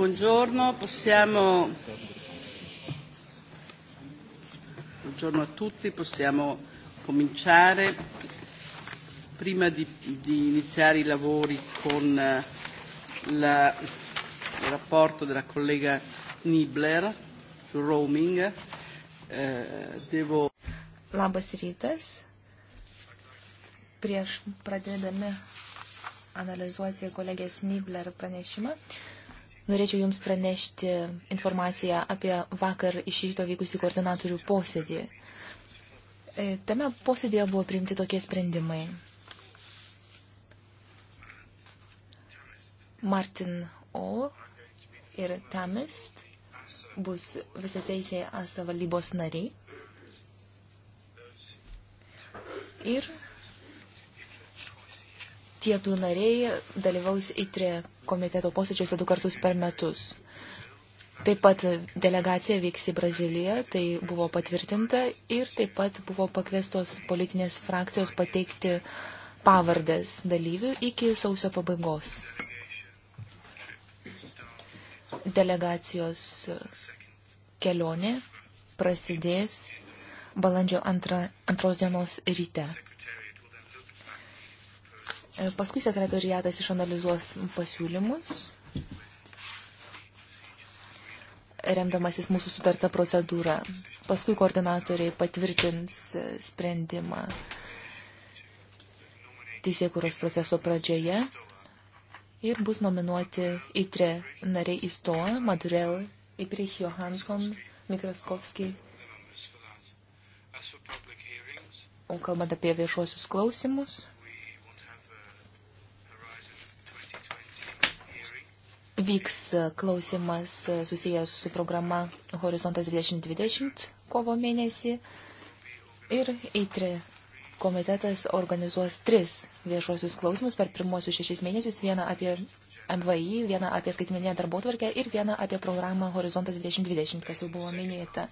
Buongiorno, possiamo. Buongiorno a tutti, possiamo cominciare. Prima di, di iniziare i lavori con eh, la, il rapporto della collega Nibler sul roaming, eh, devo. Labas rytas. Prieš pradėdami analizuoti kolegės Nibler pranešimą, Norėčiau Jums pranešti informaciją apie vakar iš ryto vykusi koordinatorių posėdį. E, tame posėdėje buvo priimti tokie sprendimai. Martin O ir Tamist bus visateisiai ASA valdybos nariai. Ir tie du nariai dalyvaus įtrė komiteto posėdžiuose du kartus per metus. Taip pat delegacija vyks į Braziliją, tai buvo patvirtinta ir taip pat buvo pakviestos politinės frakcijos pateikti pavardės dalyvių iki sausio pabaigos. Delegacijos kelionė prasidės balandžio antra, antros dienos ryte. E, paskui sekretoriatas išanalizuos pasiūlymus, remdamasis mūsų sutartą procedūrą. Paskui koordinatoriai patvirtins sprendimą teisėkūros proceso pradžioje ir bus nominuoti įtre nariai įstoja Madurel, Ibrich Johansson, Mikraskovski. O kalbant apie viešuosius klausimus. vyks klausimas susijęs su programa Horizontas 2020 kovo mėnesį ir įtri komitetas organizuos tris viešuosius klausimus per pirmuosius šešis mėnesius, vieną apie MVI, vieną apie skaitmeninę darbotvarkę ir vieną apie programą Horizontas 2020, kas jau buvo minėta.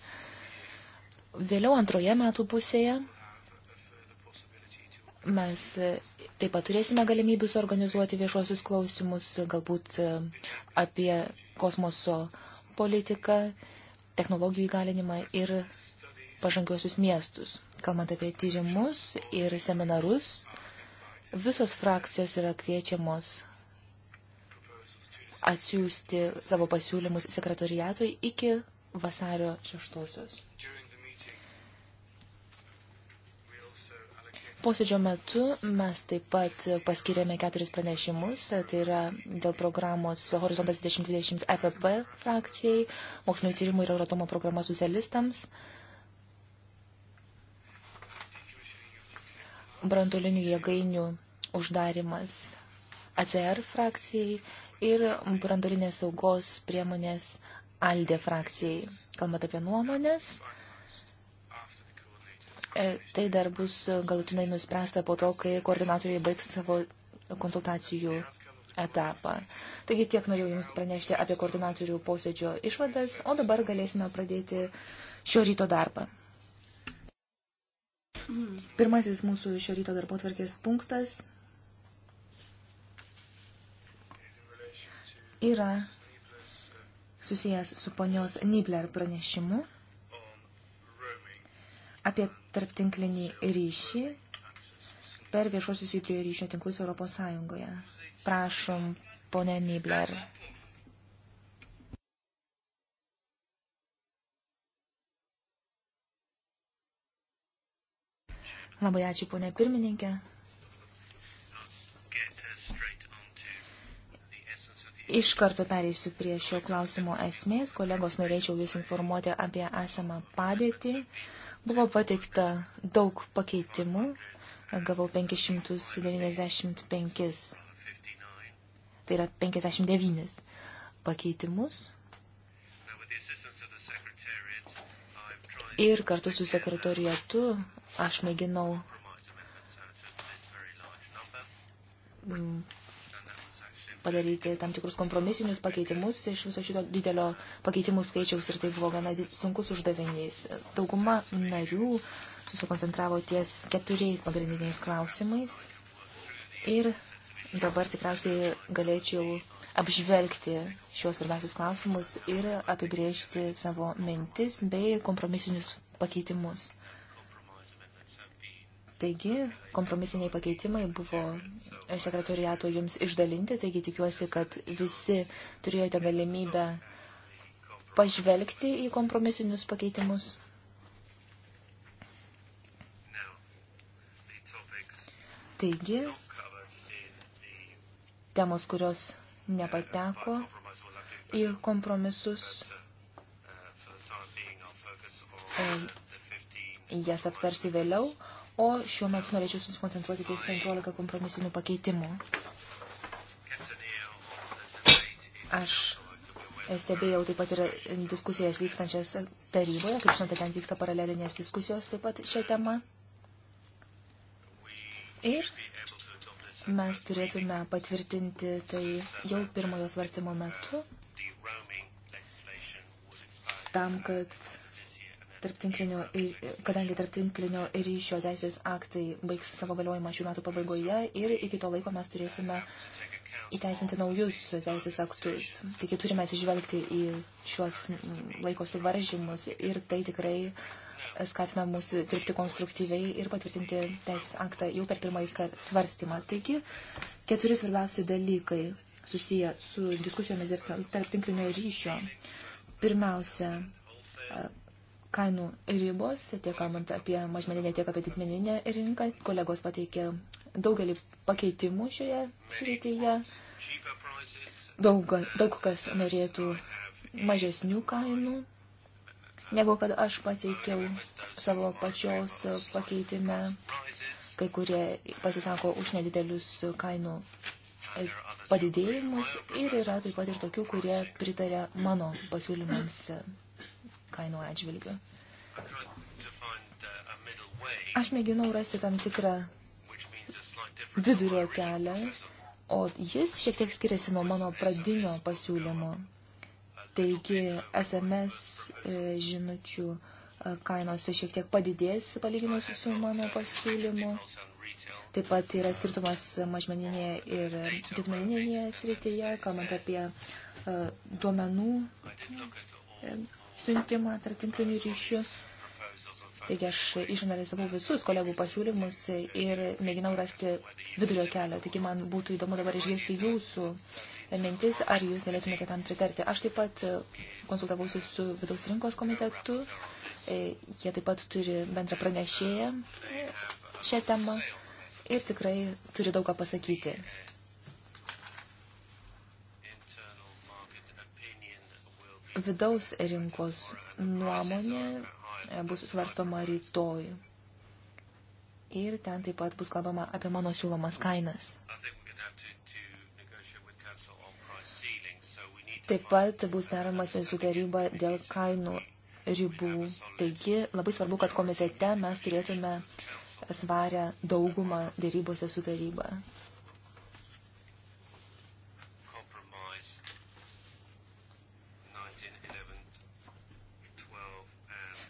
Vėliau antroje metų pusėje Mes e, taip pat turėsime galimybių suorganizuoti viešuosius klausimus, galbūt e, apie kosmoso politiką, technologijų įgalinimą ir pažangiuosius miestus. Kalbant apie tyrimus ir seminarus, visos frakcijos yra kviečiamos atsiųsti savo pasiūlymus sekretoriatui iki vasario šeštosios. Posėdžio metu mes taip pat paskirėme keturis pranešimus, tai yra dėl programos Horizontas 2020 EPP frakcijai, mokslinio tyrimų ir Euratomo programa socialistams, brandolinių jėgainių uždarimas ACR frakcijai ir brandolinės saugos priemonės ALDE frakcijai. Kalbant apie nuomonės, E, tai dar bus galutinai nuspręsta po to, kai koordinatoriai baigs savo konsultacijų etapą. Taigi tiek norėjau Jums pranešti apie koordinatorių posėdžio išvadas, o dabar galėsime pradėti šio ryto darbą. Pirmasis mūsų šio ryto darbo tvarkės punktas yra susijęs su ponios Nibler pranešimu apie tarptinklinį ryšį per viešuosius judrėjo ryšio tinklus Europos Sąjungoje. Prašom, ponė Nibler. Labai ačiū, ponė pirmininkė. Iš karto pereisiu prie šio klausimo esmės. Kolegos, norėčiau Jūs informuoti apie esamą padėtį. Buvo pateikta daug pakeitimų, gavau 595, tai yra 59 pakeitimus. Ir kartu su sekretorijatu aš mėginau mm, padaryti tam tikrus kompromisinius pakeitimus iš viso šito didelio pakeitimų skaičiaus ir tai buvo gana sunkus uždavinys. Dauguma narių susikoncentravo ties keturiais pagrindiniais klausimais ir dabar tikriausiai galėčiau apžvelgti šios svarbiausius klausimus ir apibriežti savo mintis bei kompromisinius pakeitimus. Taigi, kompromisiniai pakeitimai buvo sekretoriato jums išdalinti, taigi tikiuosi, kad visi turėjote galimybę pažvelgti į kompromisinius pakeitimus. Taigi, temos, kurios nepateko į kompromisus, e, jas aptarsiu vėliau, O šiuo metu norėčiau susikoncentruoti ties 15 kompromisinių pakeitimų. Aš stebėjau taip pat ir diskusijas vykstančias taryboje, kaip žinote, ten vyksta paralelinės diskusijos taip pat šią temą. Ir mes turėtume patvirtinti tai jau pirmojo svarstymo metu, tam, kad tarptinklinio, kadangi tarptinklinio ryšio teisės aktai baigs savo galiojimą šių metų pabaigoje ir iki to laiko mes turėsime įteisinti naujus teisės aktus. Taigi turime atsižvelgti į šiuos mm, laiko suvaržymus ir tai tikrai skatina mus dirbti konstruktyviai ir patvirtinti teisės aktą jau per pirmąjį svarstymą. Taigi keturi svarbiausi dalykai susiję su diskusijomis tarp tinklinio ryšio. Pirmiausia, kainų ribos, tiek kalbant apie mažmeninę, tiek apie didmeninę rinką. Kolegos pateikė daugelį pakeitimų šioje srityje. Daug, daug kas norėtų mažesnių kainų, negu kad aš pateikiau savo pačios pakeitime. Kai kurie pasisako už nedidelius kainų padidėjimus ir yra taip pat ir tokių, kurie pritarė mano pasiūlymams kainų atžvilgių. Aš mėginau rasti tam tikrą vidurio kelią, o jis šiek tiek skiriasi nuo mano pradinio pasiūlymo. Taigi SMS e, žinučių e, kainose šiek tiek padidės palyginus su mano pasiūlymu. Taip pat yra skirtumas mažmeninėje ir didmeninėje srityje, kalbant apie e, duomenų siuntimą tarp tinklinių ryšių. Taigi aš išanalizavau visus kolegų pasiūlymus ir mėginau rasti vidurio kelio. Taigi man būtų įdomu dabar išgirsti jūsų mintis, ar jūs galėtumėte tam pritarti. Aš taip pat konsultavausi su vidaus rinkos komitetu. Jie taip pat turi bendrą pranešėją šią temą ir tikrai turi daug ką pasakyti. Vidaus rinkos nuomonė e, bus svarstoma rytoj. Ir ten taip pat bus kalbama apie mano siūlomas kainas. Taip pat bus deramasi su taryba dėl kainų ribų. Taigi labai svarbu, kad komitete mes turėtume svarę daugumą dėrybose su taryba.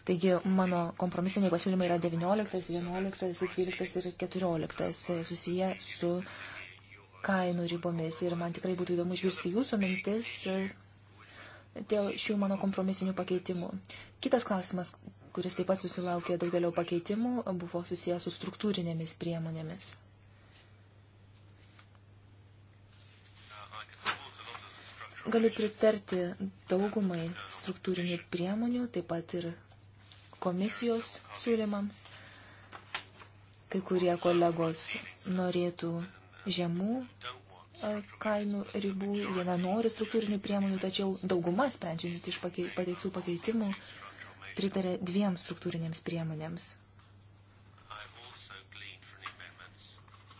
Taigi mano kompromisiniai pasiūlymai yra 19, 11, 12 ir 14 e, susiję su kainų ribomis. Ir man tikrai būtų įdomu išgirsti jūsų mintis e, dėl šių mano kompromisinių pakeitimų. Kitas klausimas, kuris taip pat susilaukė daugelio pakeitimų, buvo susijęs su struktūrinėmis priemonėmis. Galiu pritarti daugumai struktūrinių priemonių, taip pat ir komisijos siūlymams. Kai kurie kolegos norėtų žemų e, kainų ribų, viena nori struktūrinių priemonių, tačiau dauguma sprendžiant iš pateiktų pakeitimų pritarė dviem struktūrinėms priemonėms.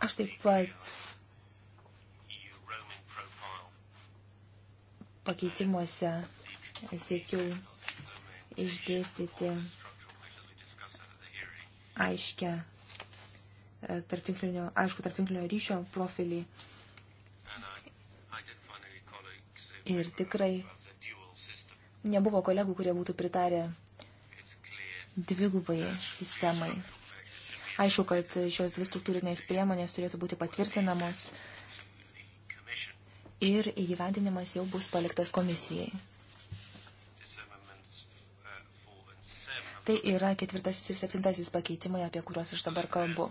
Aš taip pat pakeitimuose siekiau išdėstyti aiškę e, tarptinklinio, aišku, tarptinklinio ryšio profilį. Ir tikrai nebuvo kolegų, kurie būtų pritarę dvigubai sistemai. Aišku, kad šios dvi struktūrinės priemonės turėtų būti patvirtinamos ir įgyvendinimas jau bus paliktas komisijai. Tai yra ketvirtasis ir septintasis pakeitimai, apie kuriuos aš dabar kalbu.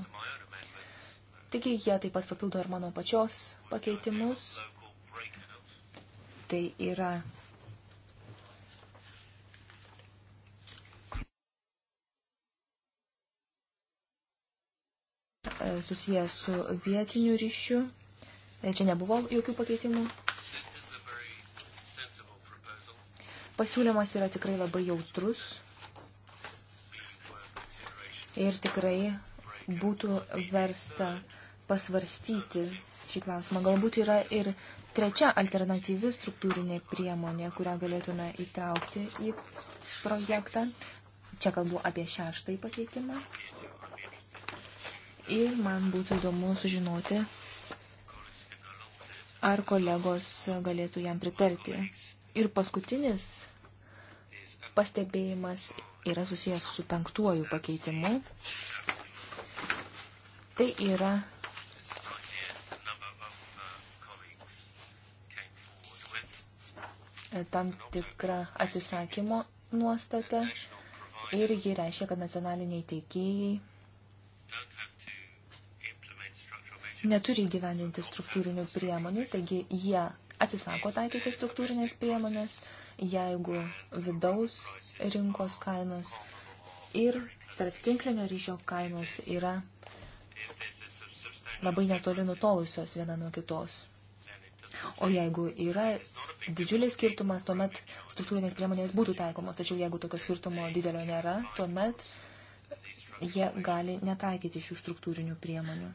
Taigi jie taip pat papildo ir mano pačios pakeitimus. Tai yra susijęs su vietiniu ryšiu. E, čia nebuvo jokių pakeitimų. Pasiūlymas yra tikrai labai jautrus ir tikrai būtų versta pasvarstyti šį klausimą. Galbūt yra ir trečia alternatyvi struktūrinė priemonė, kurią galėtume įtraukti į projektą. Čia kalbu apie šeštąjį pakeitimą. Ir man būtų įdomu sužinoti, ar kolegos galėtų jam pritarti. Ir paskutinis pastebėjimas yra susijęs su penktuoju pakeitimu. Tai yra tam tikra atsisakymo nuostata ir ji reiškia, kad nacionaliniai teikėjai neturi gyvendinti struktūrinių priemonių, taigi jie atsisako taikyti struktūrinės priemonės jeigu vidaus rinkos kainos ir tarp tinklinio ryšio kainos yra labai netoli nutolusios viena nuo kitos. O jeigu yra didžiulis skirtumas, tuomet struktūrinės priemonės būtų taikomos, tačiau jeigu tokio skirtumo didelio nėra, tuomet jie gali netaikyti šių struktūrinių priemonių.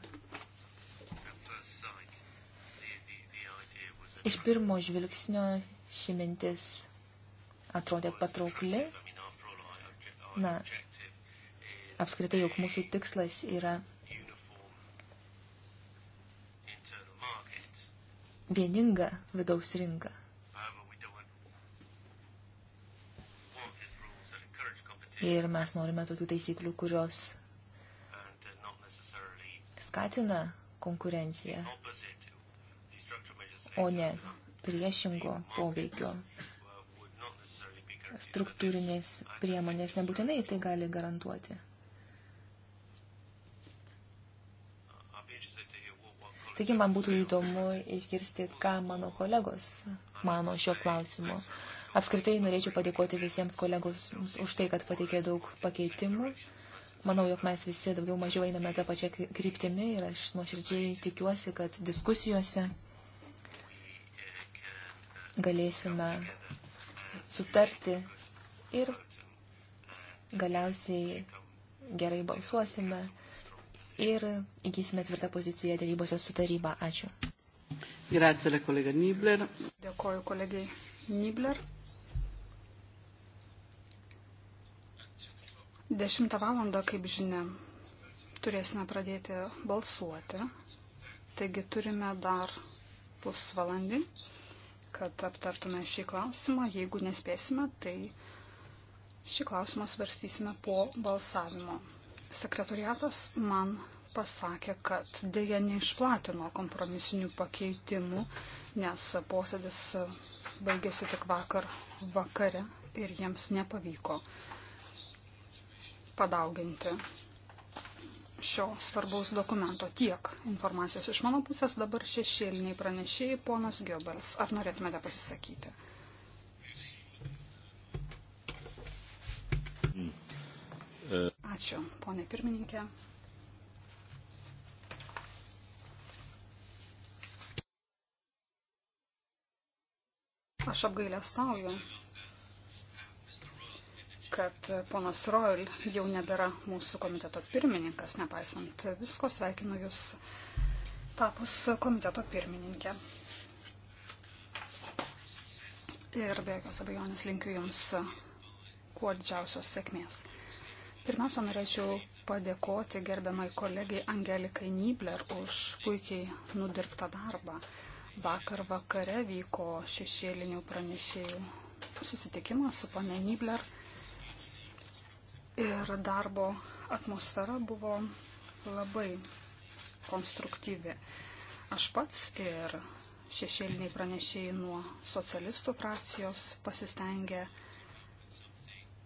Iš pirmo žvilgsnio ši mintis atrodė patraukli. Na, apskritai, jog mūsų tikslas yra vieninga vidaus rinka. Ir mes norime tokių taisyklių, kurios skatina konkurenciją, o ne priešingo poveikio struktūrinės priemonės nebūtinai tai gali garantuoti. Taigi man būtų įdomu išgirsti, ką mano kolegos mano šio klausimu. Apskritai norėčiau padėkoti visiems kolegos už tai, kad pateikė daug pakeitimų. Manau, jog mes visi daugiau mažiau einame tą pačią kryptimį ir aš nuoširdžiai tikiuosi, kad diskusijose galėsime sutarti ir galiausiai gerai balsuosime ir įgysime tvirtą poziciją dėrybose su taryba. Ačiū. Grazie, la kolega Nibler. Dėkoju kolegai Nibler. 10 val. kaip žinia, turėsime pradėti balsuoti. Taigi turime dar pusvalandį kad aptartume šį klausimą. Jeigu nespėsime, tai šį klausimą svarstysime po balsavimo. Sekretariatas man pasakė, kad dėja neišplatino kompromisinių pakeitimų, nes posėdis baigėsi tik vakar vakare ir jiems nepavyko padauginti šio svarbaus dokumento. Tiek informacijos iš mano pusės dabar šešėliniai pranešėjai, ponas Giobels. Ar norėtumėte pasisakyti? Ačiū, ponė pirmininkė. Aš apgailę stauju, kad ponas Royal jau nebėra mūsų komiteto pirmininkas, nepaisant visko, sveikinu Jūs tapus komiteto pirmininkė. Ir be jokios abejonės linkiu Jums kuo didžiausios sėkmės. Pirmiausia, norėčiau padėkoti gerbiamai kolegijai Angelikai Nibler už puikiai nudirbtą darbą. Vakar vakare vyko šešėlinių pranešėjų susitikimas su pane Nibler ir darbo atmosfera buvo labai konstruktyvi. Aš pats ir šešėliniai pranešėjai nuo socialistų frakcijos pasistengė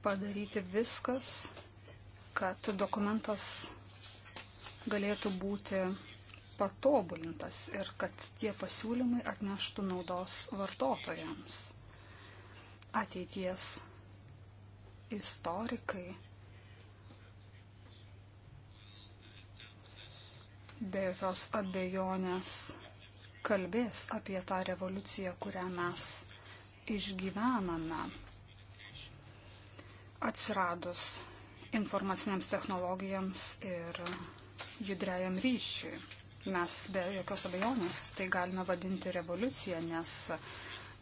padaryti viskas, kad dokumentas galėtų būti patobulintas ir kad tie pasiūlymai atneštų naudos vartotojams. Ateities istorikai be jokios abejonės kalbės apie tą revoliuciją, kurią mes išgyvename. Atsiradus informaciniams technologijams ir judrėjam ryšiui. Mes be jokios abejonės tai galime vadinti revoliucija, nes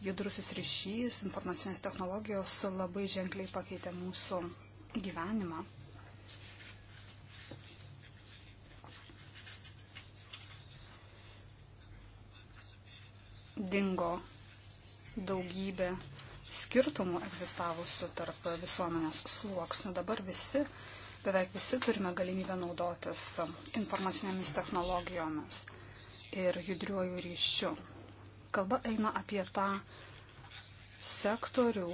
judrusis ryšys, informacinės technologijos labai ženkliai pakeitė mūsų gyvenimą. dingo daugybė skirtumų egzistavusių tarp visuomenės sluoksnių. Dabar visi, beveik visi turime galimybę naudotis informacinėmis technologijomis ir judriuoju ryšiu. Kalba eina apie tą sektorių,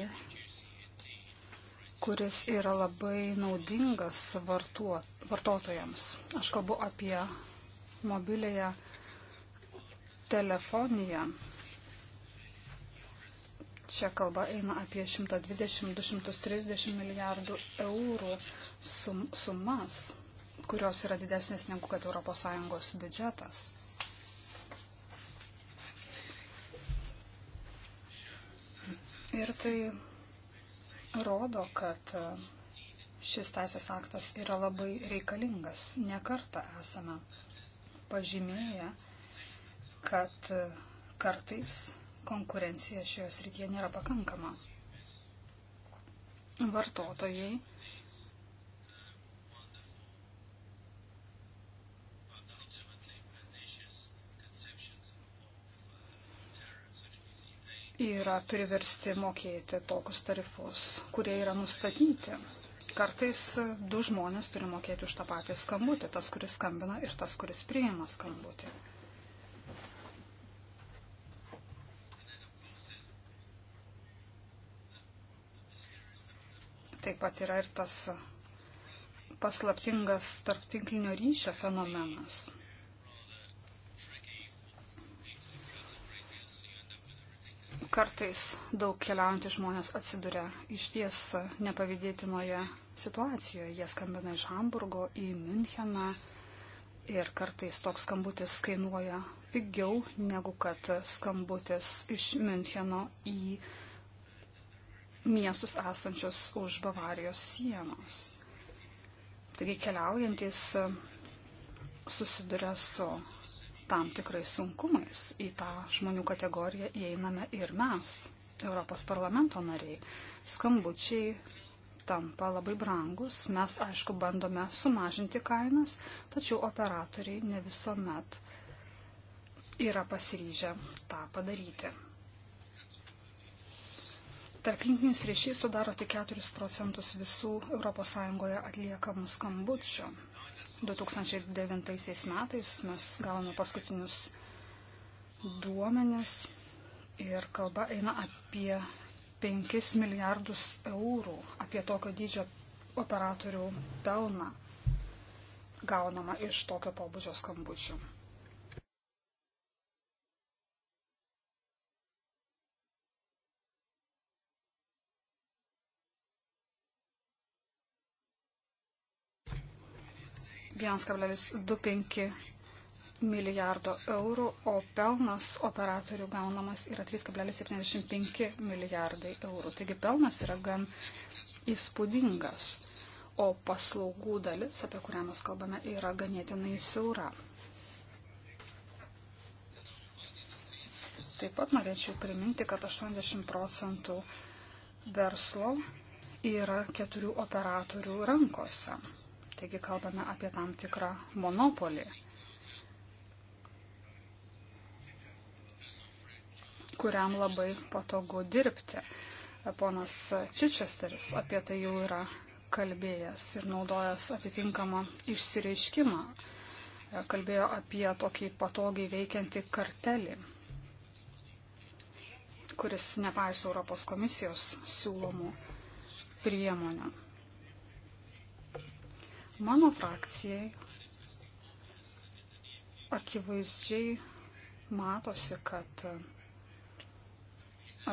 kuris yra labai naudingas vartuo, vartotojams. Aš kalbu apie mobilėje telefoniją, Čia kalba eina apie 120-230 milijardų eurų sum, sumas, kurios yra didesnės negu kad ES biudžetas. Ir tai rodo, kad e, šis teisės aktas yra labai reikalingas. Nekartą esame pažymėję, kad e, kartais konkurencija šioje srityje nėra pakankama. Vartotojai yra priversti mokėti tokius tarifus, kurie yra nustatyti. Kartais du žmonės turi mokėti už tą patį skambutį, tas, kuris skambina ir tas, kuris priima skambutį. Taip pat yra ir tas paslaptingas tarptinklinio ryšio fenomenas. Kartais daug keliaujantys žmonės atsiduria iš ties nepavydėtinoje situacijoje. Jie skambina iš Hamburgo į Müncheną ir kartais toks skambutis kainuoja pigiau negu kad skambutis iš Müncheno į Müncheną miestus esančius už Bavarijos sienos. Taigi keliaujantis susiduria su tam tikrais sunkumais. Į tą žmonių kategoriją įeiname ir mes, Europos parlamento nariai. Skambučiai tampa labai brangus. Mes, aišku, bandome sumažinti kainas, tačiau operatoriai ne visuomet yra pasiryžę tą padaryti tarplinkinis ryšys sudaro tik 4 procentus visų ES atliekamų skambučių. 2009 metais mes gavome paskutinius duomenis ir kalba eina apie 5 milijardus eurų, apie tokio dydžio operatorių pelną gaunama iš tokio pobūdžio skambučių. 1,25 milijardo eurų, o pelnas operatorių gaunamas yra 3,75 milijardai eurų. Taigi pelnas yra gan įspūdingas, o paslaugų dalis, apie kurią mes kalbame, yra ganėtinai siaura. Taip pat norėčiau priminti, kad 80 procentų verslo yra keturių operatorių rankose. Taigi kalbame apie tam tikrą monopolį, kuriam labai patogu dirbti. Ponas Čičesteris apie tai jau yra kalbėjęs ir naudojęs atitinkamą išsireiškimą. Kalbėjo apie tokį patogiai veikiantį kartelį, kuris nepaiso Europos komisijos siūlomų priemonių. Mano frakcijai akivaizdžiai matosi, kad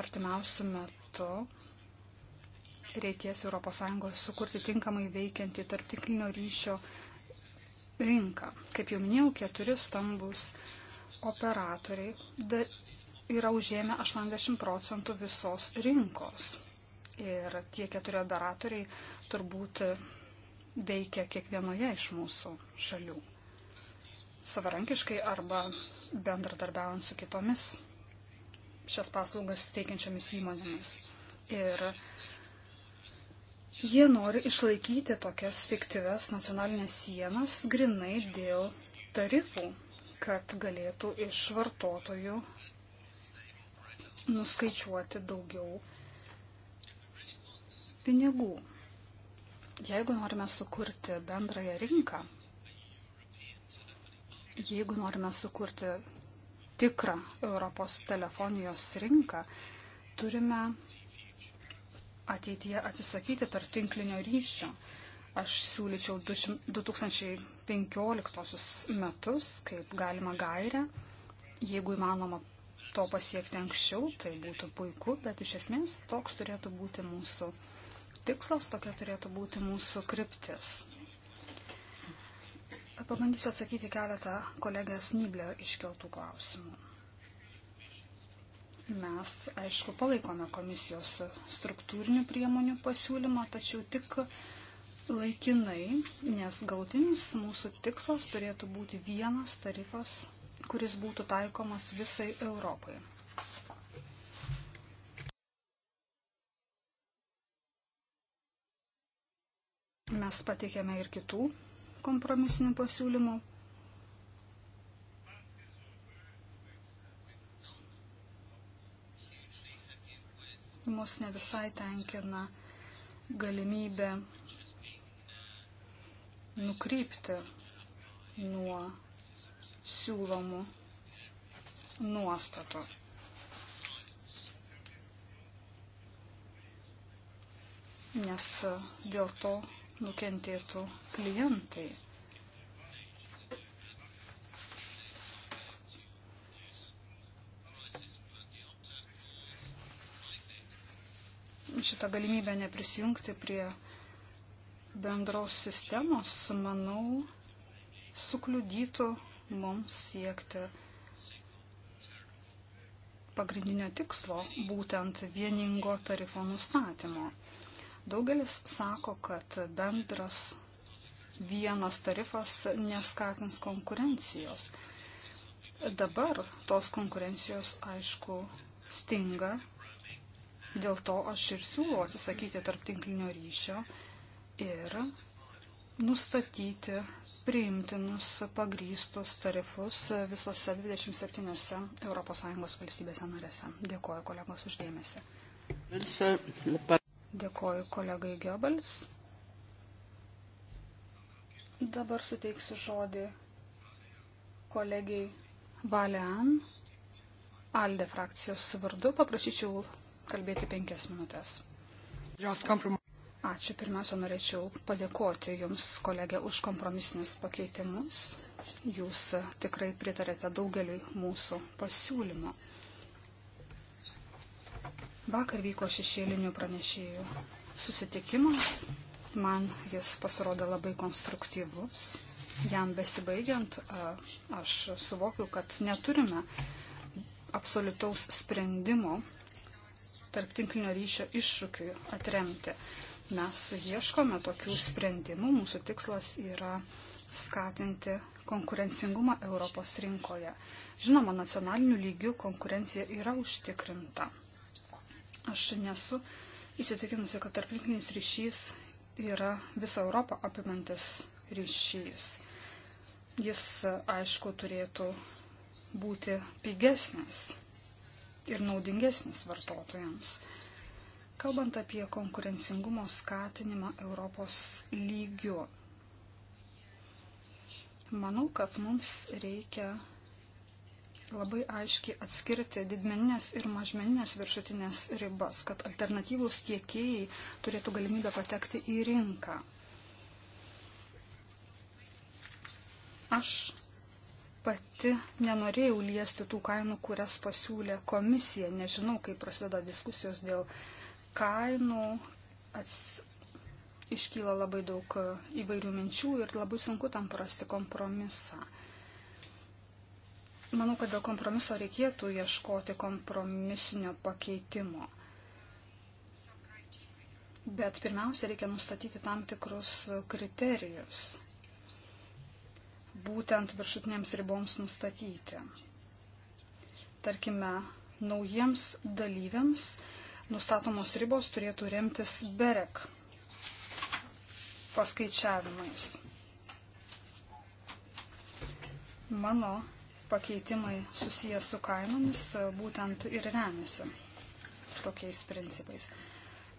artimiausių metų reikės ES sukurti tinkamai veikiantį tarptiklinio ryšio rinką. Kaip jau minėjau, keturi stambus operatoriai yra užėmę 80 procentų visos rinkos. Ir tie keturi operatoriai turbūt veikia kiekvienoje iš mūsų šalių. Savarankiškai arba bendradarbiaujant su kitomis šias paslaugas teikiančiomis įmonėmis. Ir jie nori išlaikyti tokias fiktyves nacionalinės sienas grinai dėl tarifų, kad galėtų iš vartotojų nuskaičiuoti daugiau pinigų. Jeigu norime sukurti bendrąją rinką, jeigu norime sukurti tikrą Europos telefonijos rinką, turime ateityje atsisakyti tarp tinklinio ryšio. Aš siūlyčiau 2015 metus kaip galima gairę. Jeigu įmanoma to pasiekti anksčiau, tai būtų puiku, bet iš esmės toks turėtų būti mūsų tikslas, tokia turėtų būti mūsų kryptis. Pabandysiu atsakyti keletą kolegės Nyblio iškeltų klausimų. Mes, aišku, palaikome komisijos struktūrinių priemonių pasiūlymą, tačiau tik laikinai, nes gautinis mūsų tikslas turėtų būti vienas tarifas, kuris būtų taikomas visai Europai. Mes pateikėme ir kitų kompromisinių pasiūlymų. Mus ne visai tenkina galimybė nukrypti nuo siūlomų nuostatų. Nes dėl to nukentėtų klientai. Šitą galimybę neprisijungti prie bendros sistemos, manau, sukliudytų mums siekti pagrindinio tikslo, būtent vieningo tarifo nustatymo. Daugelis sako, kad bendras vienas tarifas neskatins konkurencijos. Dabar tos konkurencijos, aišku, stinga. Dėl to aš ir siūlau atsisakyti tarptinklinio ryšio ir nustatyti priimtinus pagrystus tarifus visose 27 ES valstybėse narėse. Dėkuoju kolegos uždėmesi. Dėkoju kolegai Goebbels. Dabar suteiksiu žodį kolegijai Balean, Alde frakcijos vardu. Paprašyčiau kalbėti penkias minutės. Ačiū. Pirmiausia, norėčiau padėkoti Jums, kolegė, už kompromisinius pakeitimus. Jūs tikrai pritarėte daugeliui mūsų pasiūlymų. Vakar vyko šešėlinių pranešėjų susitikimas. Man jis pasirodė labai konstruktyvus. Jam besibaigiant, aš suvokiu, kad neturime absoliutaus sprendimo tarp tinklinio ryšio iššūkiui atremti. Mes ieškome tokių sprendimų. Mūsų tikslas yra skatinti konkurencingumą Europos rinkoje. Žinoma, nacionaliniu lygiu konkurencija yra užtikrinta. Aš nesu įsitikinusi, kad tarplytinis ryšys yra visą Europą apimantis ryšys. Jis, aišku, turėtų būti pigesnis ir naudingesnis vartotojams. Kalbant apie konkurencingumo skatinimą Europos lygiu, manau, kad mums reikia labai aiškiai atskirti didmeninės ir mažmeninės viršutinės ribas, kad alternatyvūs tiekėjai turėtų galimybę patekti į rinką. Aš pati nenorėjau liesti tų kainų, kurias pasiūlė komisija. Nežinau, kaip prasideda diskusijos dėl kainų. Ats... Iškyla labai daug įvairių minčių ir labai sunku tam prasti kompromisą. Manau, kad dėl kompromiso reikėtų ieškoti kompromisinio pakeitimo. Bet pirmiausia, reikia nustatyti tam tikrus kriterijus. Būtent viršutinėms riboms nustatyti. Tarkime, naujiems dalyviams nustatomos ribos turėtų remtis BEREK paskaičiavimais. Mano pakeitimai susijęs su kainomis e, būtent ir remiasi tokiais principais.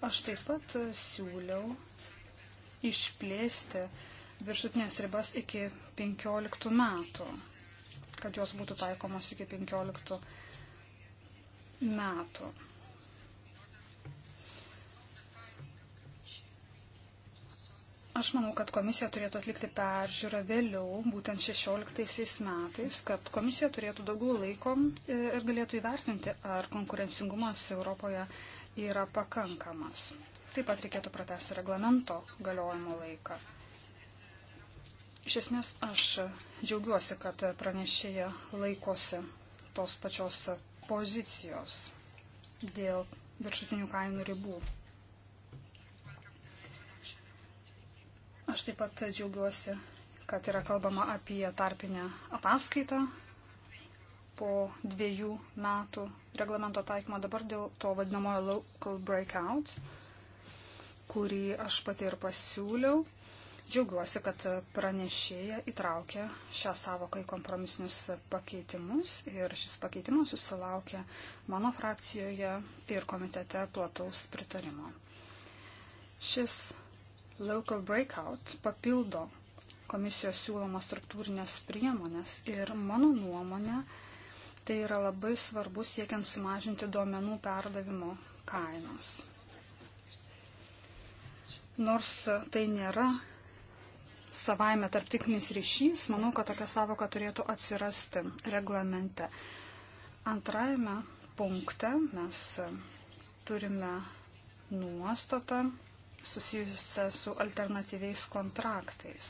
Aš taip pat e, siūliau išplėsti viršutinės ribas iki 15 metų, kad jos būtų taikomos iki 15 metų. Aš manau, kad komisija turėtų atlikti peržiūrą vėliau, būtent 16 metais, kad komisija turėtų daugiau laiko e, ir galėtų įvertinti, ar konkurencingumas Europoje yra pakankamas. Taip pat reikėtų pratesti reglamento galiojimo laiką. Iš esmės, aš džiaugiuosi, kad pranešėja laikosi tos pačios pozicijos dėl viršutinių kainų ribų Aš taip pat džiaugiuosi, kad yra kalbama apie tarpinę ataskaitą po dviejų metų reglamento taikymą dabar dėl to vadinamojo local breakout, kurį aš pati ir pasiūliau. Džiaugiuosi, kad pranešėja įtraukė šią savoką į kompromisinius pakeitimus ir šis pakeitimas susilaukė mano frakcijoje ir komitete plataus pritarimo. Šis Local Breakout papildo komisijos siūlomas struktūrinės priemonės ir mano nuomonė tai yra labai svarbu siekiant sumažinti duomenų perdavimo kainas. Nors tai nėra savaime tarptiknis ryšys, manau, kad tokia savoka turėtų atsirasti reglamente. Antrajame punkte mes turime nuostatą susijusią su alternatyviais kontraktais.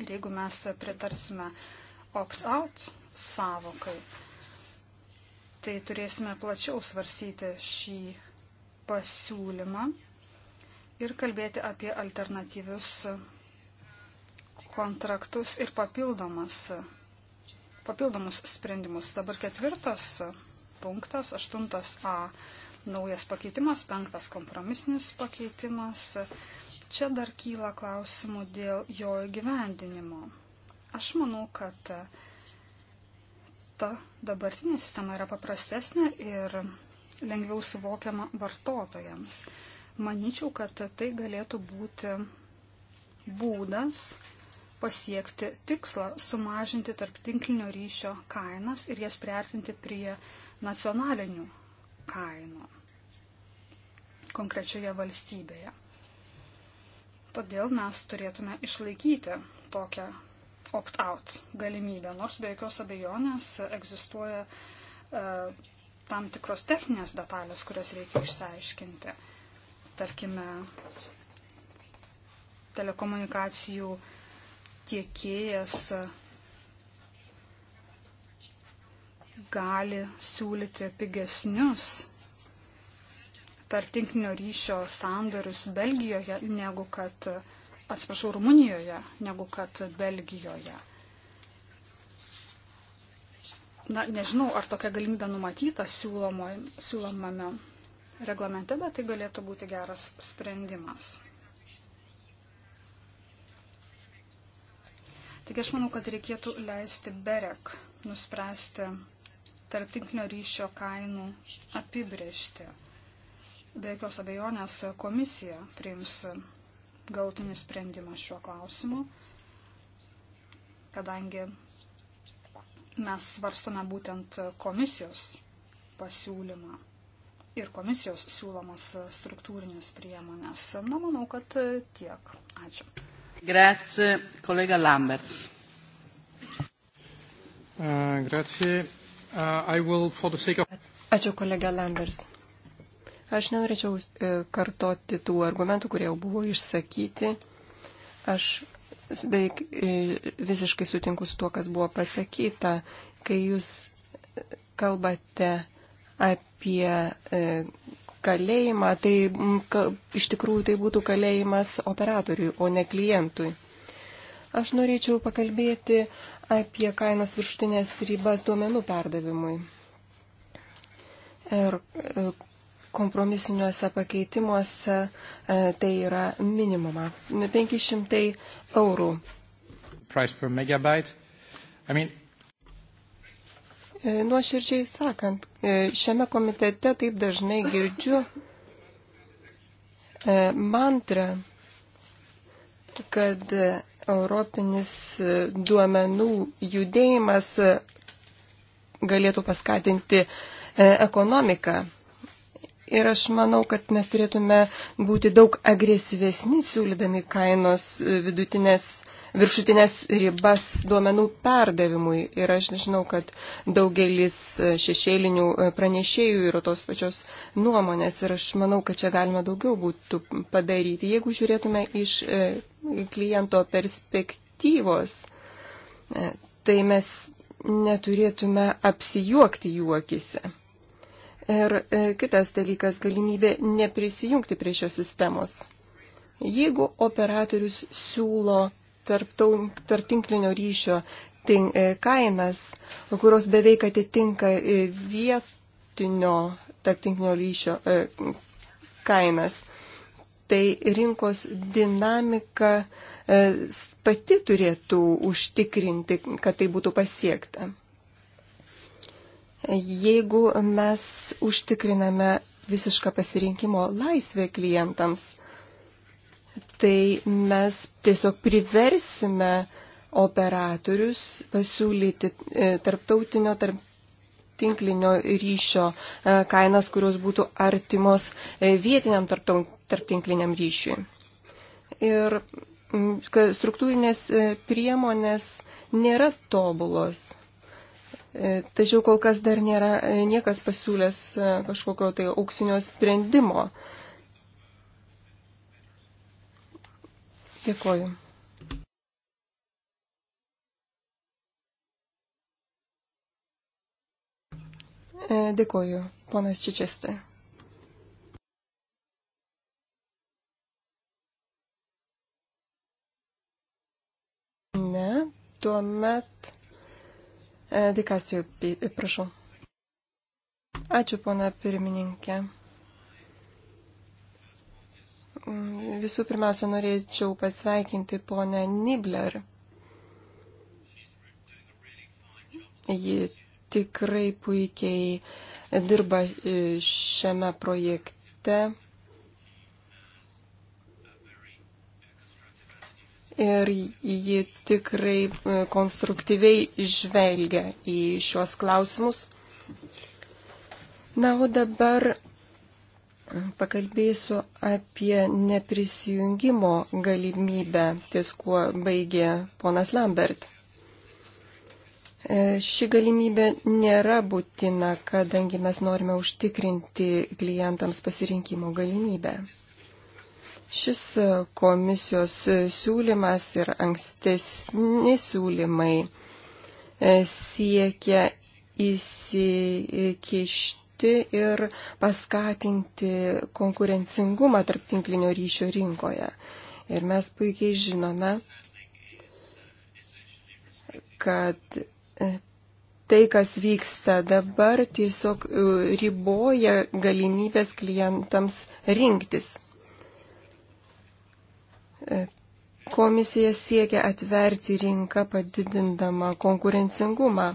Ir jeigu mes pritarsime opt-out savokai, tai turėsime plačiau svarstyti šį pasiūlymą ir kalbėti apie alternatyvius kontraktus ir papildomas, papildomus sprendimus. Dabar ketvirtas punktas, aštuntas A naujas pakeitimas, penktas kompromisinis pakeitimas. Čia dar kyla klausimų dėl jo įgyvendinimo. Aš manau, kad ta dabartinė sistema yra paprastesnė ir lengviau suvokiama vartotojams. Manyčiau, kad tai galėtų būti būdas pasiekti tikslą sumažinti tarptinklinio ryšio kainas ir jas priartinti prie nacionalinių kainų konkrečioje valstybėje. Todėl mes turėtume išlaikyti tokią opt-out galimybę, nors be jokios abejonės egzistuoja e, tam tikros techninės detalės, kurias reikia išsiaiškinti. Tarkime, telekomunikacijų tiekėjas gali siūlyti pigesnius tarptinklinio ryšio sandorius Belgijoje negu kad, atsiprašau, Rumunijoje negu kad Belgijoje. Na, nežinau, ar tokia galimybė numatyta siūlomo, siūlomame reglamente, bet tai galėtų būti geras sprendimas. Taigi aš manau, kad reikėtų leisti BEREK nuspręsti tarptinklinio ryšio kainų apibrėžti. Be jokios abejonės komisija priims gautinį sprendimą šiuo klausimu, kadangi mes svarstome būtent komisijos pasiūlymą ir komisijos siūlomas struktūrinės priemonės. Na, manau, kad tiek. Ačiū. Grazie, kolega Lamberts. Uh, grazie. Uh, Ačiū kolegė Landers. Aš nenorėčiau e, kartoti tų argumentų, kurie jau buvo išsakyti. Aš beveik e, visiškai sutinku su tuo, kas buvo pasakyta, kai jūs kalbate apie e, kalėjimą, tai ka, iš tikrųjų tai būtų kalėjimas operatoriui, o ne klientui. Aš norėčiau pakalbėti apie kainos viršutinės ribas duomenų perdavimui. Ir e, kompromisiniuose pakeitimuose e, tai yra minimuma 500 eurų. I mean... E, nuoširdžiai sakant, šiame komitete taip dažnai girdžiu mantrą, kad Europinis e, duomenų judėjimas e, galėtų paskatinti e, ekonomiką. Ir aš manau, kad mes turėtume būti daug agresyvesni siūlydami kainos vidutinės viršutinės ribas duomenų perdavimui. Ir aš žinau, kad daugelis šešėlinių pranešėjų yra tos pačios nuomonės ir aš manau, kad čia galima daugiau būtų padaryti. Jeigu žiūrėtume iš e, kliento perspektyvos, e, tai mes neturėtume apsijuokti juokise. Ir e, kitas dalykas - galimybė neprisijungti prie šios sistemos. Jeigu operatorius siūlo tarptinklinio ryšio tink, e, kainas, kurios beveik atitinka e, vietinio tarptinklinio ryšio e, kainas. Tai rinkos dinamika pati turėtų užtikrinti, kad tai būtų pasiekta. Jeigu mes užtikriname visišką pasirinkimo laisvę klientams, tai mes tiesiog priversime operatorius pasiūlyti e, tarptautinio, tarp tinklinio ryšio e, kainas, kurios būtų artimos e, vietiniam tarptinkliniam ryšiui. Ir struktūrinės priemonės nėra tobulos. Tačiau kol kas dar nėra niekas pasiūlęs kažkokio tai auksinio sprendimo. Dėkuoju. E, Dėkuoju, ponas Čičestė. Ne, tuomet e, dikastijų, prašau. Ačiū, pona pirmininkė. Visų pirmiausia, norėčiau pasveikinti ponę Nibler. Ji tikrai puikiai dirba e, šiame projekte. Ir ji tikrai e, konstruktyviai žvelgia į šiuos klausimus. Na, o dabar Pakalbėsiu apie neprisijungimo galimybę, ties kuo baigė ponas Lambert. E, ši galimybė nėra būtina, kadangi mes norime užtikrinti klientams pasirinkimo galimybę. Šis komisijos siūlymas ir ankstesni siūlymai e, siekia įsikišti dirbti ir paskatinti konkurencingumą tarp tinklinio ryšio rinkoje. Ir mes puikiai žinome, kad e, tai, kas vyksta dabar, tiesiog e, riboja galimybės klientams rinktis. E, komisija siekia atverti rinką padidindama konkurencingumą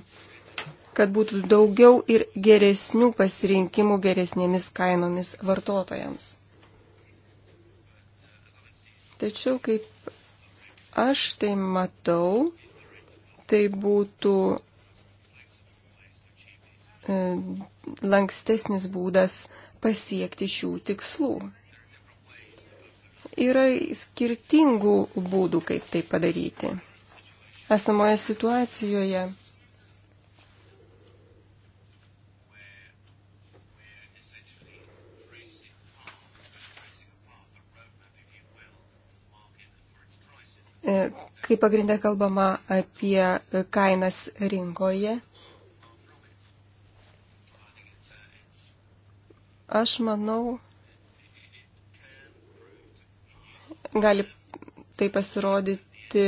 kad būtų daugiau ir geresnių pasirinkimų geresnėmis kainomis vartotojams. Tačiau kaip aš tai matau, tai būtų e, lankstesnis būdas pasiekti šių tikslų. Yra skirtingų būdų, kaip tai padaryti. Esamoje situacijoje E, kai pagrindę kalbama apie kainas rinkoje. Aš manau, gali tai pasirodyti,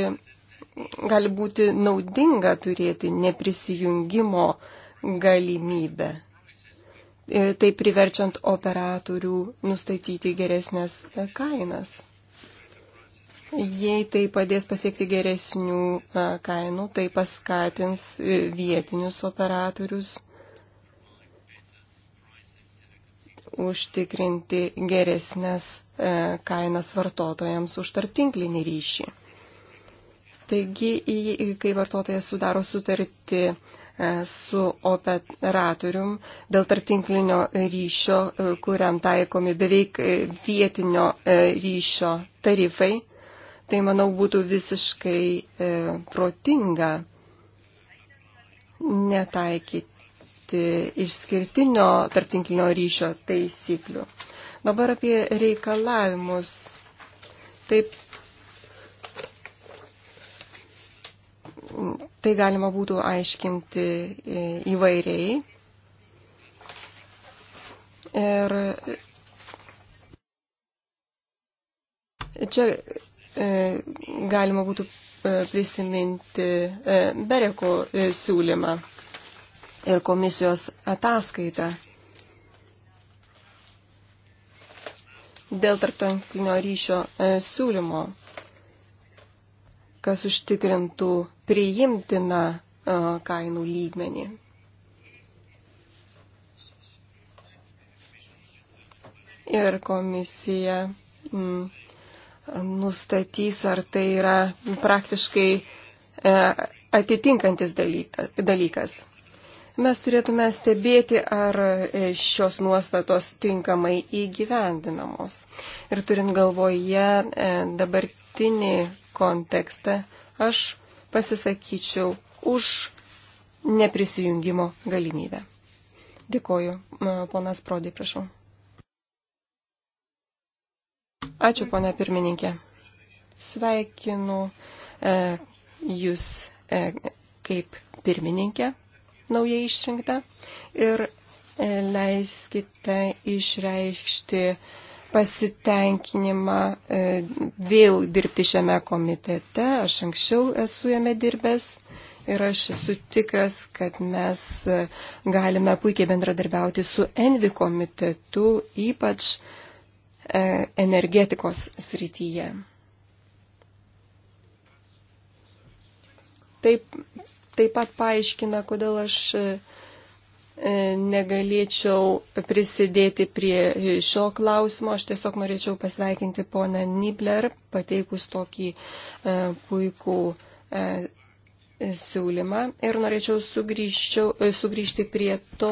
gali būti naudinga turėti neprisijungimo galimybę. E, tai priverčiant operatorių nustatyti geresnės kainas. Jei tai padės pasiekti geresnių kainų, tai paskatins e, vietinius operatorius užtikrinti geresnės e, kainas vartotojams už tarptinklinį ryšį. Taigi, kai vartotojas sudaro sutartį e, su operatorium dėl tarptinklinio ryšio, kuriam taikomi beveik vietinio ryšio tarifai, tai manau būtų visiškai e, protinga netaikyti išskirtinio tarptinklinio ryšio taisyklių. Dabar apie reikalavimus. Taip, tai galima būtų aiškinti e, įvairiai. Ir čia E, galima būtų e, prisiminti e, Bereko siūlymą ir komisijos ataskaitą dėl tarptanklinio ryšio siūlymo, kas užtikrintų priimtiną kainų lygmenį. Ir komisija mm, nustatys, ar tai yra praktiškai e, atitinkantis dalykas. Mes turėtume stebėti, ar e, šios nuostatos tinkamai įgyvendinamos. Ir turint galvoje e, dabartinį kontekstą, aš pasisakyčiau už neprisijungimo galimybę. Dėkoju. Ponas Prodė, prašau. Ačiū, ponia pirmininkė. Sveikinu e, jūs e, kaip pirmininkė naujai išrinkta ir e, leiskite išreikšti pasitenkinimą e, vėl dirbti šiame komitete. Aš anksčiau esu jame dirbęs ir aš esu tikras, kad mes e, galime puikiai bendradarbiauti su Envi komitetu, ypač E, energetikos srityje. Taip, taip pat paaiškina, kodėl aš e, e, negalėčiau prisidėti prie šio klausimo. Aš tiesiog norėčiau pasveikinti poną Nibler, pateikus tokį puikų siūlymą ir norėčiau e, sugrįžti prie to,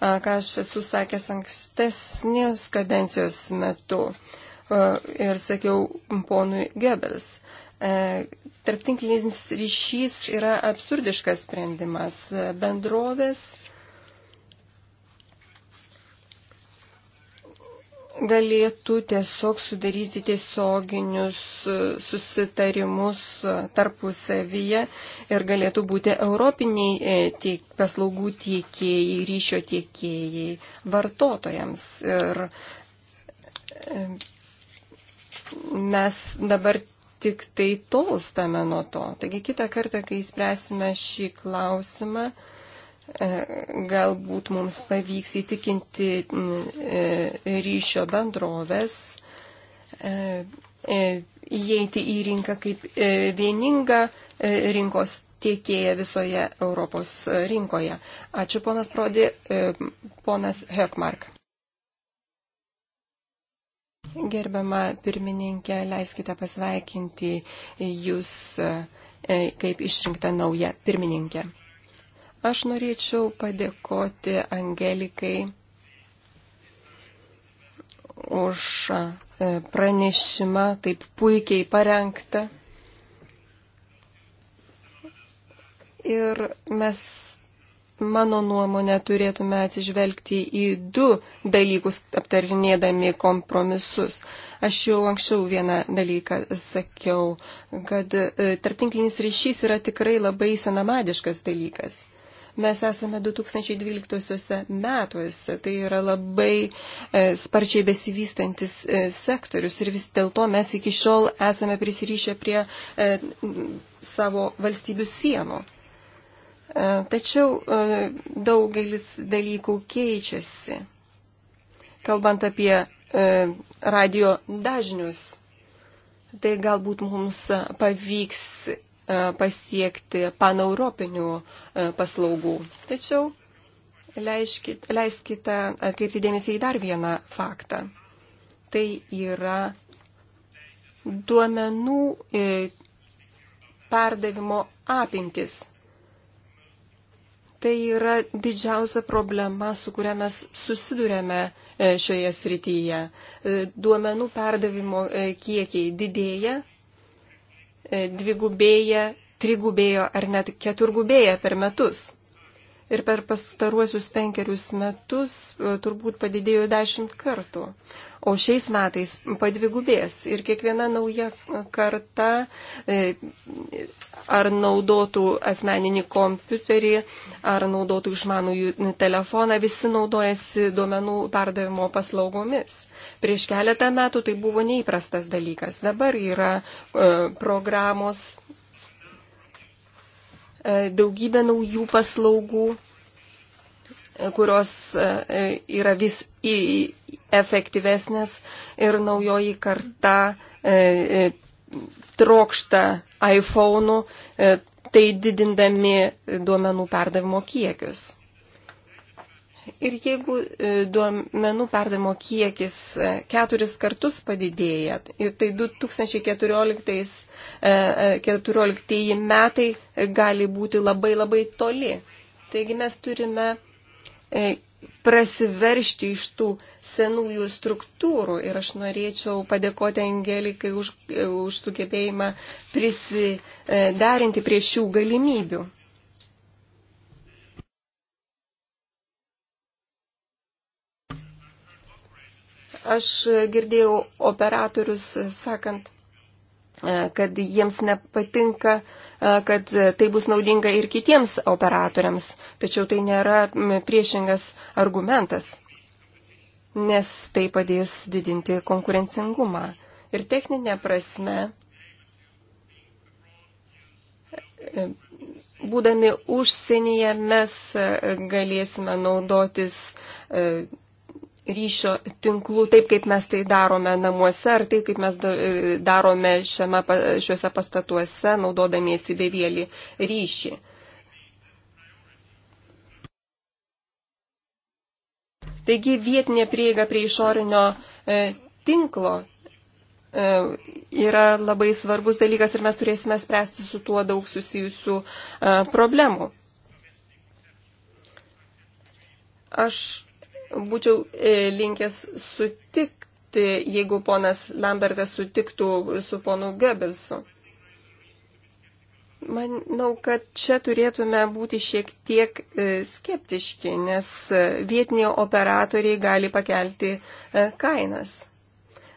ką aš esu sakęs ankstesnės kadencijos metu e, ir sakiau ponui Goebbels. E, tarptinklinis ryšys yra absurdiškas sprendimas. Bendrovės galėtų tiesiog sudaryti tiesioginius e, susitarimus e, tarpusavyje ir galėtų būti europiniai e, tiek, paslaugų tiekėjai, ryšio tiekėjai vartotojams. Ir mes dabar tik tai tolstame nuo to. Taigi kitą kartą, kai spręsime šį klausimą, E, galbūt mums pavyks įtikinti e, ryšio bendrovės e, įeiti į rinką kaip vieninga rinkos tiekėja visoje Europos rinkoje. Ačiū ponas Prodi, ponas Hökmark. Gerbiama pirmininkė, leiskite pasveikinti jūs kaip išrinkta nauja pirmininkė. Aš norėčiau padėkoti Angelikai už e, pranešimą, taip puikiai parengtą. Ir mes, mano nuomonė, turėtume atsižvelgti į du dalykus, aptarinėdami kompromisus. Aš jau anksčiau vieną dalyką sakiau, kad e, tarptinklinis ryšys yra tikrai labai senamadiškas dalykas. Mes esame 2012 metuose, tai yra labai e, sparčiai besivystantis e, sektorius ir vis dėlto mes iki šiol esame prisirišę prie e, savo valstybių sienų. Tačiau daugelis dalykų keičiasi. Kalbant apie radio dažnius, tai galbūt mums pavyks E, pasiekti paneuropinių e, paslaugų. Tačiau leiskite, leiskite atkreipti dėmesį į dar vieną faktą. Tai yra duomenų e, perdavimo apimtis. Tai yra didžiausia problema, su kuria mes susidurėme šioje srityje. Duomenų perdavimo kiekiai didėja, E, dvigubėja, trigubėjo ar net keturgubėja per metus. Ir per pastaruosius penkerius metus e, turbūt padidėjo dešimt kartų o šiais metais padvigubės. Ir kiekviena nauja karta e, ar naudotų asmeninį kompiuterį, ar naudotų išmanųjų telefoną, visi naudojasi duomenų perdavimo paslaugomis. Prieš keletą metų tai buvo neįprastas dalykas. Dabar yra e, programos e, daugybė naujų paslaugų, kurios yra vis į, efektyvesnės ir naujoji karta e, e, trokšta iPhone'ų, e, tai didindami duomenų perdavimo kiekius. Ir jeigu e, duomenų perdavimo kiekis e, keturis kartus padidėja, ir tai 2014, 2014 e, metai gali būti labai labai toli. Taigi mes turime prasiveršti iš tų senųjų struktūrų. Ir aš norėčiau padėkoti Angelikai už, už sugebėjimą prisiderinti prie šių galimybių. Aš girdėjau operatorius sakant, E, kad jiems nepatinka, e, kad tai bus naudinga ir kitiems operatoriams. Tačiau tai nėra priešingas argumentas, nes tai padės didinti konkurencingumą. Ir techninė prasme, e, būdami užsienyje, mes galėsime naudotis ryšio tinklų, taip kaip mes tai darome namuose ar taip kaip mes e, darome šiame, šiuose pastatuose, naudodamiesi bevėlį ryšį. Taigi vietinė prieiga prie išorinio e, tinklo e, yra labai svarbus dalykas ir mes turėsime spręsti su tuo daug susijusių e, problemų. Aš būčiau e, linkęs sutikti, jeigu ponas Lambertas sutiktų su ponu Goebbelsu. Manau, kad čia turėtume būti šiek tiek e, skeptiški, nes e, vietiniai operatoriai gali pakelti kainas.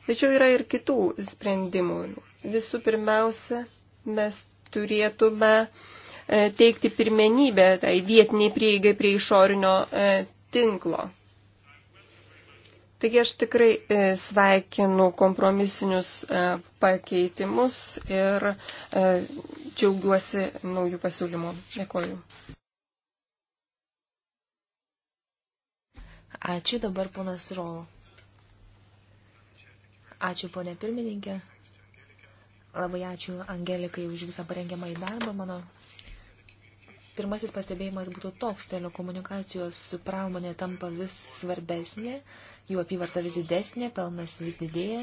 Tačiau yra ir kitų sprendimų. Visų pirmiausia, mes turėtume teikti pirmenybę tai vietiniai prieigai prie išorinio tinklo. Taigi aš tikrai e, sveikinu kompromisinius e, pakeitimus ir e, džiaugiuosi naujų pasiūlymų. Dėkoju. Ačiū dabar ponas Rol. Ačiū ponė pirmininkė. Labai ačiū Angelikai už visą parengiamą į darbą. Mano Pirmasis pastebėjimas būtų toks, telekomunikacijos pramonė tampa vis svarbesnė, jų apyvarta vis didesnė, pelnas vis didėja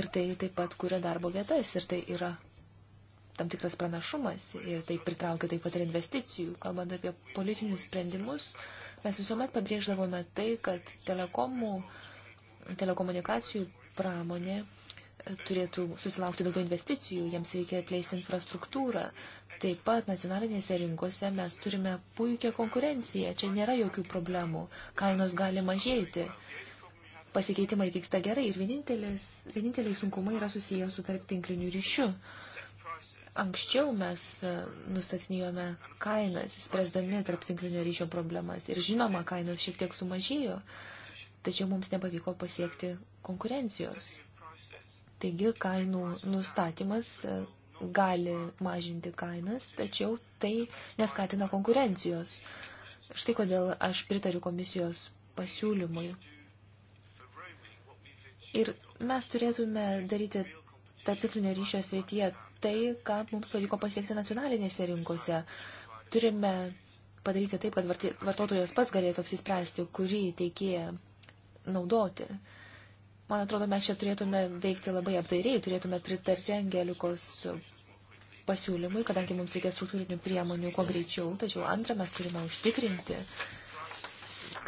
ir tai taip pat kuria darbo vietas ir tai yra tam tikras pranašumas ir tai pritraukia taip pat ir investicijų. Kalbant apie politinius sprendimus, mes visuomet pabrėždavome tai, kad telekomų, telekomunikacijų pramonė turėtų susilaukti daugiau investicijų, jiems reikia plėsti infrastruktūrą, Taip pat nacionalinėse rinkose mes turime puikią konkurenciją, čia nėra jokių problemų, kainos gali mažėti, pasikeitimai vyksta gerai ir vieninteliai sunkumai yra susijęs su tarp tinkliniu ryšiu. Anksčiau mes e, nustatinėjome kainas, spręsdami tarp tinklinio ryšio problemas ir žinoma, kainos šiek tiek sumažėjo, tačiau mums nepavyko pasiekti konkurencijos. Taigi kainų nustatymas e, gali mažinti kainas, tačiau tai neskatina konkurencijos. Štai kodėl aš pritariu komisijos pasiūlymui. Ir mes turėtume daryti tarptiklinio ryšio srityje tai, ką mums pavyko pasiekti nacionalinėse rinkose. Turime padaryti taip, kad vartotojas pats galėtų apsispręsti, kurį teikėją naudoti. Man atrodo, mes čia turėtume veikti labai apdairiai, turėtume pritarti Angelikos pasiūlymui, kadangi mums reikia struktūrinių priemonių kuo greičiau, tačiau antra, mes turime užtikrinti,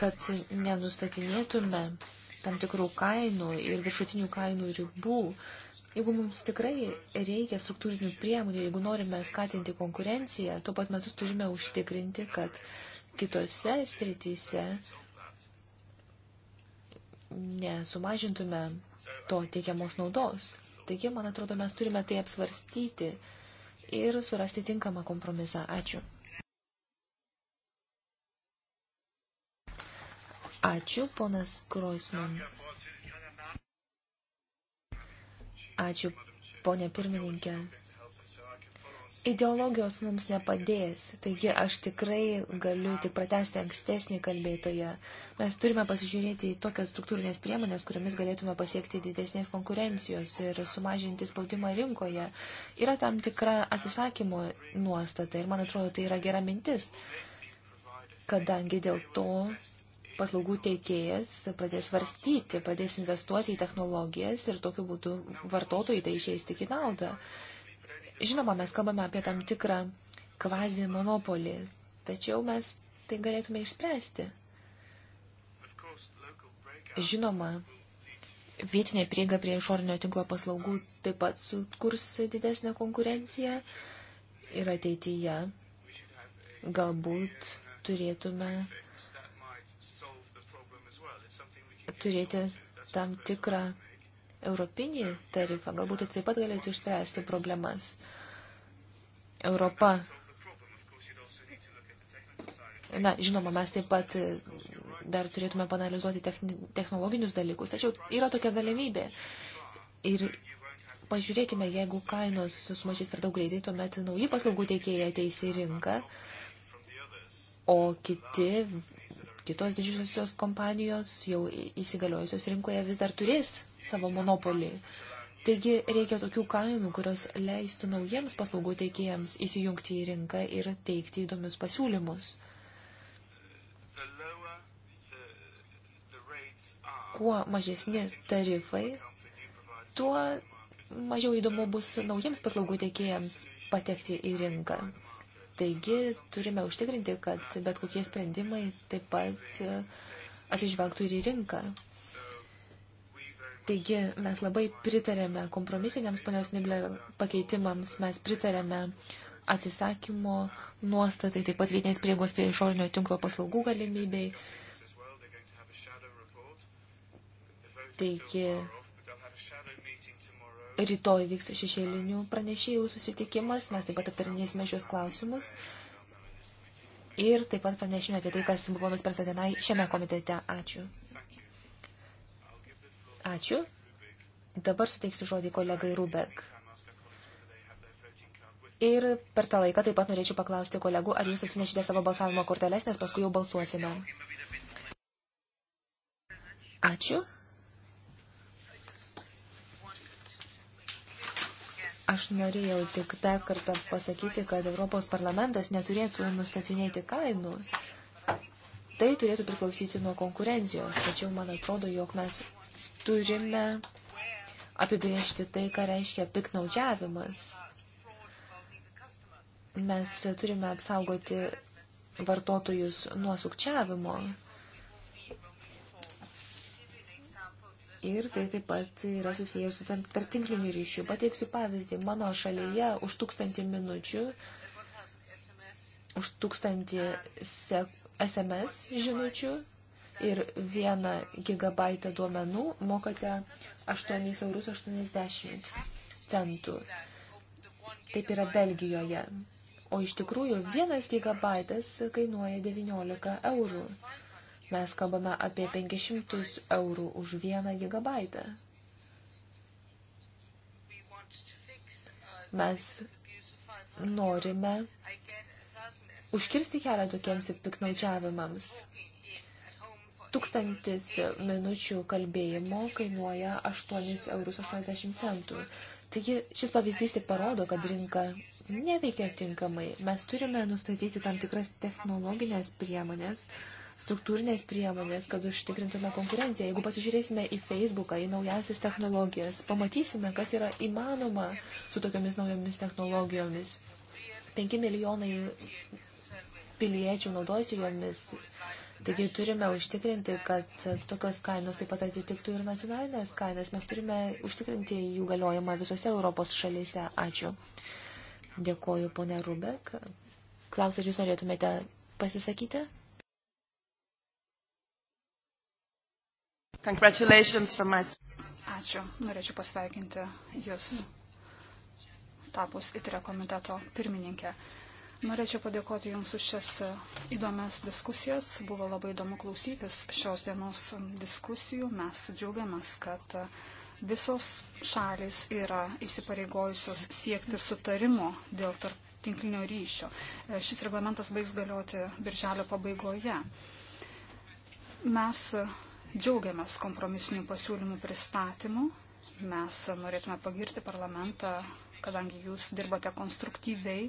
kad nenustatinėtume tam tikrų kainų ir viršutinių kainų ribų. Jeigu mums tikrai reikia struktūrinių priemonių, jeigu norime skatinti konkurenciją, tuo pat metu turime užtikrinti, kad kitose srityse nesumažintume to teikiamos naudos. Taigi, man atrodo, mes turime tai apsvarstyti ir surasti tinkamą kompromisą. Ačiū. Ačiū, ponas Kroisman. Ačiū, ponė pirmininkė. Ideologijos mums nepadės, taigi aš tikrai galiu tik pratesti ankstesnį kalbėtoje. Mes turime pasižiūrėti į tokias struktūrinės priemonės, kuriomis galėtume pasiekti didesnės konkurencijos ir sumažinti spaudimą rinkoje. Yra tam tikra atsisakymo nuostata ir man atrodo tai yra gera mintis, kadangi dėl to paslaugų teikėjas pradės svarstyti, pradės investuoti į technologijas ir tokiu būdu vartotojai tai išeis tik į naudą. Žinoma, mes kalbame apie tam tikrą kvazį monopolį, tačiau mes tai galėtume išspręsti. Žinoma, vietinė prieiga prie išorinio tinklo paslaugų taip pat sukurs didesnę konkurenciją ir ateityje galbūt turėtume turėti tam tikrą europinį tarifą, galbūt tai taip pat galėtų išspręsti problemas. Europa. Na, žinoma, mes taip pat e, dar turėtume panalizuoti technologinius dalykus, tačiau yra tokia galimybė. Ir pažiūrėkime, jeigu kainos sumažės per daug greitai, tuomet nauji paslaugų teikėjai ateis į rinką, o kiti, kitos didžiosios kompanijos jau įsigaliojusios rinkoje vis dar turės savo monopolį. Uh, Taigi reikia tokių kainų, kurios leistų naujiems paslaugų teikėjams įsijungti į rinką ir teikti įdomius pasiūlymus. Kuo mažesni tarifai, tuo mažiau įdomu bus naujiems paslaugų teikėjams patekti į rinką. Taigi turime užtikrinti, kad bet kokie sprendimai taip pat e, atsižvelgtų ir į rinką. Taigi mes labai pritarėme kompromisiniams ponios Nibler pakeitimams, mes pritarėme atsisakymo nuostatai, taip pat vietinės prieigos prie išorinio tinklo paslaugų galimybei. Taigi rytoj vyks šešėlinių pranešėjų susitikimas, mes taip pat aptarinėsime šios klausimus ir taip pat pranešime apie tai, kas buvo nuspręsta dienai šiame komitete. Ačiū. Ačiū. Dabar suteiksiu žodį kolegai Rubek. Ir per tą laiką taip pat norėčiau paklausti kolegų, ar jūs atsinešite savo balsavimo korteles, nes paskui jau balsuosime. Ačiū. Aš norėjau tik dar kartą pasakyti, kad Europos parlamentas neturėtų nustatinėti kainų. Tai turėtų priklausyti nuo konkurencijos, tačiau man atrodo, jog mes turime apibriežti tai, ką reiškia piknaudžiavimas. Mes turime apsaugoti vartotojus nuo sukčiavimo. Ir tai taip pat yra susijęs su tartinkliniu ryšiu. Pateiksiu pavyzdį. Mano šalyje už tūkstantį minučių, už tūkstantį SMS žinučių ir 1 gigabaitą duomenų mokate 8,80 eurus centų. Taip yra Belgijoje. O iš tikrųjų 1 gigabaitas kainuoja 19 eurų. Mes kalbame apie 500 eurų už 1 gigabaitą. Mes norime užkirsti kelią tokiems piknaudžiavimams. Tūkstantis minučių kalbėjimo kainuoja 8,80 eurus. Taigi šis pavyzdys tik parodo, kad rinka neveikia tinkamai. Mes turime nustatyti tam tikras technologinės priemonės, struktūrinės priemonės, kad užtikrintume konkurenciją. Jeigu pasižiūrėsime į Facebooką, į naujasias technologijas, pamatysime, kas yra įmanoma su tokiamis naujomis technologijomis. 5 milijonai piliečių naudojasi jomis Taigi turime užtikrinti, kad tokios kainos taip pat atitiktų ir nacionalinės kainas. Mes turime užtikrinti jų galiojimą visose Europos šalyse. Ačiū. Dėkoju, ponė Rubek. Klausai, jūs norėtumėte pasisakyti? Congratulations from us. Ačiū. Norėčiau pasveikinti Jūs tapus įtrio komiteto pirmininkė. Uh, Norėčiau padėkoti Jums už šias e, įdomias diskusijas. Buvo labai įdomu klausytis šios dienos diskusijų. Mes džiaugiamės, kad e, visos šalis yra įsipareigojusios siekti sutarimo dėl tarp tinklinio ryšio. E, šis reglamentas baigs galioti birželio pabaigoje. Mes džiaugiamės kompromisinių pasiūlymų pristatymu. Mes norėtume pagirti parlamentą, kadangi jūs dirbate konstruktyviai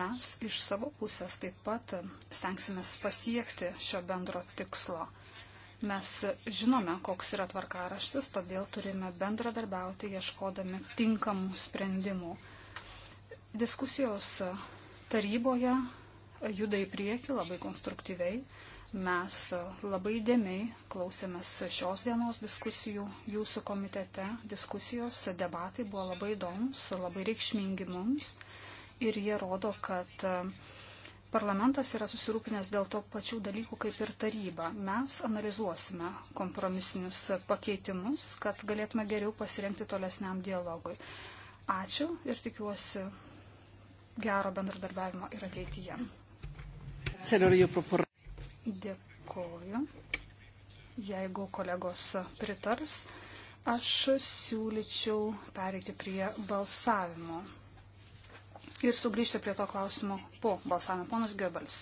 Mes iš savo pusės taip pat stengsime pasiekti šio bendro tikslo. Mes žinome, koks yra tvarkaraštis, todėl turime bendradarbiauti, ieškodami tinkamų sprendimų. Diskusijos taryboje juda į priekį labai konstruktyviai. Mes labai dėmiai klausėmės šios dienos diskusijų jūsų komitete. Diskusijos, debatai buvo labai įdomus, labai reikšmingi mums ir jie rodo, kad e, parlamentas yra susirūpinęs dėl to pačių dalykų kaip ir taryba. Mes analizuosime kompromisinius pakeitimus, kad galėtume geriau pasirengti tolesniam dialogui. Ačiū ir tikiuosi gero bendradarbiavimo ir ateityje. Dėkoju. Jeigu kolegos pritars, aš siūlyčiau pereiti prie balsavimo ir sugrįžti prie to klausimo po balsavimo. Ponas Goebbels.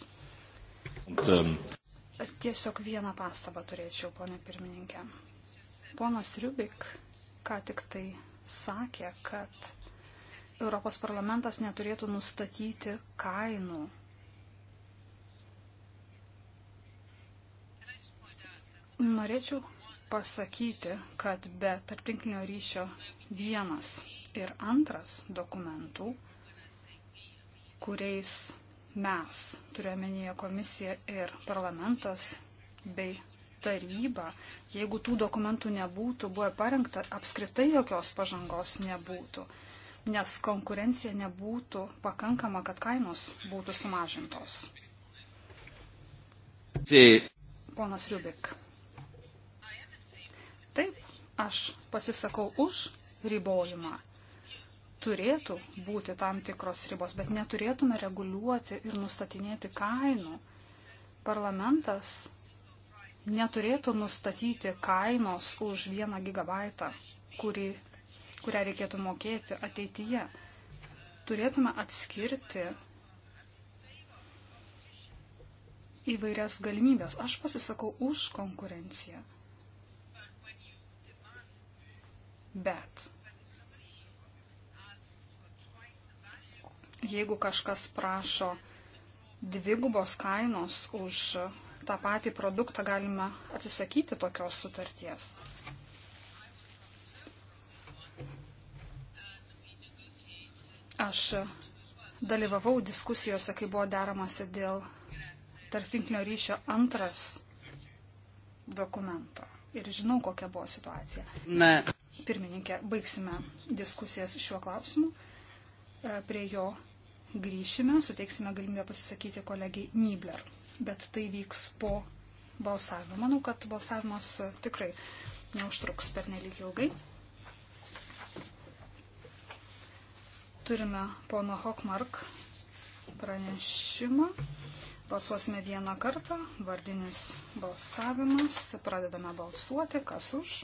Tiesiog vieną pastabą turėčiau, ponė pirmininkė. Ponas Riubik ką tik tai sakė, kad Europos parlamentas neturėtų nustatyti kainų. Norėčiau pasakyti, kad be tarptinklinio ryšio vienas ir antras dokumentų kuriais mes, turiuomenyje komisija ir parlamentas bei taryba, jeigu tų dokumentų nebūtų buvę parengta, apskritai jokios pažangos nebūtų, nes konkurencija nebūtų pakankama, kad kainos būtų sumažintos. Ponas Riubik. Taip, aš pasisakau už ribojimą turėtų būti tam tikros ribos, bet neturėtume reguliuoti ir nustatinėti kainų. Parlamentas neturėtų nustatyti kainos už vieną gigabaitą, kuri, kurią reikėtų mokėti ateityje. Turėtume atskirti įvairias galimybės. Aš pasisakau už konkurenciją. Bet Jeigu kažkas prašo dvigubos kainos už tą patį produktą, galima atsisakyti tokios sutarties. Aš dalyvavau diskusijose, kai buvo deramasi dėl tarptinklinio ryšio antras dokumento. Ir žinau, kokia buvo situacija. Ne. Pirmininkė, baigsime diskusijas šiuo klausimu. E, prie jo grįšime, suteiksime galimybę pasisakyti kolegiai Nibler. Bet tai vyks po balsavimo. Manau, kad balsavimas tikrai neužtruks per nelik ilgai. Turime pono Hokmark pranešimą. Balsuosime vieną kartą. Vardinis balsavimas. Pradedame balsuoti. Kas už?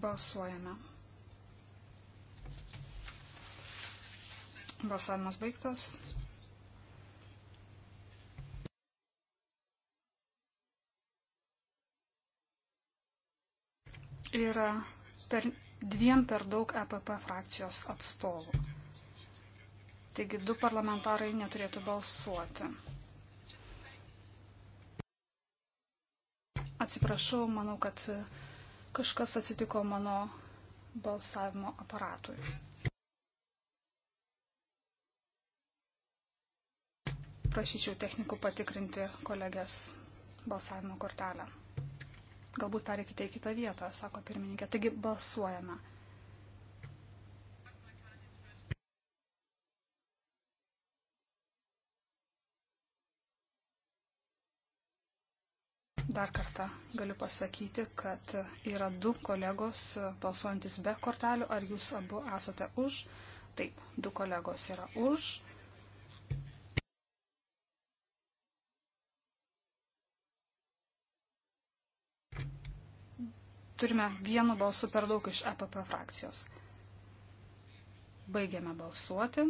Balsuojame. Balsavimas baigtas. Yra per, dviem per daug EPP frakcijos atstovų. Taigi du parlamentarai neturėtų balsuoti. Atsiprašau, manau, kad kažkas atsitiko mano balsavimo aparatui. Prašyčiau technikų patikrinti kolegės balsavimo kortelę. Galbūt pereikite į kitą vietą, sako pirmininkė. Taigi balsuojame. Dar kartą galiu pasakyti, kad yra du kolegos balsuojantis be kortelių. Ar jūs abu esate už? Taip, du kolegos yra už. Turime vienu balsu per daug iš EPP frakcijos. Baigiame balsuoti.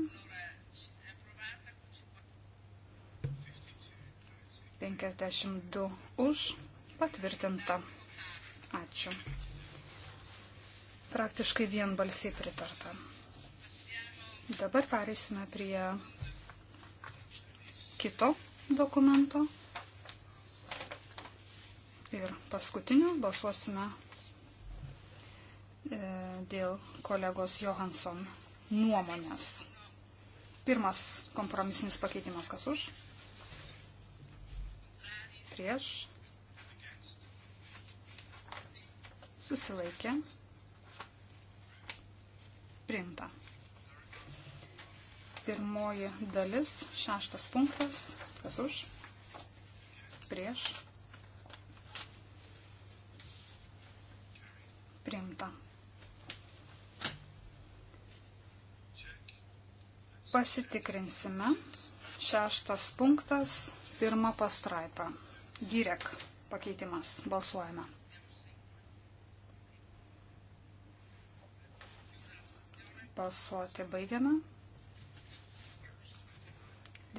52 už patvirtinta. Ačiū. Praktiškai vienbalsiai pritarta. Dabar pereisime prie kito dokumento. Ir paskutiniu balsuosime e, dėl kolegos Johansson nuomonės. Pirmas kompromisinis pakeitimas kas už? prieš, susilaikė, priimta. Pirmoji dalis, šeštas punktas, kas už, prieš, priimta. Pasitikrinsime. Šeštas punktas, pirma pastraipa. Gyrek pakeitimas. Balsuojame. Balsuoti baigiame.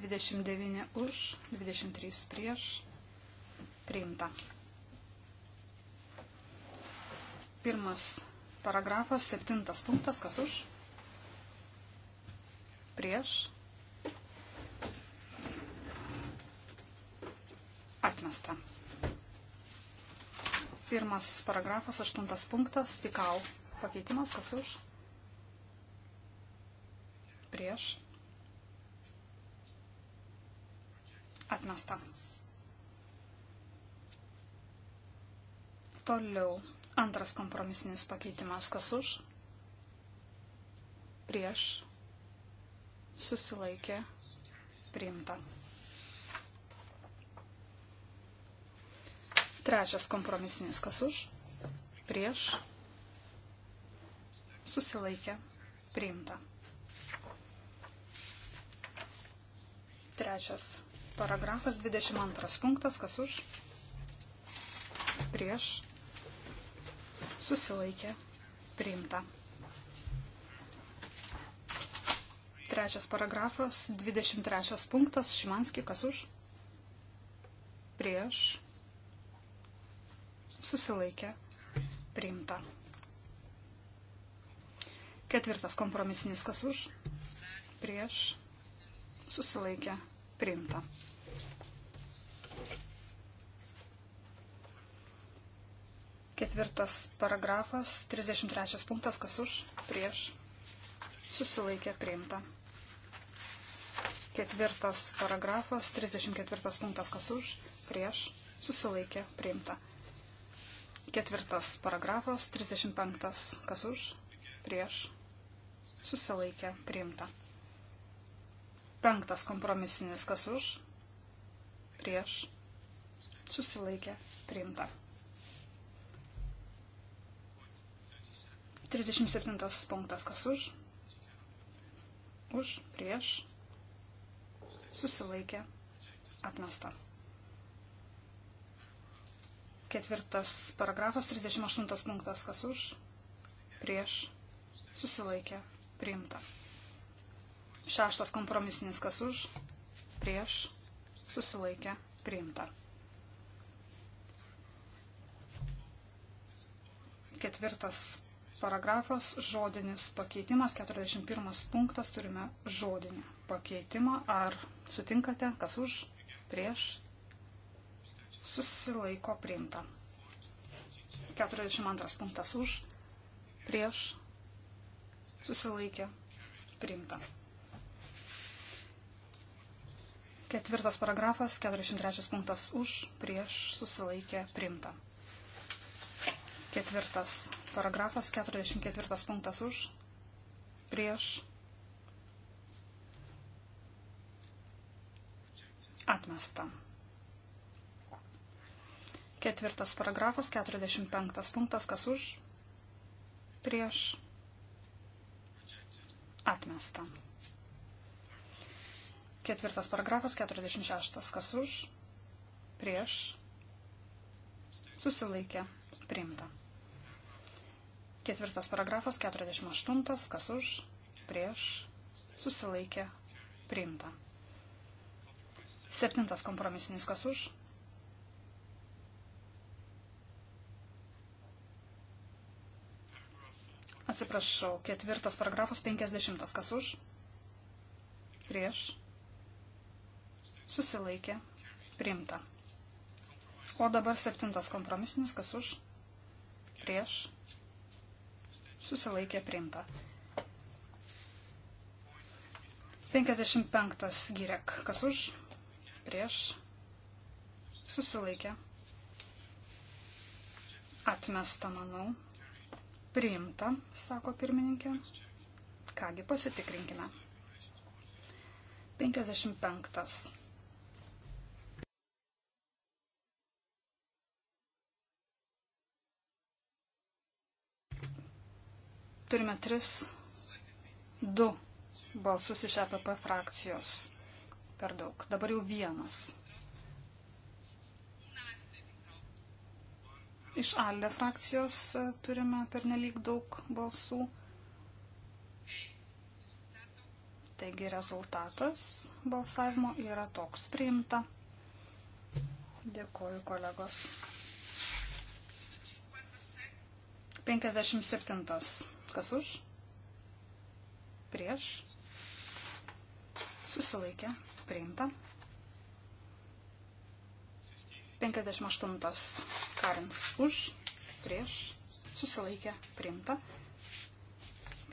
29 už, 23 prieš. Priimta. Pirmas paragrafas, septintas punktas, kas už? Prieš atmesta. Pirmas paragrafas, aštuntas punktas, tikau pakeitimas, kas už, prieš, atmesta. Toliau, antras kompromisinis pakeitimas, kas už, prieš, susilaikė, priimta. Trečias kompromisinis kas už, prieš, susilaikė, priimta. Trečias paragrafas, 22 punktas, kas už, prieš, susilaikė, priimta. Trečias paragrafas, 23 punktas, Šimanski, kas už, prieš, susilaikė, priimta. Ketvirtas kompromisinis kas už, prieš, susilaikė, priimta. Ketvirtas paragrafas, 33 punktas, kas už, prieš, susilaikė, priimta. Ketvirtas paragrafas, 34 punktas, kas už, prieš, susilaikė, priimta. Ketvirtas paragrafas, 35. Kas už? Prieš. Susilaikė. Priimta. Penktas kompromisinis. Kas už? Prieš. Susilaikė. Priimta. 37 punktas. Kas už? Už. Prieš. Susilaikė. Atmesta. Ketvirtas paragrafas, 38 punktas, kas už, prieš, susilaikė, priimta. Šeštas kompromisinis, kas už, prieš, susilaikė, priimta. Ketvirtas paragrafas, žodinis pakeitimas, 41 punktas, turime žodinį pakeitimą. Ar sutinkate, kas už, prieš, susilaiko priimta. 42 punktas už, prieš, susilaikė, priimta. Ketvirtas paragrafas, 43 punktas už, prieš, susilaikė, priimta. Ketvirtas paragrafas, 44 punktas už, prieš, atmesta. Ketvirtas paragrafas, 45 punktas, kas už, prieš, atmesta. Ketvirtas paragrafas, 46, kas už, prieš, susilaikė, priimta. Ketvirtas paragrafas, 48, kas už, prieš, susilaikė, priimta. Septintas kompromisinis, kas už, prieš Atsiprašau, ketvirtas paragrafas 50. Kas už? Prieš. Susilaikė. Primta. O dabar septintas kompromisinis. Kas už? Prieš. Susilaikė. Primta. 55. Girek. Kas už? Prieš. Susilaikė. Atmesta, manau. Priimta, sako pirmininkė. Kągi pasitikrinkime. 55. Turime 3, 2 balsus iš EPP frakcijos. Per daug. Dabar jau vienas. Iš Alde frakcijos e, turime pernelyg daug balsų. Taigi rezultatas balsavimo yra toks priimta. Dėkuoju kolegos. 57. Kas už? Prieš? Susilaikė. Priimta. 58 Karins už, prieš, susilaikė, priimta.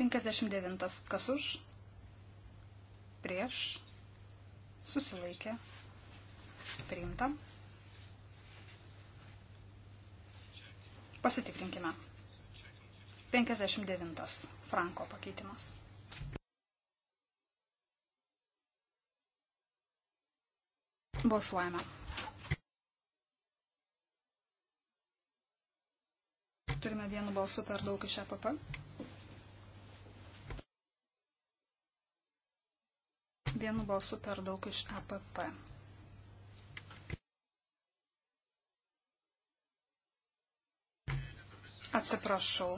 59 kas už, prieš, susilaikė, priimta. Pasitikrinkime. 59 Franko pakeitimas. Balsuojame. Turime vienu balsu per daug iš EPP. Vienu balsu per daug iš EPP. Atsiprašau,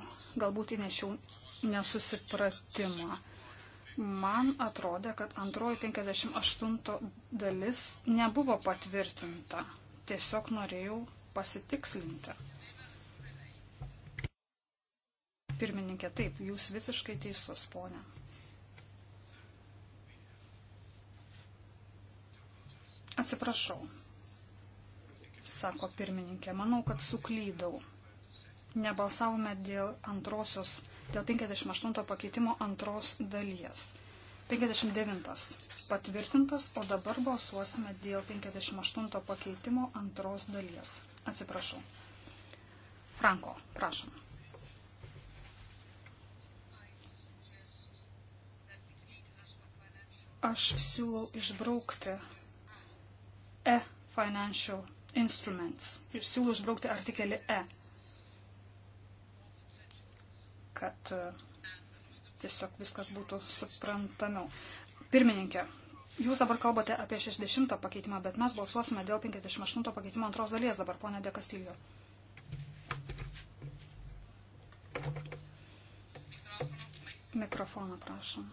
galbūt įnešiau nesusipratimą. Man atrodė, kad antroji 58 dalis nebuvo patvirtinta. Tiesiog norėjau pasitikslinti. Pirmininkė, taip, jūs visiškai teisus, ponė. Atsiprašau, sako pirmininkė, manau, kad suklydau. Nebalsavome dėl antrosios, dėl 58 pakeitimo antros dalies. 59 patvirtintas, o dabar balsuosime dėl 58 pakeitimo antros dalies. Atsiprašau. Franko, prašom. aš siūlau išbraukti E financial instruments ir siūlau išbraukti artikelį E, kad e, tiesiog viskas būtų suprantamiau. Pirmininkė, jūs dabar kalbate apie 60 pakeitimą, bet mes balsuosime dėl 58 pakeitimo antros dalies dabar, ponė Dekastilio. Mikrofoną prašom.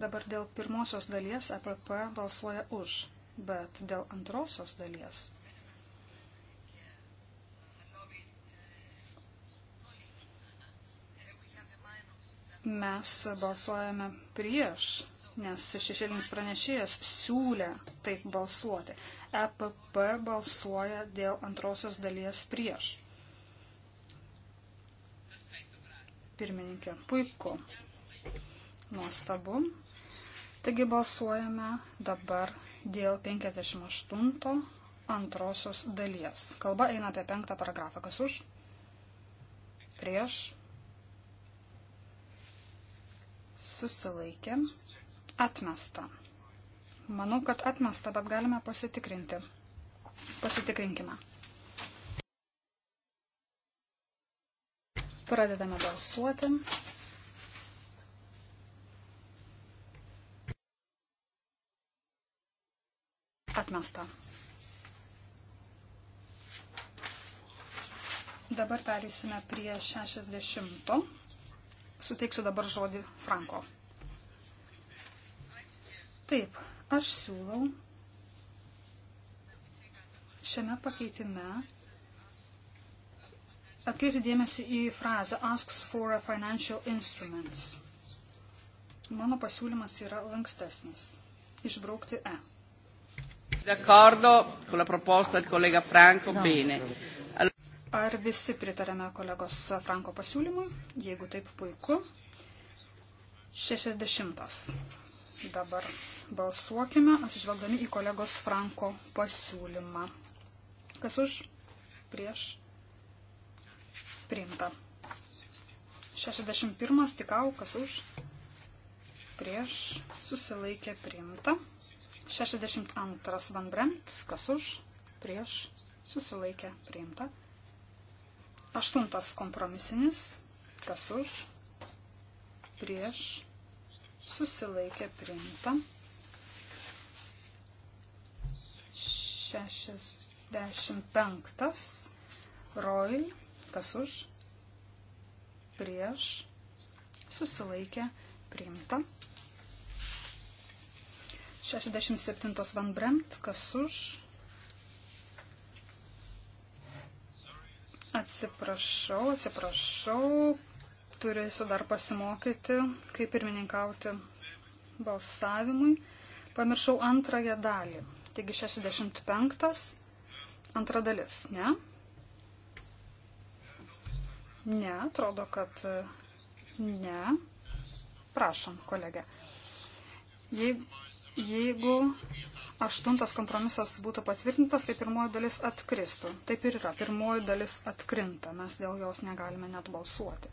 Dabar dėl pirmosios dalies APP balsuoja už, bet dėl antrosios dalies. Mes balsuojame prieš, nes šešėlinis pranešėjas siūlė taip balsuoti. EPP balsuoja dėl antrosios dalies prieš. Pirmininkė, puiku. Nuostabu. Taigi balsuojame dabar dėl 58 antrosios dalies. Kalba eina apie penktą paragrafą. Kas už? Prieš. Susilaikė. Atmesta. Manau, kad atmesta, bet galime pasitikrinti. Pasitikrinkime. Pradedame balsuoti. Atmesta. Dabar perėsime prie 60. Suteiksiu dabar žodį Franko. Taip, aš siūlau šiame pakeitime atkreipti dėmesį į frazę asks for a financial instruments. Mano pasiūlymas yra lankstesnis. Išbraukti E. D'accordo con la proposta del collega Franco? No. Bene. Allora... Ar visi pritarėme kolegos Franko pasiūlymui? Jeigu taip, puiku. 60. Dabar balsuokime, atsižvelgdami į kolegos Franko pasiūlymą. Kas už? Prieš? Priimta. 61. Tikau, kas už? Prieš? Susilaikė priimta. 62 Van Bremt, kas už, prieš, susilaikė, priimta. 8 kompromisinis, kas už, prieš, susilaikė, priimta. 65 Roil, kas už, prieš, susilaikė, priimta. 67 Van Bremt, kas už. Atsiprašau, atsiprašau, turėsiu dar pasimokyti, kaip pirmininkauti balsavimui. Pamiršau antrąją dalį. Taigi 65, antra dalis, ne? Ne, atrodo, kad e, ne. Prašom, kolegė. Jeigu Jeigu aštuntas kompromisas būtų patvirtintas, tai pirmoji dalis atkristų. Taip ir yra, pirmoji dalis atkrinta, mes dėl jos negalime net balsuoti.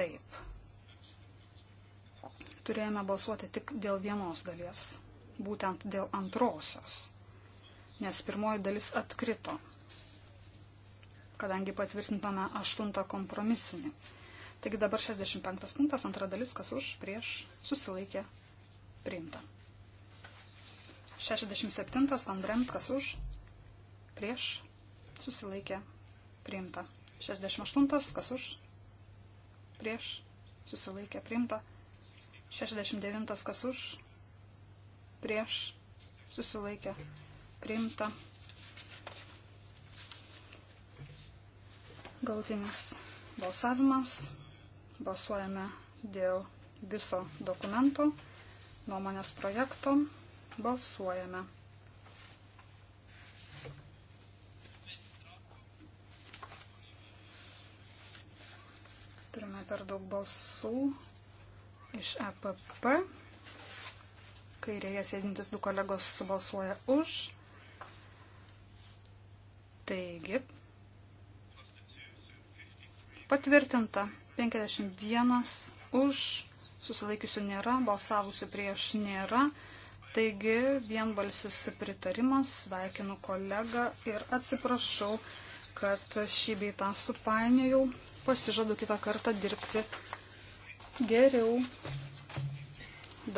Taip. Turėjome balsuoti tik dėl vienos dalies, būtent dėl antrosios, nes pirmoji dalis atkrito, kadangi patvirtintame aštuntą kompromisinį Taigi dabar 65 punktas, antra dalis, kas už, prieš, susilaikė, priimta. 67 Vandremt, kas už, prieš, susilaikė, priimta. 68 kas už, prieš, susilaikė, priimta. 69 kas už, prieš, susilaikė, priimta. Galutinis balsavimas. Balsuojame dėl viso dokumento, nuomonės projekto. Balsuojame. Turime per daug balsų iš EPP. Kairėje sėdintis du kolegos balsuoja už. Taigi, patvirtinta 51 už, susilaikiusių nėra, balsavusių prieš nėra. Taigi vienbalsis pritarimas, sveikinu kolegą ir atsiprašau, kad šį beitą supainiojau. Pasižadu kitą kartą dirbti geriau.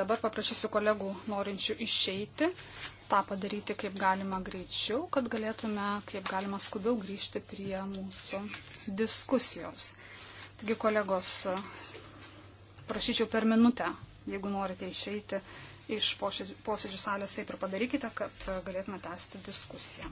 Dabar paprašysiu kolegų norinčių išeiti, tą padaryti kaip galima greičiau, kad galėtume kaip galima skubiau grįžti prie mūsų diskusijos. Taigi, kolegos, prašyčiau per minutę, jeigu norite išeiti iš posėdžių salės, taip ir padarykite, kad galėtume tęsti diskusiją.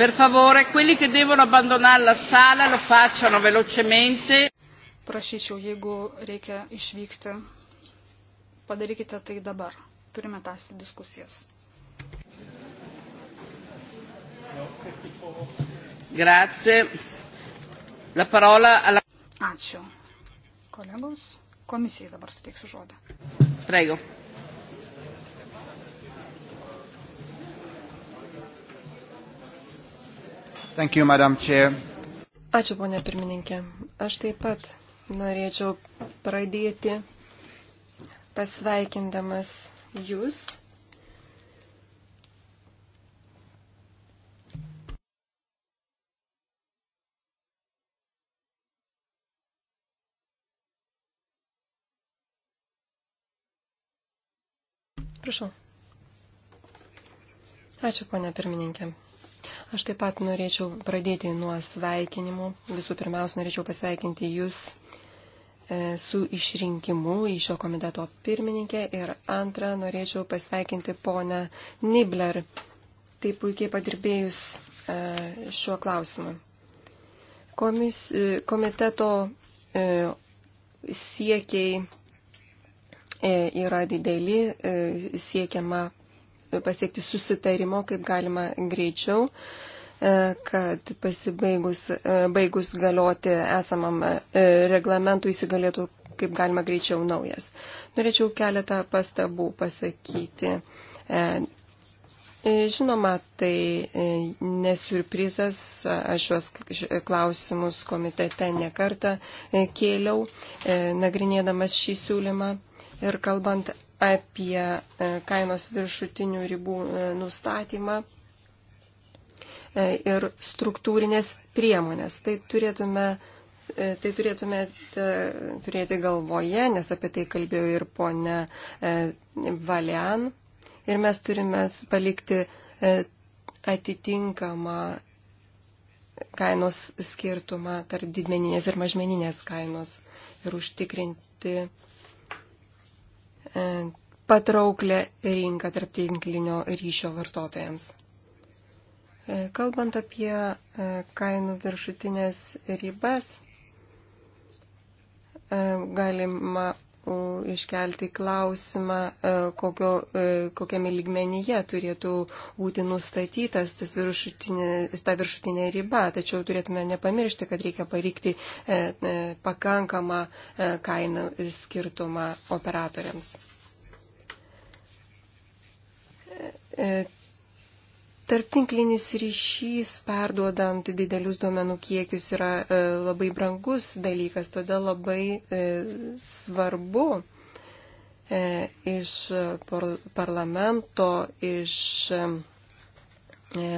Per favore, quelli che devono abbandonare la sala lo facciano velocemente. Prašyčiau, jeigu reikia išvykti Padarykite tai dabar. Turime tęsti diskusijas. Grazie. La parola alla... Ačiū. Kolegos, komisijai dabar suteiksiu žodį. Prego. Thank you, Madam Chair. Ačiū, ponia pirmininkė. Aš taip pat norėčiau pradėti pasveikindamas jūs. Prašau. Ačiū, ponia pirmininkė. Aš taip pat norėčiau pradėti nuo sveikinimų. Visų pirmiausia, norėčiau pasveikinti Jūs E, su išrinkimu į šio komiteto pirmininkę ir antrą norėčiau pasveikinti ponę Nibler, taip puikiai padirbėjus e, šiuo klausimu. Komis, e, komiteto siekiai yra dideli, siekiama pasiekti susitarimo kaip galima greičiau. E, kad pasibaigus e, baigus galioti esamam e, reglamentui įsigalėtų kaip galima greičiau naujas. Norėčiau keletą pastabų pasakyti. Žinoma, tai nesurprizas, aš juos klausimus komitete nekartą kėliau, nagrinėdamas šį siūlymą ir kalbant apie kainos viršutinių ribų nustatymą. E, ir struktūrinės priemonės. Tai turėtume, e, tai turėtume turėti galvoje, nes apie tai kalbėjo ir ponia e, Valian. Ir mes turime palikti atitinkamą kainos skirtumą tarp didmeninės ir mažmeninės kainos ir užtikrinti patrauklę rinką tarp tinklinio ryšio vartotojams. Kalbant apie e, kainų viršutinės ribas, e, galima iškelti klausimą, e, kokio, kokiame lygmenyje turėtų būti nustatytas tas viršutinė, ta viršutinė riba. Tačiau turėtume nepamiršti, kad reikia parikti pakankamą kainų skirtumą operatoriams Tarptinklinis ryšys perduodant didelius duomenų kiekius yra e, labai brangus dalykas, todėl labai e, svarbu e, iš e, par, parlamento, iš e,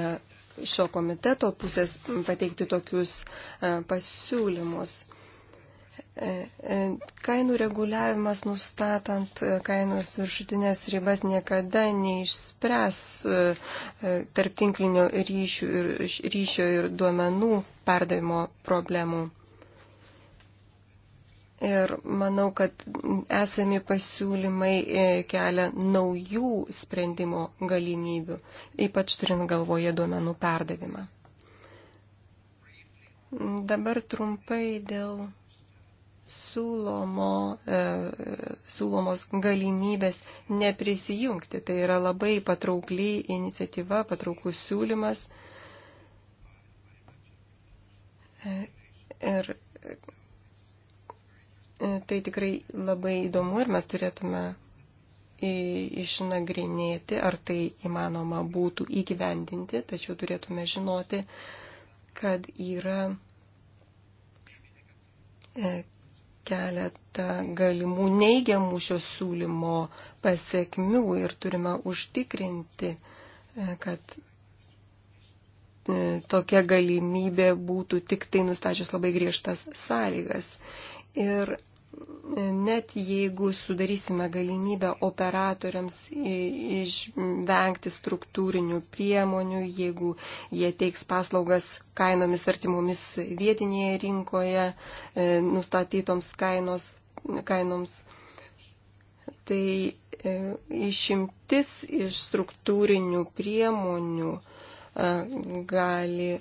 šio komiteto pusės pateikti tokius e, pasiūlymus. E, e, kainų reguliavimas nustatant e, kainos viršutinės ribas niekada neišspręs tarptinklinio ryšio ir, ryšio ir duomenų perdavimo problemų. Ir manau, kad esami pasiūlymai kelia naujų sprendimo galimybių, ypač turint galvoje duomenų perdavimą. Dabar trumpai dėl siūlomo, e, siūlomos galimybės neprisijungti. Tai yra labai patraukly iniciatyva, patrauklus siūlymas. E, ir e, tai tikrai labai įdomu ir mes turėtume išnagrinėti, ar tai įmanoma būtų įgyvendinti, tačiau turėtume žinoti, kad yra e, keletą galimų neigiamų šio siūlymo pasiekmių ir turime užtikrinti, e, kad e, tokia galimybė būtų tik tai nustačius labai griežtas sąlygas. Ir net jeigu sudarysime galimybę operatoriams išvengti struktūrinių priemonių, jeigu jie teiks paslaugas kainomis artimomis vietinėje rinkoje, e, nustatytoms kainos, kainoms, tai e, išimtis iš struktūrinių priemonių e, gali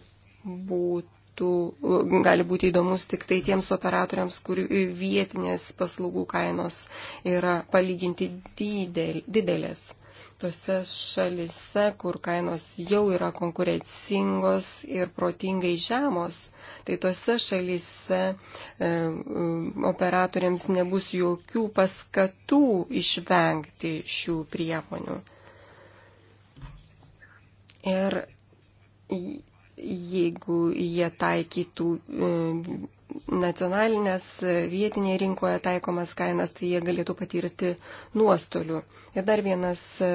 būti būtų, gali būti įdomus tik tai tiems operatoriams, kur vietinės paslaugų kainos yra palyginti didelės. Tose šalise, kur kainos jau yra konkurencingos ir protingai žemos, tai tose šalise e, e operatoriams nebus jokių paskatų išvengti šių priemonių. Ir jeigu jie taikytų e, nacionalinės e, vietinėje rinkoje taikomas kainas, tai jie galėtų patirti nuostolių. Ir dar vienas e,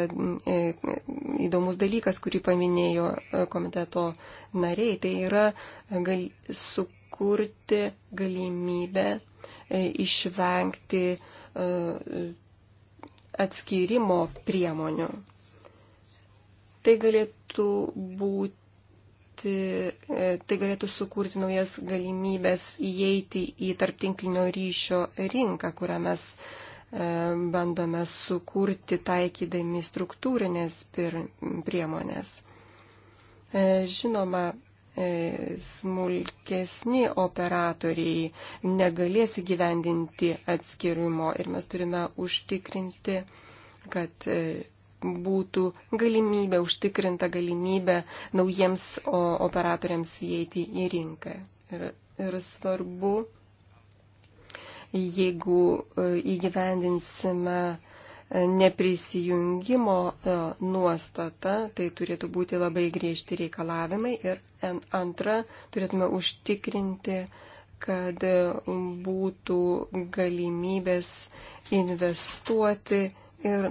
įdomus dalykas, kurį paminėjo komiteto nariai, tai yra gal, sukurti galimybę išvengti atskirimo priemonių. Tai galėtų būti E, tai galėtų sukurti naujas galimybės įeiti į tarptinklinio ryšio rinką, kurią mes e, bandome sukurti taikydami struktūrinės priemonės. E, žinoma, smulkesni operatoriai negalės įgyvendinti atskirimo ir mes turime užtikrinti, kad būtų galimybė, užtikrinta galimybė naujiems operatoriams įeiti į rinką. Ir, ir svarbu, jeigu e, įgyvendinsime e, neprisijungimo e, nuostata, tai turėtų būti labai griežti reikalavimai ir antra, turėtume užtikrinti, kad būtų galimybės investuoti ir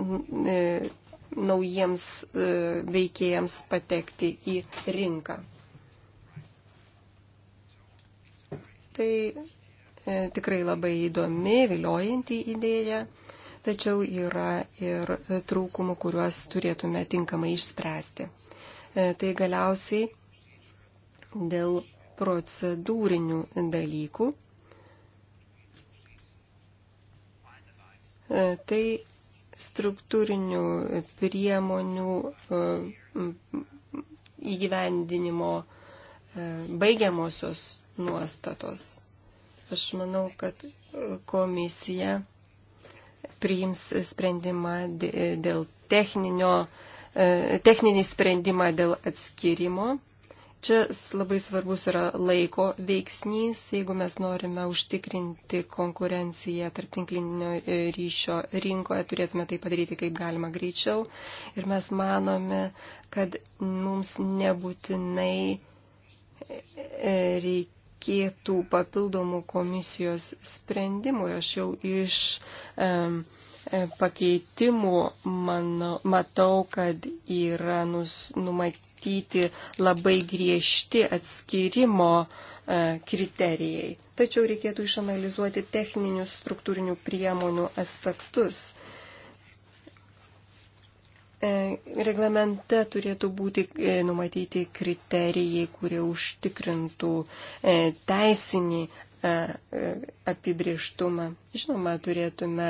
naujiems e, veikėjams patekti į rinką. Tai e, tikrai labai įdomi, viliojanti idėja, tačiau yra ir trūkumų, kuriuos turėtume tinkamai išspręsti. E, tai galiausiai dėl procedūrinių dalykų. Tai struktūrinių priemonių e, įgyvendinimo e, baigiamosios nuostatos. Aš manau, kad e, komisija priims sprendimą dėl techninio, techninį sprendimą dėl atskirimo Čia labai svarbus yra laiko veiksnys, jeigu mes norime užtikrinti konkurenciją tarp tinklinio e, ryšio rinkoje, turėtume tai padaryti kaip galima greičiau. Ir mes manome, kad mums nebūtinai reikia reikėtų papildomų komisijos sprendimų. Aš jau iš um, pakeitimų man, matau, kad yra nus, numat, nustatyti labai griežti atskirimo e, kriterijai. Tačiau reikėtų išanalizuoti techninius struktūrinių priemonių aspektus. E, reglamente turėtų būti e, numatyti kriterijai, kurie užtikrintų teisinį apibrieštumą. Žinoma, turėtume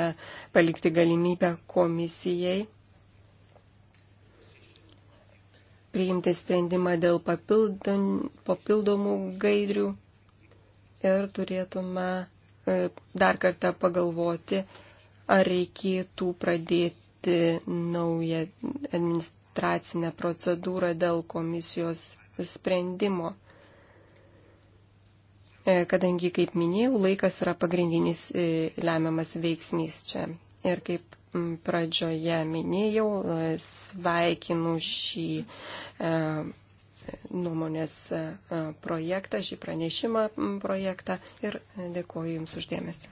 palikti galimybę komisijai priimti sprendimą dėl papildomų gairių ir turėtume e, dar kartą pagalvoti, ar reikėtų pradėti naują administracinę procedūrą dėl komisijos sprendimo. E, kadangi, kaip minėjau, laikas yra pagrindinis e, lemiamas veiksnys čia. Ir kaip pradžioje minėjau, e, sveikinu šį e, nuomonės e, projektą, šį pranešimą projektą ir dėkoju Jums uždėmesi.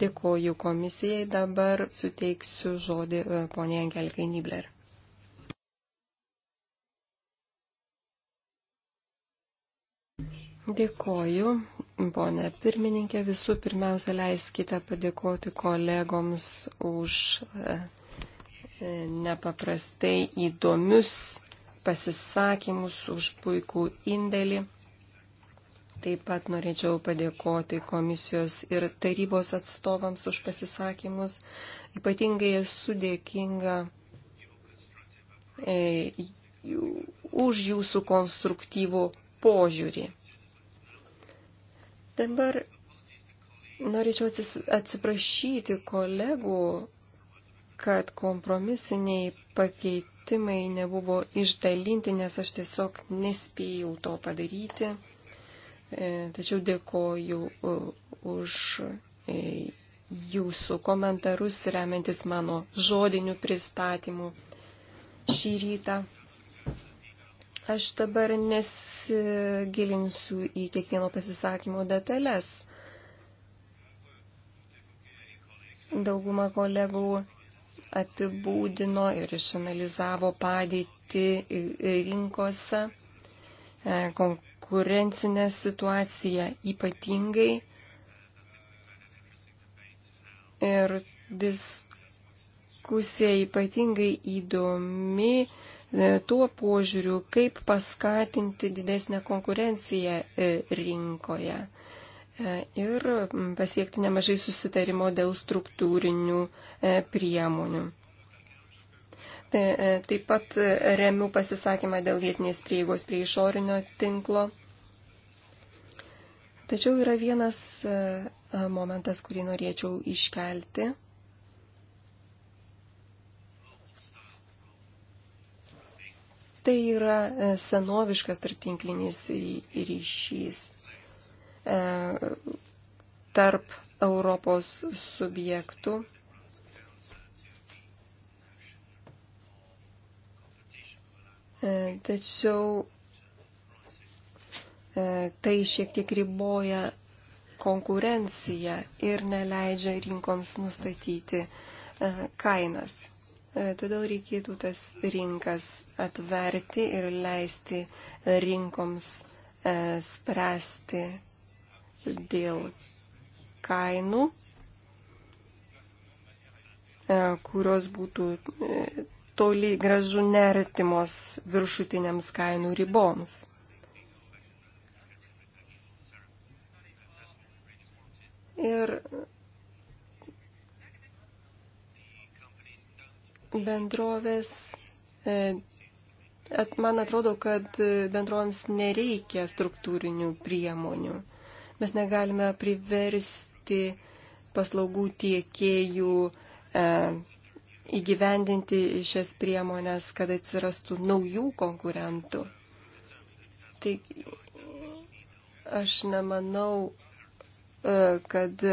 Dėkoju komisijai, dabar suteiksiu žodį ponė Angelkai Nibler. Dėkoju, Pone pirmininkė, visų pirmiausia, leiskite padėkoti kolegoms už e, e, nepaprastai įdomius pasisakymus, už puikų indėlį. Taip pat norėčiau padėkoti komisijos ir tarybos atstovams už pasisakymus. Ypatingai esu dėkinga e, už jūsų konstruktyvų požiūrį. Dabar norėčiau atsiprašyti kolegų, kad kompromisiniai pakeitimai nebuvo išdalinti, nes aš tiesiog nespėjau to padaryti. E, tačiau dėkoju už e, jūsų komentarus remiantis mano žodiniu pristatymu šį rytą. Aš dabar nesigilinsiu į kiekvieno pasisakymo detalės. Dauguma kolegų apibūdino ir išanalizavo padėtį rinkose, e, konkurencinę situaciją ypatingai. Ir diskusija ypatingai įdomi E, tuo požiūriu, kaip paskatinti didesnę konkurenciją e, rinkoje e, ir pasiekti nemažai susitarimo dėl struktūrinių priemonių. Taip pat remiu pasisakymą dėl vietinės prieigos prie išorinio tinklo. Tačiau yra vienas momentas, kurį norėčiau iškelti. Tai yra e, senoviškas tarptinklinis ryšys e, tarp Europos subjektų. E, tačiau tai šiek tiek riboja konkurenciją ir neleidžia rinkoms nustatyti kainas. Todėl reikėtų tas rinkas atverti ir leisti rinkoms e, spręsti dėl kainų, e, kurios būtų e, toli gražu nertimos viršutiniams kainų riboms. Ir bendrovės Man atrodo, kad bendrovėms nereikia struktūrinių priemonių. Mes negalime priversti paslaugų tiekėjų e, įgyvendinti šias priemonės, kad atsirastų naujų konkurentų. Tai aš nemanau, e, kad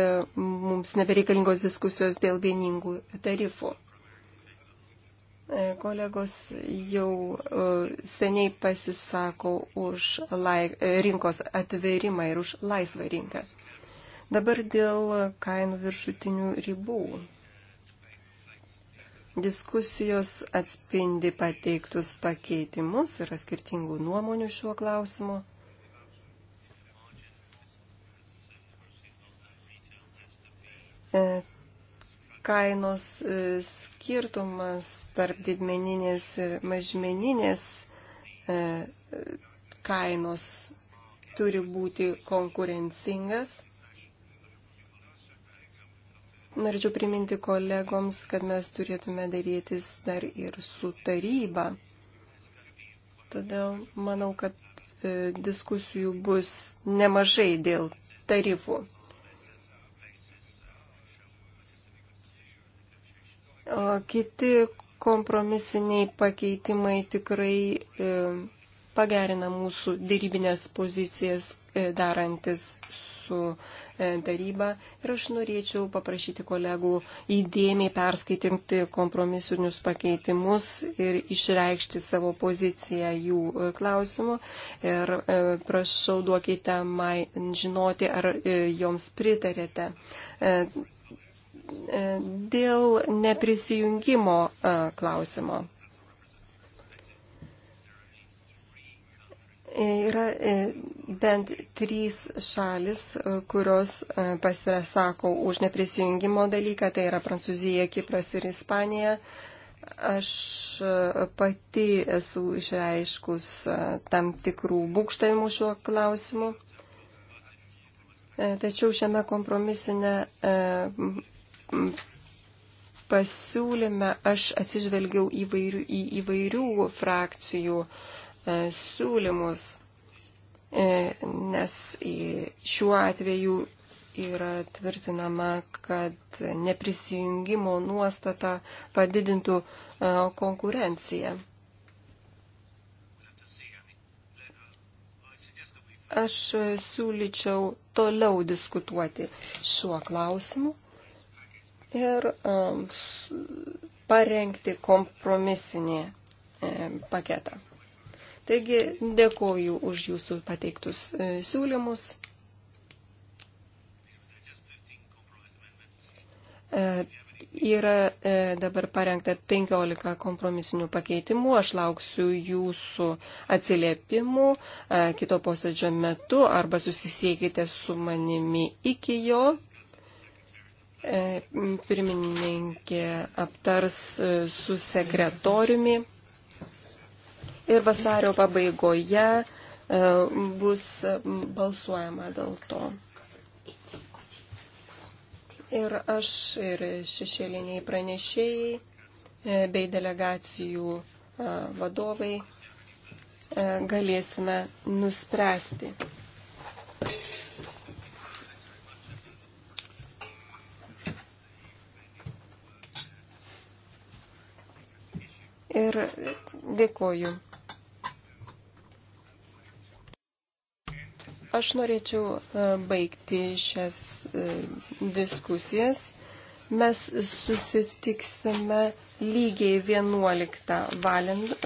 mums nebereikalingos diskusijos dėl vieningų tarifų. E, kolegos jau e, seniai pasisako už lai, e, rinkos atvėrimą ir už laisvą rinką. Dabar dėl kainų viršutinių ribų. Diskusijos atspindi pateiktus pakeitimus, yra skirtingų nuomonių šiuo klausimu. E, kainos e, skirtumas tarp didmeninės ir mažmeninės e, kainos turi būti konkurencingas. Norėčiau priminti kolegoms, kad mes turėtume darytis dar ir su taryba. Todėl manau, kad e, diskusijų bus nemažai dėl tarifų. Kiti kompromisiniai pakeitimai tikrai e, pagerina mūsų dėrybinės pozicijas e, darantis su e, taryba. Ir aš norėčiau paprašyti kolegų įdėmiai perskaitinti kompromisinius pakeitimus ir išreikšti savo poziciją jų klausimu. Ir prašau duokite man žinoti, ar joms pritarėte. E, dėl neprisijungimo e, klausimo. E, yra bent trys šalis, kurios pasisako už neprisijungimo dalyką, tai yra Prancūzija, Kipras ir Ispanija. Aš pati esu išreiškus tam tikrų būkštavimų šiuo klausimu. Tačiau šiame kompromisinė pasiūlyme aš atsižvelgiau įvairių, į įvairių frakcijų e, siūlymus, e, nes šiuo atveju yra tvirtinama, kad neprisijungimo nuostata padidintų e, konkurenciją. Aš siūlyčiau toliau diskutuoti šiuo klausimu ir um, parengti kompromisinį e, paketą. Taigi dėkoju už jūsų pateiktus e, siūlymus. E, yra e, dabar parengta 15 kompromisinių pakeitimų. Aš lauksiu jūsų atsiliepimų e, kito posėdžio metu arba susisiekite su manimi iki jo. E, pirmininkė aptars e, su sekretoriumi ir vasario pabaigoje e, bus balsuojama dėl to. Ir aš ir šešėliniai pranešėjai bei delegacijų vadovai galėsime nuspręsti ir dėkoju. Aš norėčiau e, baigti šias e, diskusijas. Mes susitiksime lygiai 11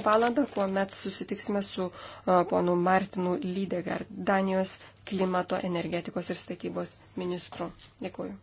valandą, kuomet susitiksime su e, ponu Martinu Lydegard, Danijos klimato, energetikos ir statybos ministru. Dėkuoju.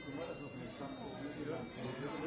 Thank you.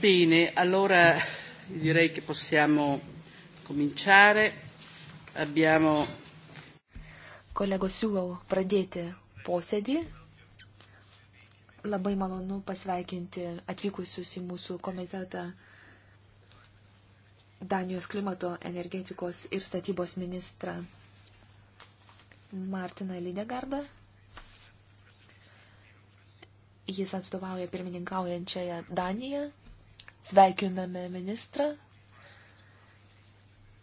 Bene, allora direi che possiamo cominciare. Abbiamo. Kolegos siūlau pradėti posėdį. Labai malonu pasveikinti atvykusius į mūsų komitetą Danijos klimato, energetikos ir statybos ministrą Martiną Lidegardą. Jis atstovauja pirmininkaujančiąją Daniją. Sveikiname ministrą.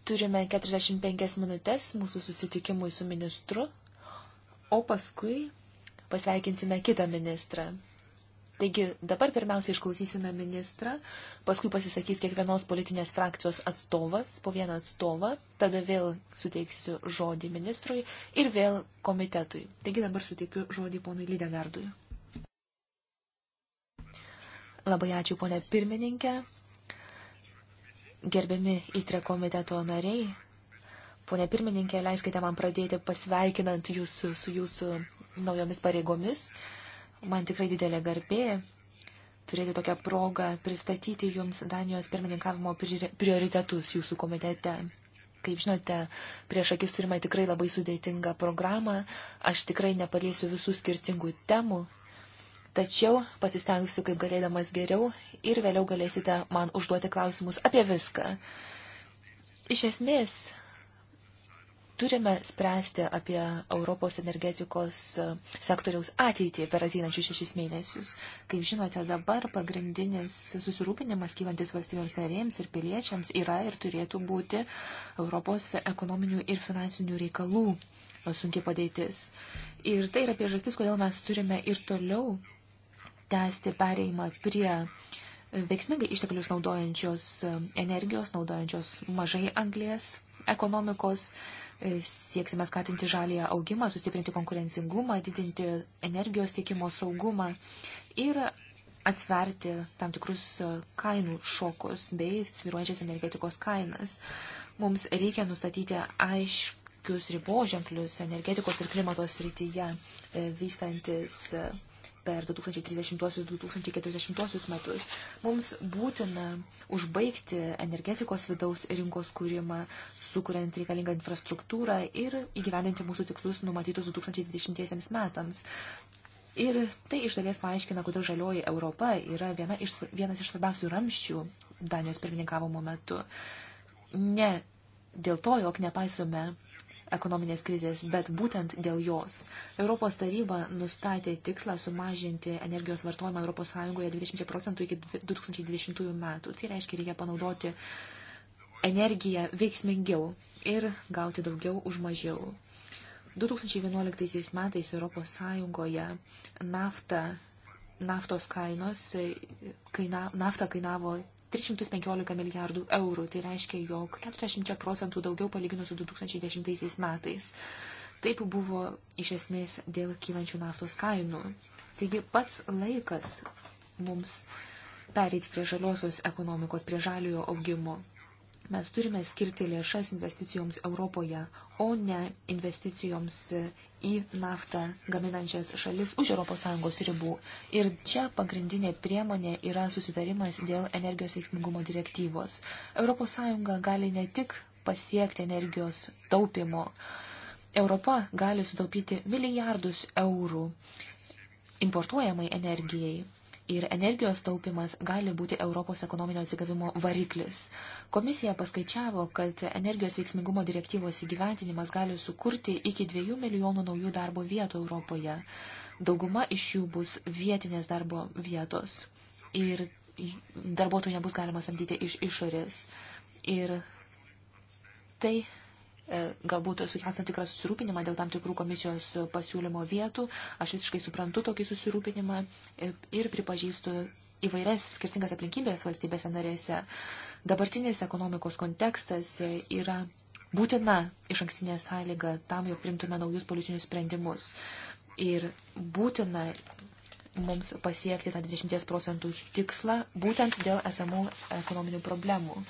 Turime 45 minutės mūsų susitikimui su ministru, o paskui pasveikinsime kitą ministrą. Taigi dabar pirmiausia išklausysime ministrą, paskui pasisakys kiekvienos politinės frakcijos atstovas, po vieną atstovą, tada vėl suteiksiu žodį ministrui ir vėl komitetui. Taigi dabar suteikiu žodį ponui Lydegardui. Labai ačiū, ponė pirmininkė, gerbiami įtre komiteto nariai. Pone pirmininkė, leiskite man pradėti pasveikinant jūs su jūsų naujomis pareigomis. Man tikrai didelė garbė turėti tokią progą pristatyti jums Danijos pirmininkavimo prioritetus jūsų komitete. Kaip žinote, prieš akis turime tikrai labai sudėtingą programą. Aš tikrai nepaliesiu visų skirtingų temų, Tačiau pasistengsiu kaip galėdamas geriau ir vėliau galėsite man užduoti klausimus apie viską. Iš esmės, turime spręsti apie Europos energetikos e, sektoriaus ateitį per ateinančius šešis mėnesius. Kaip žinote, dabar pagrindinis susirūpinimas kylantis valstybėms narėms ir piliečiams yra ir turėtų būti Europos ekonominių ir finansinių reikalų sunkiai padėtis. Ir tai yra priežastis, kodėl mes turime ir toliau tęsti pereimą prie veiksmingai išteklius naudojančios energijos, naudojančios mažai anglės ekonomikos, sieksime skatinti žalėją augimą, sustiprinti konkurencingumą, didinti energijos tiekimo saugumą ir atsverti tam tikrus kainų šokus bei sviruojančias energetikos kainas. Mums reikia nustatyti aiškius riboženklius energetikos ir klimatos rytyje vystantis per 2030-2040 metus. Mums būtina užbaigti energetikos vidaus rinkos kūrimą, sukuriant reikalingą infrastruktūrą ir įgyvendinti mūsų tikslus numatytus 2020 metams. Ir tai iš dalies paaiškina, kodėl žalioji Europa yra viena iš, vienas iš svarbiausių ramščių Danijos pirmininkavimo metu. Ne dėl to, jog nepaisome ekonominės krizės, bet būtent dėl jos. Europos taryba nustatė tikslą sumažinti energijos vartojimą ES 20 procentų iki 2020 metų. Tai reiškia, reikia panaudoti energiją veiksmingiau ir gauti daugiau už mažiau. 2011 metais Europos Sąjungoje nafta, naftos kainos, kaina, nafta kainavo 315 milijardų eurų. Tai reiškia, jog 40 procentų daugiau palyginus su 2010 metais. Taip buvo iš esmės dėl kylančių naftos kainų. Taigi pats laikas mums pereiti prie žaliosios ekonomikos, prie žaliojo augimo. Mes turime skirti lėšas investicijoms Europoje, o ne investicijoms į naftą gaminančias šalis už ES ribų. Ir čia pagrindinė priemonė yra susitarimas dėl energijos veiksmingumo direktyvos. ES gali ne tik pasiekti energijos taupimo. Europa gali sutaupyti milijardus eurų importuojamai energijai ir energijos taupimas gali būti Europos ekonominio atsigavimo variklis. Komisija paskaičiavo, kad energijos veiksmingumo direktyvos įgyventinimas gali sukurti iki 2 milijonų naujų darbo vietų Europoje. Dauguma iš jų bus vietinės darbo vietos ir darbuotojų nebus galima samdyti iš išorės. Ir tai E, galbūt sukels tam tikrą susirūpinimą dėl tam tikrų komisijos pasiūlymo vietų. Aš visiškai suprantu tokį susirūpinimą ir pripažįstu įvairias skirtingas aplinkybės valstybėse narėse. Dabartinis ekonomikos kontekstas yra būtina iš ankstinė sąlyga tam, jog primtume naujus politinius sprendimus. Ir būtina mums pasiekti tą 20 procentų tikslą būtent dėl esamų ekonominių problemų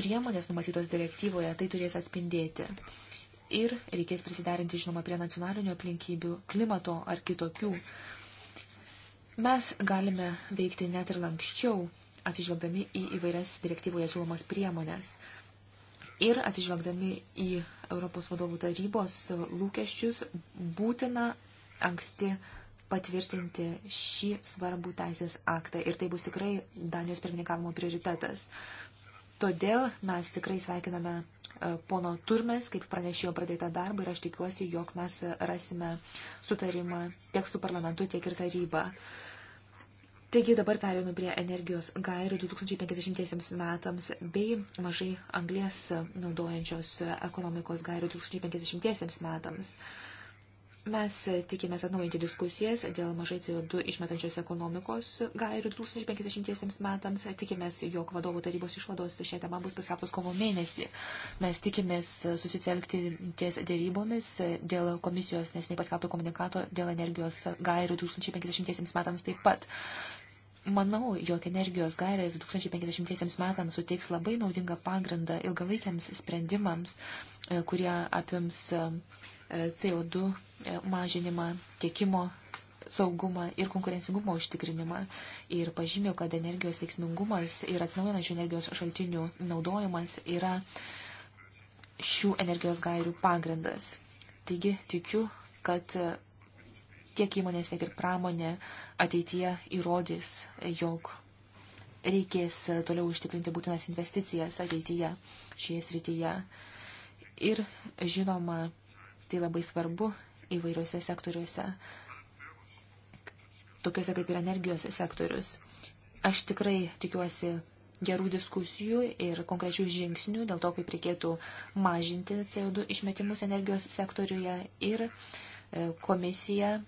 priemonės numatytos direktyvoje tai turės atspindėti. Ir reikės prisiderinti, žinoma, prie nacionalinių aplinkybių, klimato ar kitokių. Mes galime veikti net ir lankščiau, atsižvelgdami į įvairias direktyvoje siūlomas priemonės. Ir atsižvelgdami į Europos vadovų tarybos lūkesčius, būtina anksti patvirtinti šį svarbų teisės aktą. Ir tai bus tikrai Danijos pirmininkavimo prioritetas. Todėl mes tikrai sveikiname e, pono Turmes, kaip pranešėjo pradėtą darbą ir aš tikiuosi, jog mes rasime sutarimą tiek su parlamentu, tiek ir taryba. Taigi dabar perėnu prie energijos gairių 2050 metams bei mažai anglės naudojančios ekonomikos gairių 2050 metams. Mes tikimės atnaujinti diskusijas dėl mažai CO2 išmetančios ekonomikos gairių 2050 metams. Tikimės, jog vadovų tarybos išvados šią temą bus paskelbtos kovo mėnesį. Mes tikimės susitelkti ties dėrybomis dėl komisijos nesnei paskelbto komunikato dėl energijos gairių 2050 metams taip pat. Manau, jog energijos gairės 2050 metams suteiks labai naudingą pagrindą ilgalaikiams sprendimams, kurie apims e, CO2 mažinimą, tiekimo saugumą ir konkurencingumo užtikrinimą ir pažymėjo, kad energijos veiksmingumas ir atsinaujinančių energijos šaltinių naudojimas yra šių energijos gairių pagrindas. Taigi tikiu, kad tiek įmonės, tiek ir pramonė ateityje įrodys, jog reikės toliau užtikrinti būtinas investicijas ateityje šioje srityje. Ir žinoma, tai labai svarbu įvairiuose sektoriuose, tokiuose kaip ir energijos sektorius. Aš tikrai tikiuosi gerų diskusijų ir konkrečių žingsnių dėl to, kaip reikėtų mažinti CO2 išmetimus energijos sektoriuje ir e, komisija e,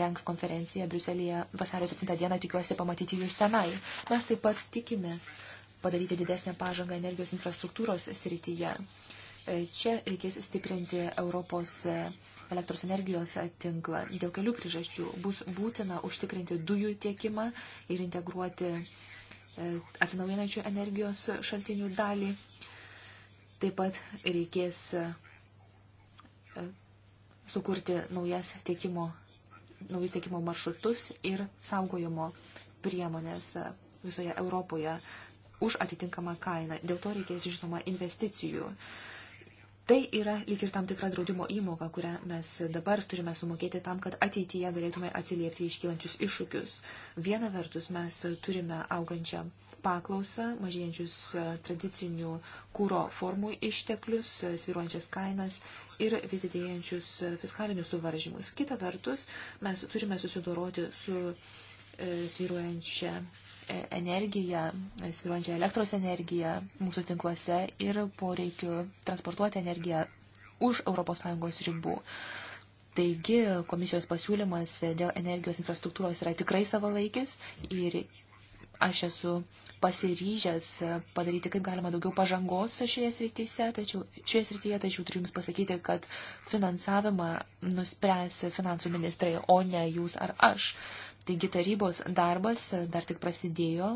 rengs konferenciją Briuselėje vasario 7 dieną, tikiuosi pamatyti jūs tenai. Mes taip pat tikimės padaryti didesnę pažangą energijos infrastruktūros srityje. E, čia reikės stiprinti Europos elektros energijos tinklą. Dėl kelių priežasčių bus būtina užtikrinti dujų tiekimą ir integruoti e, atsinaujinančių energijos šaltinių dalį. Taip pat reikės e, sukurti naujas tiekimo, naujus tiekimo maršrutus ir saugojimo priemonės e, visoje Europoje už atitinkamą kainą. Dėl to reikės, žinoma, investicijų. Uh, Tai yra lyg ir tam tikra draudimo įmoka, kurią mes dabar turime sumokėti tam, kad ateityje galėtume atsiliepti iškylančius iššūkius. Viena vertus mes turime augančią paklausą, mažėjančius e, tradicinių kūro formų išteklius, e, sviruojančias kainas ir vis didėjančius e, fiskalinius suvaržymus. Kita vertus, mes turime susidoroti su E, sviruojančią e, energiją, e, sviruojančią elektros energiją mūsų tinkluose ir poreikiu transportuoti energiją už ES ribų. Taigi komisijos pasiūlymas dėl energijos infrastruktūros yra tikrai savalaikis ir aš esu pasiryžęs padaryti kaip galima daugiau pažangos šioje srityje, tačiau, šioje srityje, tačiau turiu Jums pasakyti, kad finansavimą nuspręs finansų ministrai, o ne Jūs ar aš. Taigi tarybos darbas dar tik prasidėjo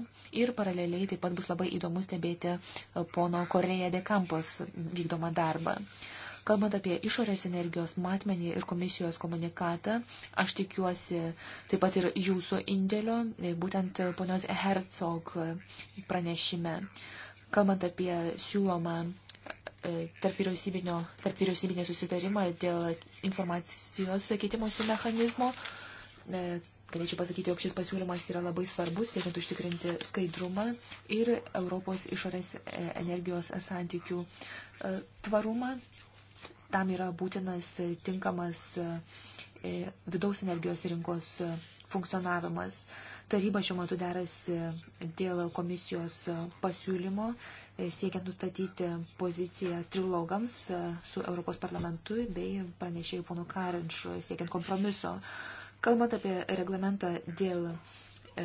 ir paraleliai taip pat bus labai įdomu stebėti e, pono Koreja de Campos vykdomą darbą. Kalbant apie išorės energijos matmenį ir komisijos komunikatą, aš tikiuosi taip pat ir jūsų indėlio, e, būtent ponios Herzog pranešime. Kalbant apie siūlomą e, tarp vyriausybinio susitarimą dėl informacijos keitimosi mechanizmo, Galėčiau pasakyti, jog šis pasiūlymas yra labai svarbus, siekiant užtikrinti skaidrumą ir Europos išorės e, energijos santykių e, tvarumą. Tam yra būtinas e, tinkamas vidaus energijos rinkos funkcionavimas. Taryba šiuo metu derasi dėl komisijos pasiūlymo, siekiant nustatyti poziciją trilogams su Europos parlamentu bei pranešėjų ponu Karinšu, siekiant kompromiso. Uh, Kalbant apie reglamentą dėl e,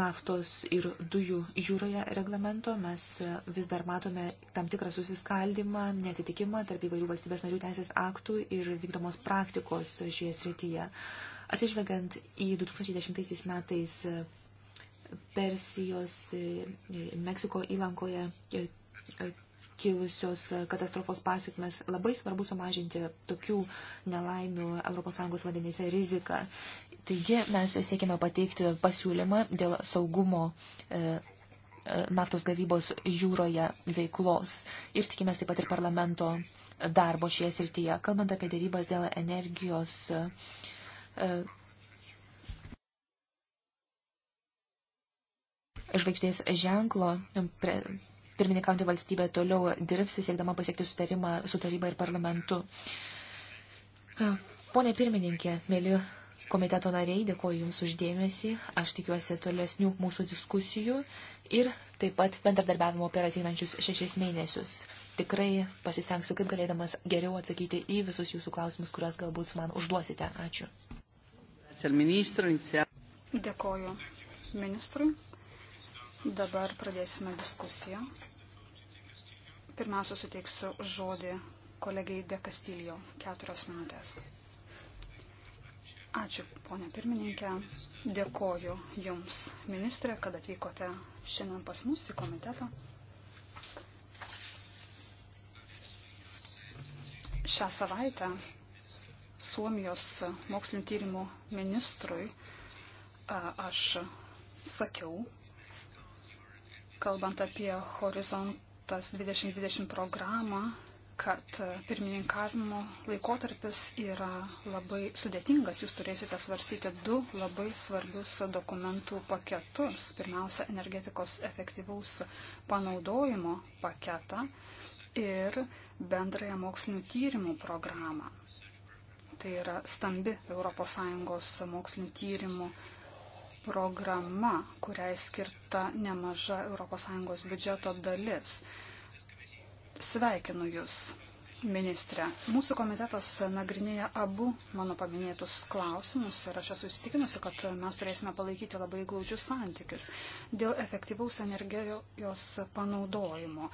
naftos ir dujų jūroje reglamento, mes e, vis dar matome tam tikrą susiskaldimą, netitikimą tarp įvairių valstybės narių teisės aktų ir vykdomos praktikos šioje srityje. Atsižvelgiant į 2010 metais e, Persijos, Meksiko įlankoje kilusios e, katastrofos pasiekmes. Labai svarbu sumažinti tokių nelaimių ES vandenyse riziką. Taigi mes siekime pateikti pasiūlymą dėl saugumo e, e, naftos gavybos jūroje veiklos ir tikimės taip pat ir parlamento darbo šioje srityje. Kalbant apie dėrybas dėl energijos. Žvaigždės ženklo, pre, pirmininkaujantį valstybę toliau dirbsi, siekdama pasiekti sutarimą su taryba ir parlamentu. E, Pone pirmininkė, mėly komiteto nariai, dėkoju Jums uždėmesį. Aš tikiuosi tolesnių mūsų diskusijų ir taip pat bendradarbiavimo per ateinančius šešis mėnesius. Tikrai pasistengsiu, kaip galėdamas geriau atsakyti į visus Jūsų klausimus, kuriuos galbūt man užduosite. Ačiū. Dėkoju ministrui. Dabar pradėsime diskusiją. Pirmiausia, suteiksiu žodį kolegiai De Castillo, keturios minutės. Ačiū, ponė pirmininkė. Dėkoju Jums, ministrė, kad atvykote šiandien pas mus į komitetą. Šią savaitę Suomijos mokslinio tyrimų ministrui aš sakiau, kalbant apie Horizont tas 2020 programą, kad pirmininkavimo laikotarpis yra labai sudėtingas. Jūs turėsite svarstyti du labai svarbius dokumentų paketus. Pirmiausia, energetikos efektyvaus panaudojimo paketą ir bendrąją mokslinių tyrimų programą. Tai yra stambi ES mokslinių tyrimų programą programa, kuriai skirta nemaža ES biudžeto dalis. Sveikinu Jūs, ministrė. Mūsų komitetas nagrinėja abu mano paminėtus klausimus ir aš esu įsitikinusi, kad mes turėsime palaikyti labai glaudžius santykius dėl efektyvaus energijos panaudojimo.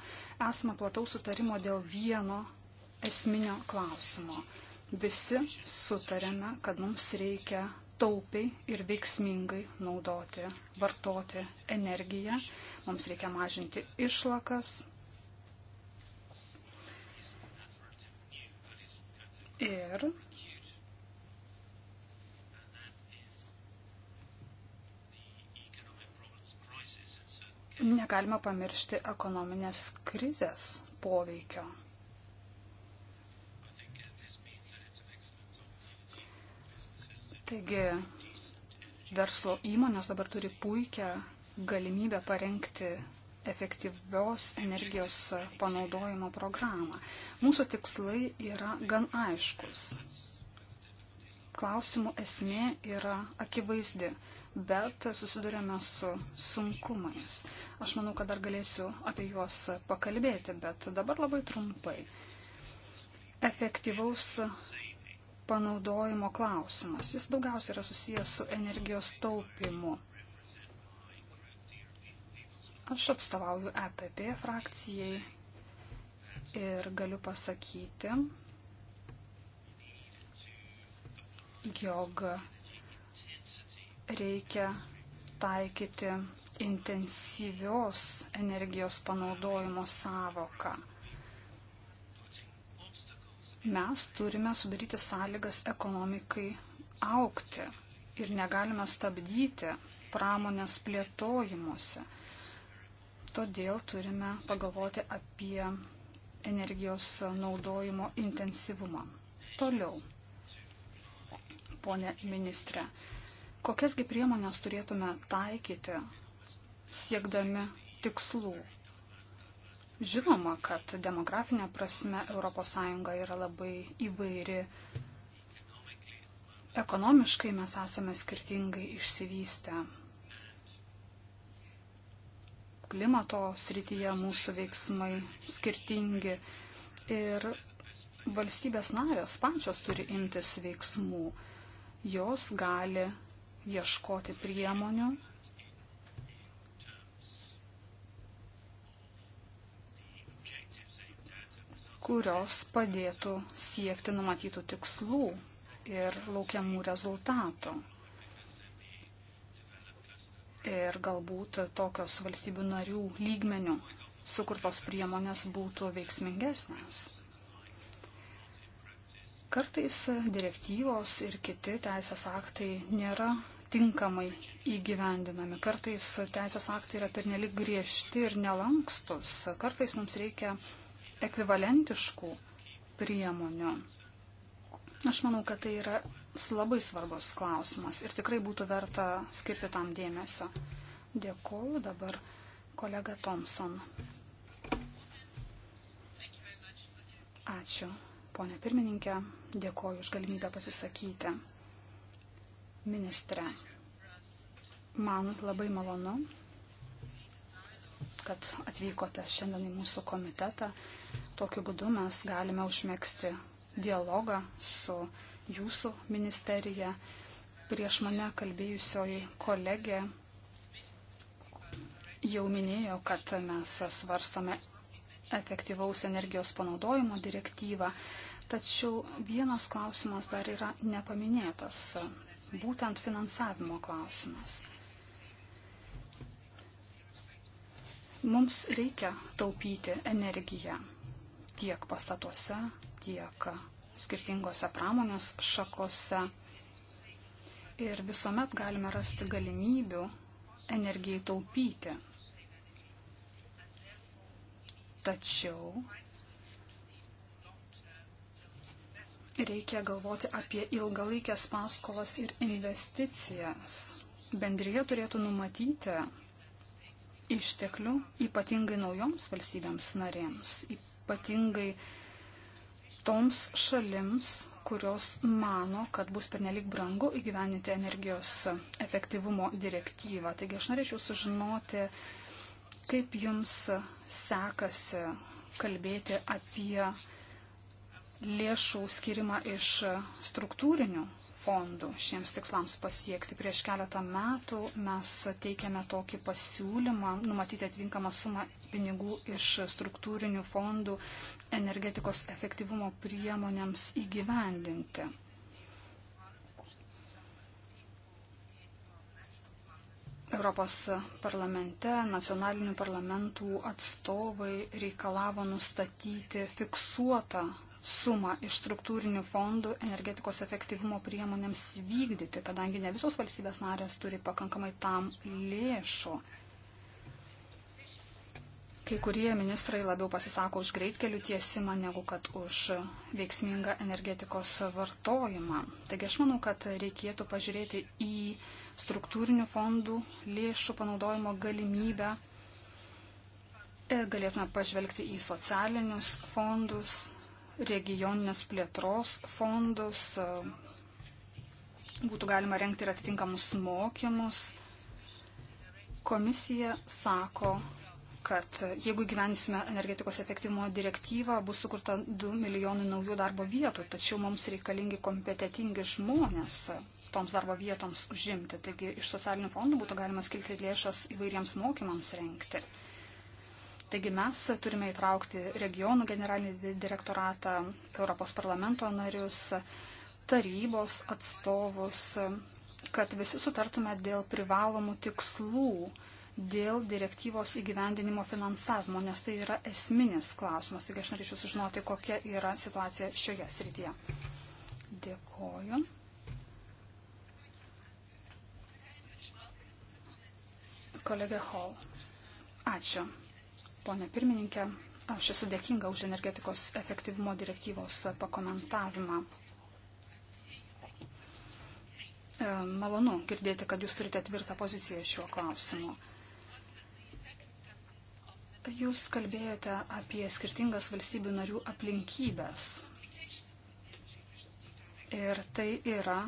Esame plataus sutarimo dėl vieno esminio klausimo. Visi sutarėme, kad mums reikia taupiai ir veiksmingai naudoti, vartoti energiją. Mums reikia mažinti išlakas. Ir negalima pamiršti ekonominės krizės poveikio Taigi verslo įmonės dabar turi puikią galimybę parengti efektyvios energijos panaudojimo programą. Mūsų tikslai yra gan aiškus. Klausimų esmė yra akivaizdi, bet susidurėme su sunkumais. Aš manau, kad dar galėsiu apie juos pakalbėti, bet dabar labai trumpai. Efektyvaus panaudojimo klausimas. Jis daugiausia yra susijęs su energijos taupimu. Aš atstovauju EPP frakcijai ir galiu pasakyti, jog reikia taikyti intensyvios energijos panaudojimo savoką. Mes turime sudaryti sąlygas ekonomikai aukti ir negalime stabdyti pramonės plėtojimuose. Todėl turime pagalvoti apie energijos naudojimo intensyvumą. Toliau, ponė ministrė, kokiasgi priemonės turėtume taikyti siekdami tikslų Žinoma, kad demografinė prasme ES yra labai įvairi. Ekonomiškai mes esame skirtingai išsivystę. Klimato srityje mūsų veiksmai skirtingi ir valstybės narės pačios turi imtis veiksmų. Jos gali ieškoti priemonių, kurios padėtų siekti numatytų tikslų ir laukiamų rezultatų. Ir galbūt tokios valstybių narių lygmenių sukurtos priemonės būtų veiksmingesnės. Kartais direktyvos ir kiti teisės aktai nėra tinkamai įgyvendinami. Kartais teisės aktai yra pernelik griežti ir nelankstus. Kartais mums reikia ekvivalentiškų priemonių. Aš manau, kad tai yra labai svarbus klausimas ir tikrai būtų verta skirti tam dėmesio. Dėkuoju dabar kolega Thompson. Ačiū, ponė pirmininkė, dėkuoju už galimybę pasisakyti. Ministre, man labai malonu, kad atvykote šiandien į mūsų komitetą Tokiu būdu mes galime užmėgsti dialogą su jūsų ministerija. Prieš mane kalbėjusioji kolegė jau minėjo, kad mes svarstome efektyvaus energijos panaudojimo direktyvą, tačiau vienas klausimas dar yra nepaminėtas, būtent finansavimo klausimas. Mums reikia taupyti energiją, tiek pastatuose, tiek skirtingose pramonės šakose. Ir visuomet galime rasti galimybių energijai taupyti. Tačiau reikia galvoti apie ilgalaikės paskolas ir investicijas. Bendrija turėtų numatyti išteklių ypatingai naujoms valstybėms narėms, ypatingai toms šalims, kurios mano, kad bus pernelik brangu įgyveninti energijos efektyvumo direktyvą. Taigi aš norėčiau sužinoti, kaip jums sekasi kalbėti apie lėšų skirimą iš struktūrinių fondų šiems tikslams pasiekti. Prieš keletą metų mes teikėme tokį pasiūlymą numatyti atvinkamą sumą pinigų iš struktūrinių fondų energetikos efektyvumo priemonėms įgyvendinti. Europos parlamente nacionalinių parlamentų atstovai reikalavo nustatyti fiksuotą sumą iš struktūrinių fondų energetikos efektyvumo priemonėms vykdyti, kadangi ne visos valstybės narės turi pakankamai tam lėšų. Kai kurie ministrai labiau pasisako už greitkelių tiesimą negu kad už veiksmingą energetikos vartojimą. Taigi aš manau, kad reikėtų pažiūrėti į struktūrinių fondų lėšų panaudojimo galimybę e, galėtume pažvelgti į socialinius fondus, regioninės plėtros fondus, būtų galima renkti ir atitinkamus mokymus. Komisija sako, kad jeigu gyvensime energetikos efektyvumo direktyvą, bus sukurta 2 milijonai naujų darbo vietų, tačiau mums reikalingi kompetitingi žmonės toms darbo vietoms užimti. Taigi iš socialinių fondų būtų galima skilti lėšas įvairiems mokymams renkti. Taigi mes turime įtraukti regionų generalinį direktoratą, Europos parlamento narius, tarybos atstovus, kad visi sutartume dėl privalomų tikslų, dėl direktyvos įgyvendinimo finansavimo, nes tai yra esminis klausimas. Taigi aš norėčiau sužinoti, kokia yra situacija šioje srityje. Dėkoju. Kolegė Hall. Ačiū. Pone pirmininkė, aš esu dėkinga už energetikos efektyvumo direktyvos pakomentavimą. E, malonu girdėti, kad jūs turite tvirtą poziciją šiuo klausimu. Jūs kalbėjote apie skirtingas valstybių narių aplinkybės. Ir tai yra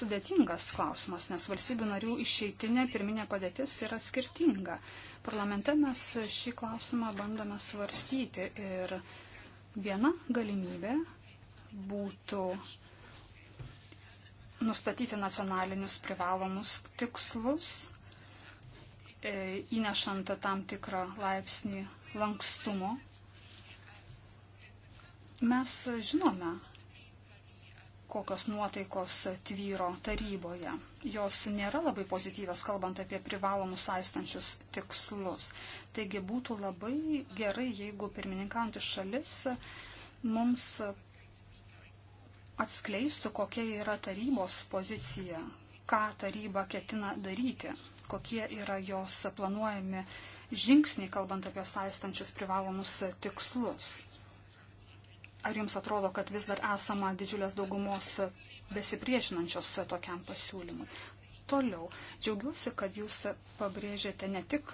sudėtingas klausimas, nes valstybių narių išeitinė pirminė padėtis yra skirtinga. Parlamente mes šį klausimą bandome svarstyti ir viena galimybė būtų nustatyti nacionalinius privalomus tikslus, e, įnešant tam tikrą laipsnį lankstumo. Mes žinome, kokios nuotaikos tvyro taryboje. Jos nėra labai pozityvios, kalbant apie privalomus saistančius tikslus. Taigi būtų labai gerai, jeigu pirmininkantis šalis mums atskleistų, kokia yra tarybos pozicija, ką taryba ketina daryti, kokie yra jos planuojami žingsniai, kalbant apie saistančius privalomus tikslus. Ar jums atrodo, kad vis dar esama didžiulės daugumos besipriešinančios tokiam pasiūlymui? Toliau, džiaugiuosi, kad jūs pabrėžėte ne tik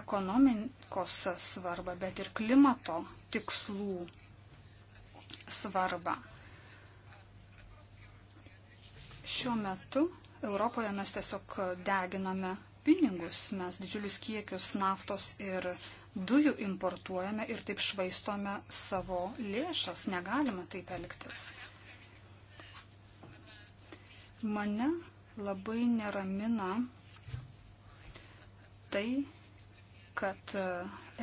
ekonomikos svarbą, bet ir klimato tikslų svarbą. Šiuo metu Europoje mes tiesiog deginame pinigus, mes didžiulius kiekius naftos ir dujų importuojame ir taip švaistome savo lėšas. Negalima taip elgtis. Mane labai neramina tai, kad e,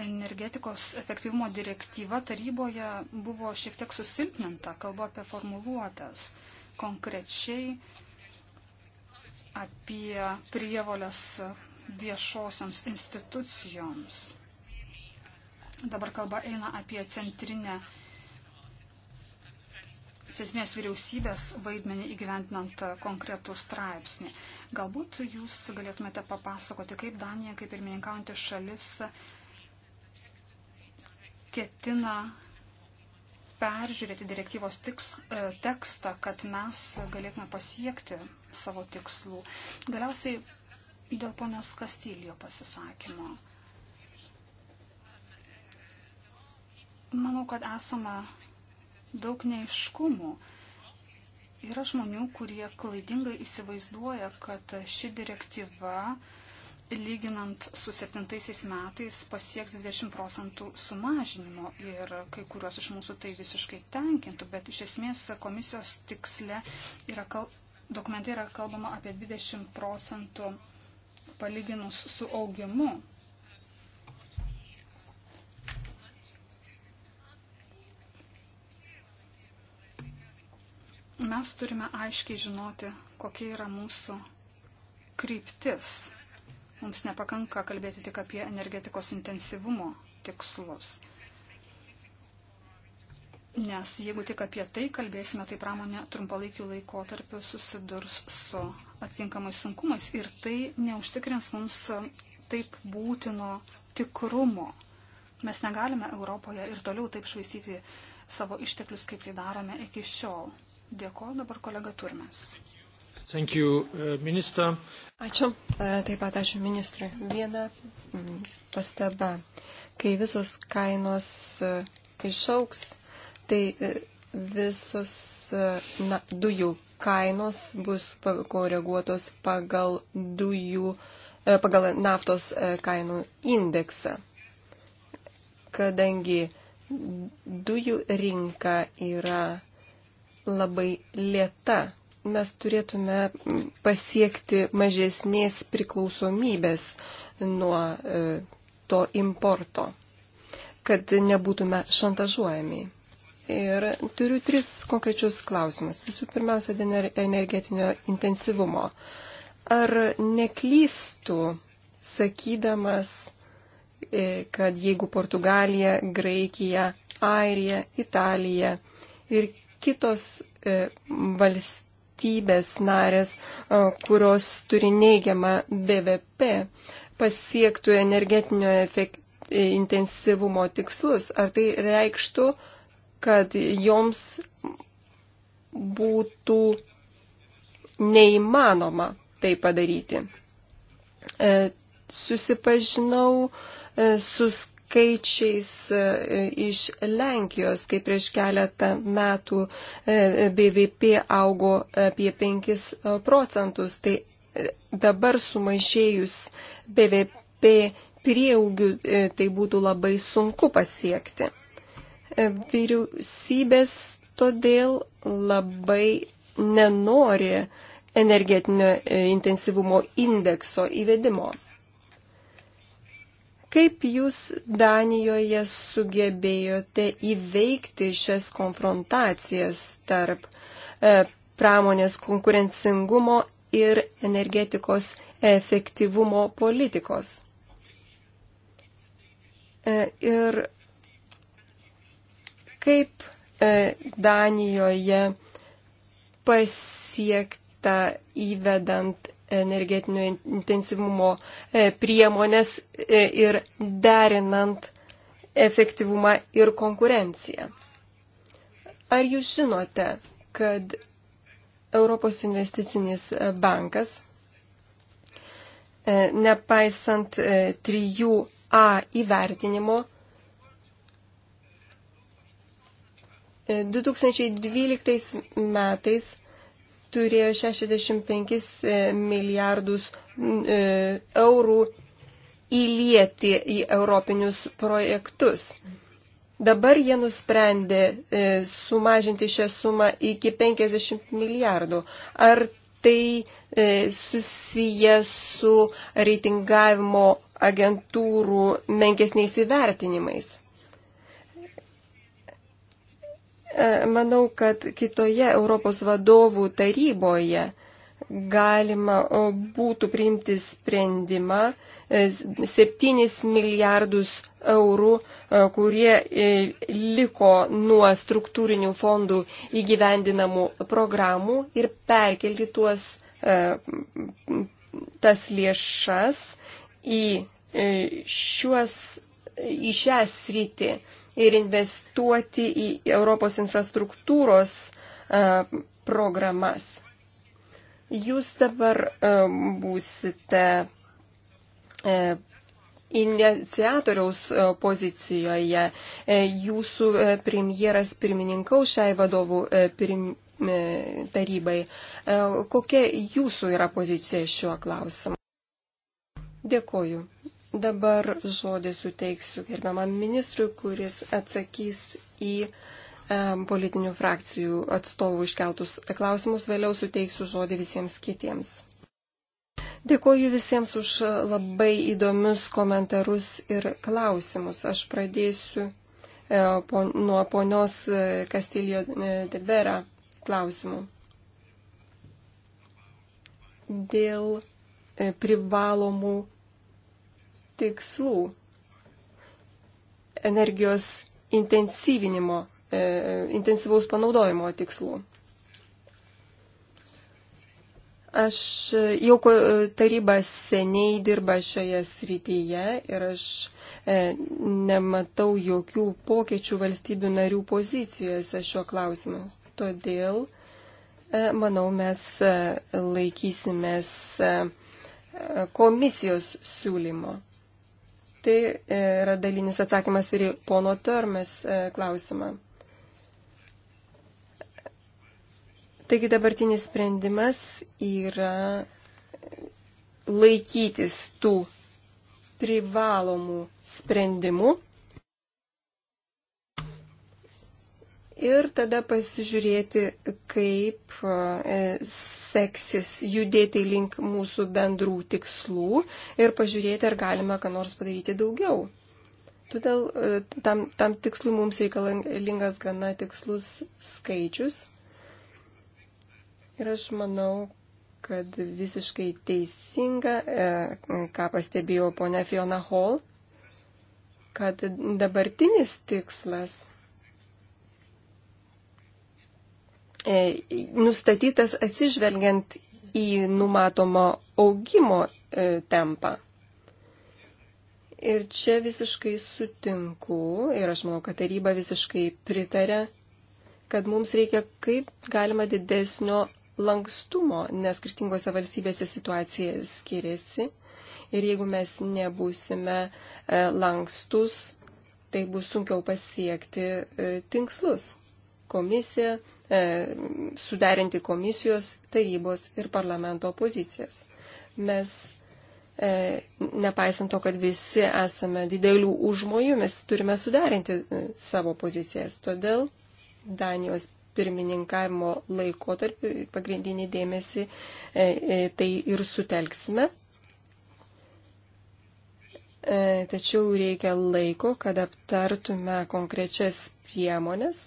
energetikos efektyvumo direktyva taryboje buvo šiek tiek susilpninta, kalbu apie formuluotės, konkrečiai apie prievolės viešosioms institucijoms. Dabar kalba eina apie centrinę, centrinės vyriausybės vaidmenį įgyventinant konkretų straipsnį. Galbūt jūs galėtumėte papasakoti, kaip Danija, kaip ir mininkaujantis šalis, ketina peržiūrėti direktyvos tiks, e, tekstą, kad mes galėtume pasiekti savo tikslų. Galiausiai dėl ponios Kastylijo pasisakymo. Manau, kad esama daug neiškumų. Yra žmonių, kurie klaidingai įsivaizduoja, kad ši direktyva, lyginant su septintaisiais metais, pasieks 20 procentų sumažinimo ir kai kuriuos iš mūsų tai visiškai tenkintų, bet iš esmės komisijos tiksle yra, kal... dokumentai yra kalbama apie 20 procentų palyginus su augimu Mes turime aiškiai žinoti, kokia yra mūsų kryptis. Mums nepakanka kalbėti tik apie energetikos intensyvumo tikslus. Nes jeigu tik apie tai kalbėsime, tai pramonė trumpalaikiu laikotarpiu susidurs su atitinkamais sunkumais ir tai neužtikrins mums taip būtino tikrumo. Mes negalime Europoje ir toliau taip švaistyti savo išteklius, kaip tai darome iki šiol. Dėkuoju dabar kolega Turmes. Thank you, uh, minister. Ačiū. E, taip pat ačiū ministrui. Viena mm, pastaba. Kai visos kainos e, išauks, tai e, visos na, dujų kainos bus koreguotos pagal dujų, pagal naftos kainų indeksą. Kadangi dujų rinka yra labai lėta. Mes turėtume pasiekti mažesnės priklausomybės nuo e, to importo, kad nebūtume šantažuojami. Ir turiu tris konkrečius klausimus. Visų pirmiausia, dėl energetinio intensyvumo. Ar neklystų, sakydamas, e, kad jeigu Portugalija, Graikija, Airija, Italija ir kitos e, valstybės narės, e, kurios turi neigiamą BVP, pasiektų energetinio efekt, e, intensyvumo tikslus. Ar tai reikštų, kad joms būtų neįmanoma tai padaryti? Susipažinau su skaičiu skaičiais e, iš Lenkijos, kai prieš keletą metų e, BVP augo apie 5 e, procentus. Tai dabar sumažėjus BVP prieaugių tai būtų labai sunku pasiekti. Vyriausybės todėl labai nenori energetinio intensyvumo indekso įvedimo. Kaip jūs Danijoje sugebėjote įveikti šias konfrontacijas tarp e, pramonės konkurencingumo ir energetikos efektyvumo politikos? E, ir kaip e, Danijoje pasiekta įvedant energetinio intensyvumo e, priemonės e, ir derinant efektyvumą ir konkurenciją. Ar jūs žinote, kad Europos investicinis bankas, e, nepaisant 3A įvertinimo, 2012 metais turėjo 65 e, milijardus e, eurų įlieti į europinius projektus. Dabar jie nusprendė e, sumažinti šią sumą iki 50 milijardų. Ar tai susiję su reitingavimo agentūrų menkesniais įvertinimais? E, manau, kad kitoje Europos vadovų taryboje galima e, būtų priimti sprendimą 7 e, milijardus eurų, kurie liko nuo struktūrinių fondų įgyvendinamų programų ir perkelti tuos tas lėšas į šiuos, į šią sritį ir investuoti į Europos infrastruktūros e, programas. Jūs dabar e, būsite e, iniciatoriaus pozicijoje. Jūsų premjeras pirmininkau šiai vadovų pirm... tarybai. Kokia jūsų yra pozicija šiuo klausimu? Dėkoju. Dabar žodį suteiksiu gerbiamam ministrui, kuris atsakys į politinių frakcijų atstovų iškeltus klausimus, vėliau suteiksiu žodį visiems kitiems. Dėkoju visiems už labai įdomius komentarus ir klausimus. Aš pradėsiu e, po, nuo ponios e, Kastilio e, Debera klausimų. Dėl privalomų tikslų energijos intensyvinimo, e, intensyvaus panaudojimo tikslų. Aš e, jau e, taryba seniai dirba šioje srityje ir aš nematau jokių pokyčių valstybių narių pozicijose šiuo klausimu. Todėl, manau, mes laikysimės komisijos siūlymo. Tai e, yra dalinis atsakymas ir į pono Törmes e, klausimą. Taigi dabartinis sprendimas yra laikytis tų privalomų sprendimų ir tada pasižiūrėti, kaip e, seksis judėti link mūsų bendrų tikslų ir pažiūrėti, ar galime ką nors padaryti daugiau. Todėl e, tam, tam tikslui mums reikalingas gana tikslus skaičius. Ir aš manau, kad visiškai teisinga, e, ką pastebėjo ponia Fiona Hall, kad dabartinis tikslas E, nustatytas atsižvelgiant į numatomą augimo e, tempą. Ir čia visiškai sutinku ir aš manau, kad taryba visiškai pritarė, kad mums reikia kaip galima didesnio lankstumo, nes skirtingose valstybėse situacija skiriasi. Ir jeigu mes nebūsime e, lankstus, tai bus sunkiau pasiekti tinkslus. Komisija E, suderinti komisijos, tarybos ir parlamento pozicijas. Mes, e, nepaisant to, kad visi esame didelių užmojų, mes turime suderinti e, savo pozicijas. Todėl Danijos pirmininkavimo laikotarpį pagrindinį dėmesį tai ir sutelksime. Tačiau reikia laiko, kad aptartume konkrečias priemonės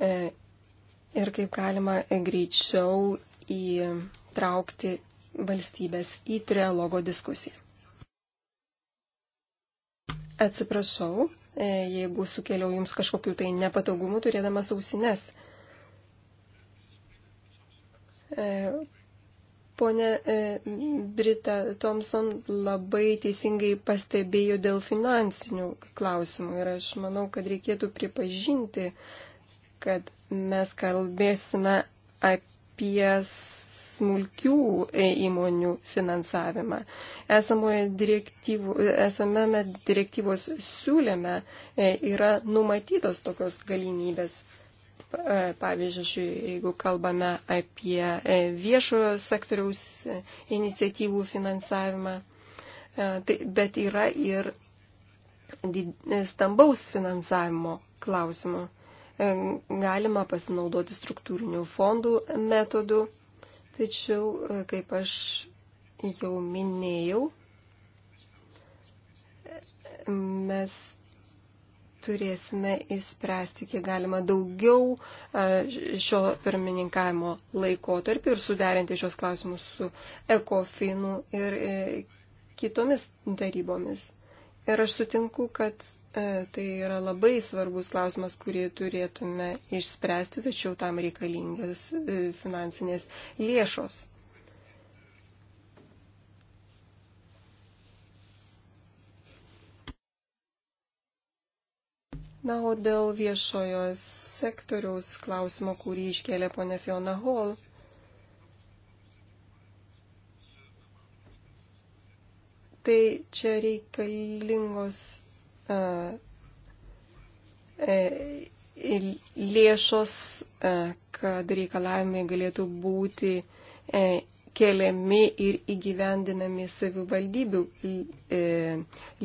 E, ir kaip galima greičiau įtraukti valstybės į trialogo diskusiją. Atsiprašau, e, jeigu sukėliau jums kažkokių tai nepatogumų turėdamas ausines. E, Pone Brita Thompson labai teisingai pastebėjo dėl finansinių klausimų ir aš manau, kad reikėtų pripažinti, kad mes kalbėsime apie smulkių įmonių finansavimą. Esamoje direktyvų, esamame direktyvos siūlėme e, yra numatytos tokios galimybės. E, pavyzdžiui, jeigu kalbame apie e, viešojo sektoriaus iniciatyvų finansavimą, tai, bet yra ir stambaus finansavimo klausimų. E, galima pasinaudoti struktūrinių fondų metodų, tačiau, e, kaip aš jau minėjau, mes turėsime įspręsti, kiek galima daugiau e, šio pirmininkavimo laikotarpį ir suderinti šios klausimus su ekofinu ir kitomis darybomis. Ir aš sutinku, kad E, tai yra labai svarbus klausimas, kurį turėtume išspręsti, tačiau tam reikalingas e, finansinės lėšos. Na, o dėl viešojo sektoriaus klausimo, kurį iškėlė ponė Fiona Hall. Tai čia reikalingos E, e, lėšos, e, kad reikalavimai galėtų būti keliami ir įgyvendinami savivaldybių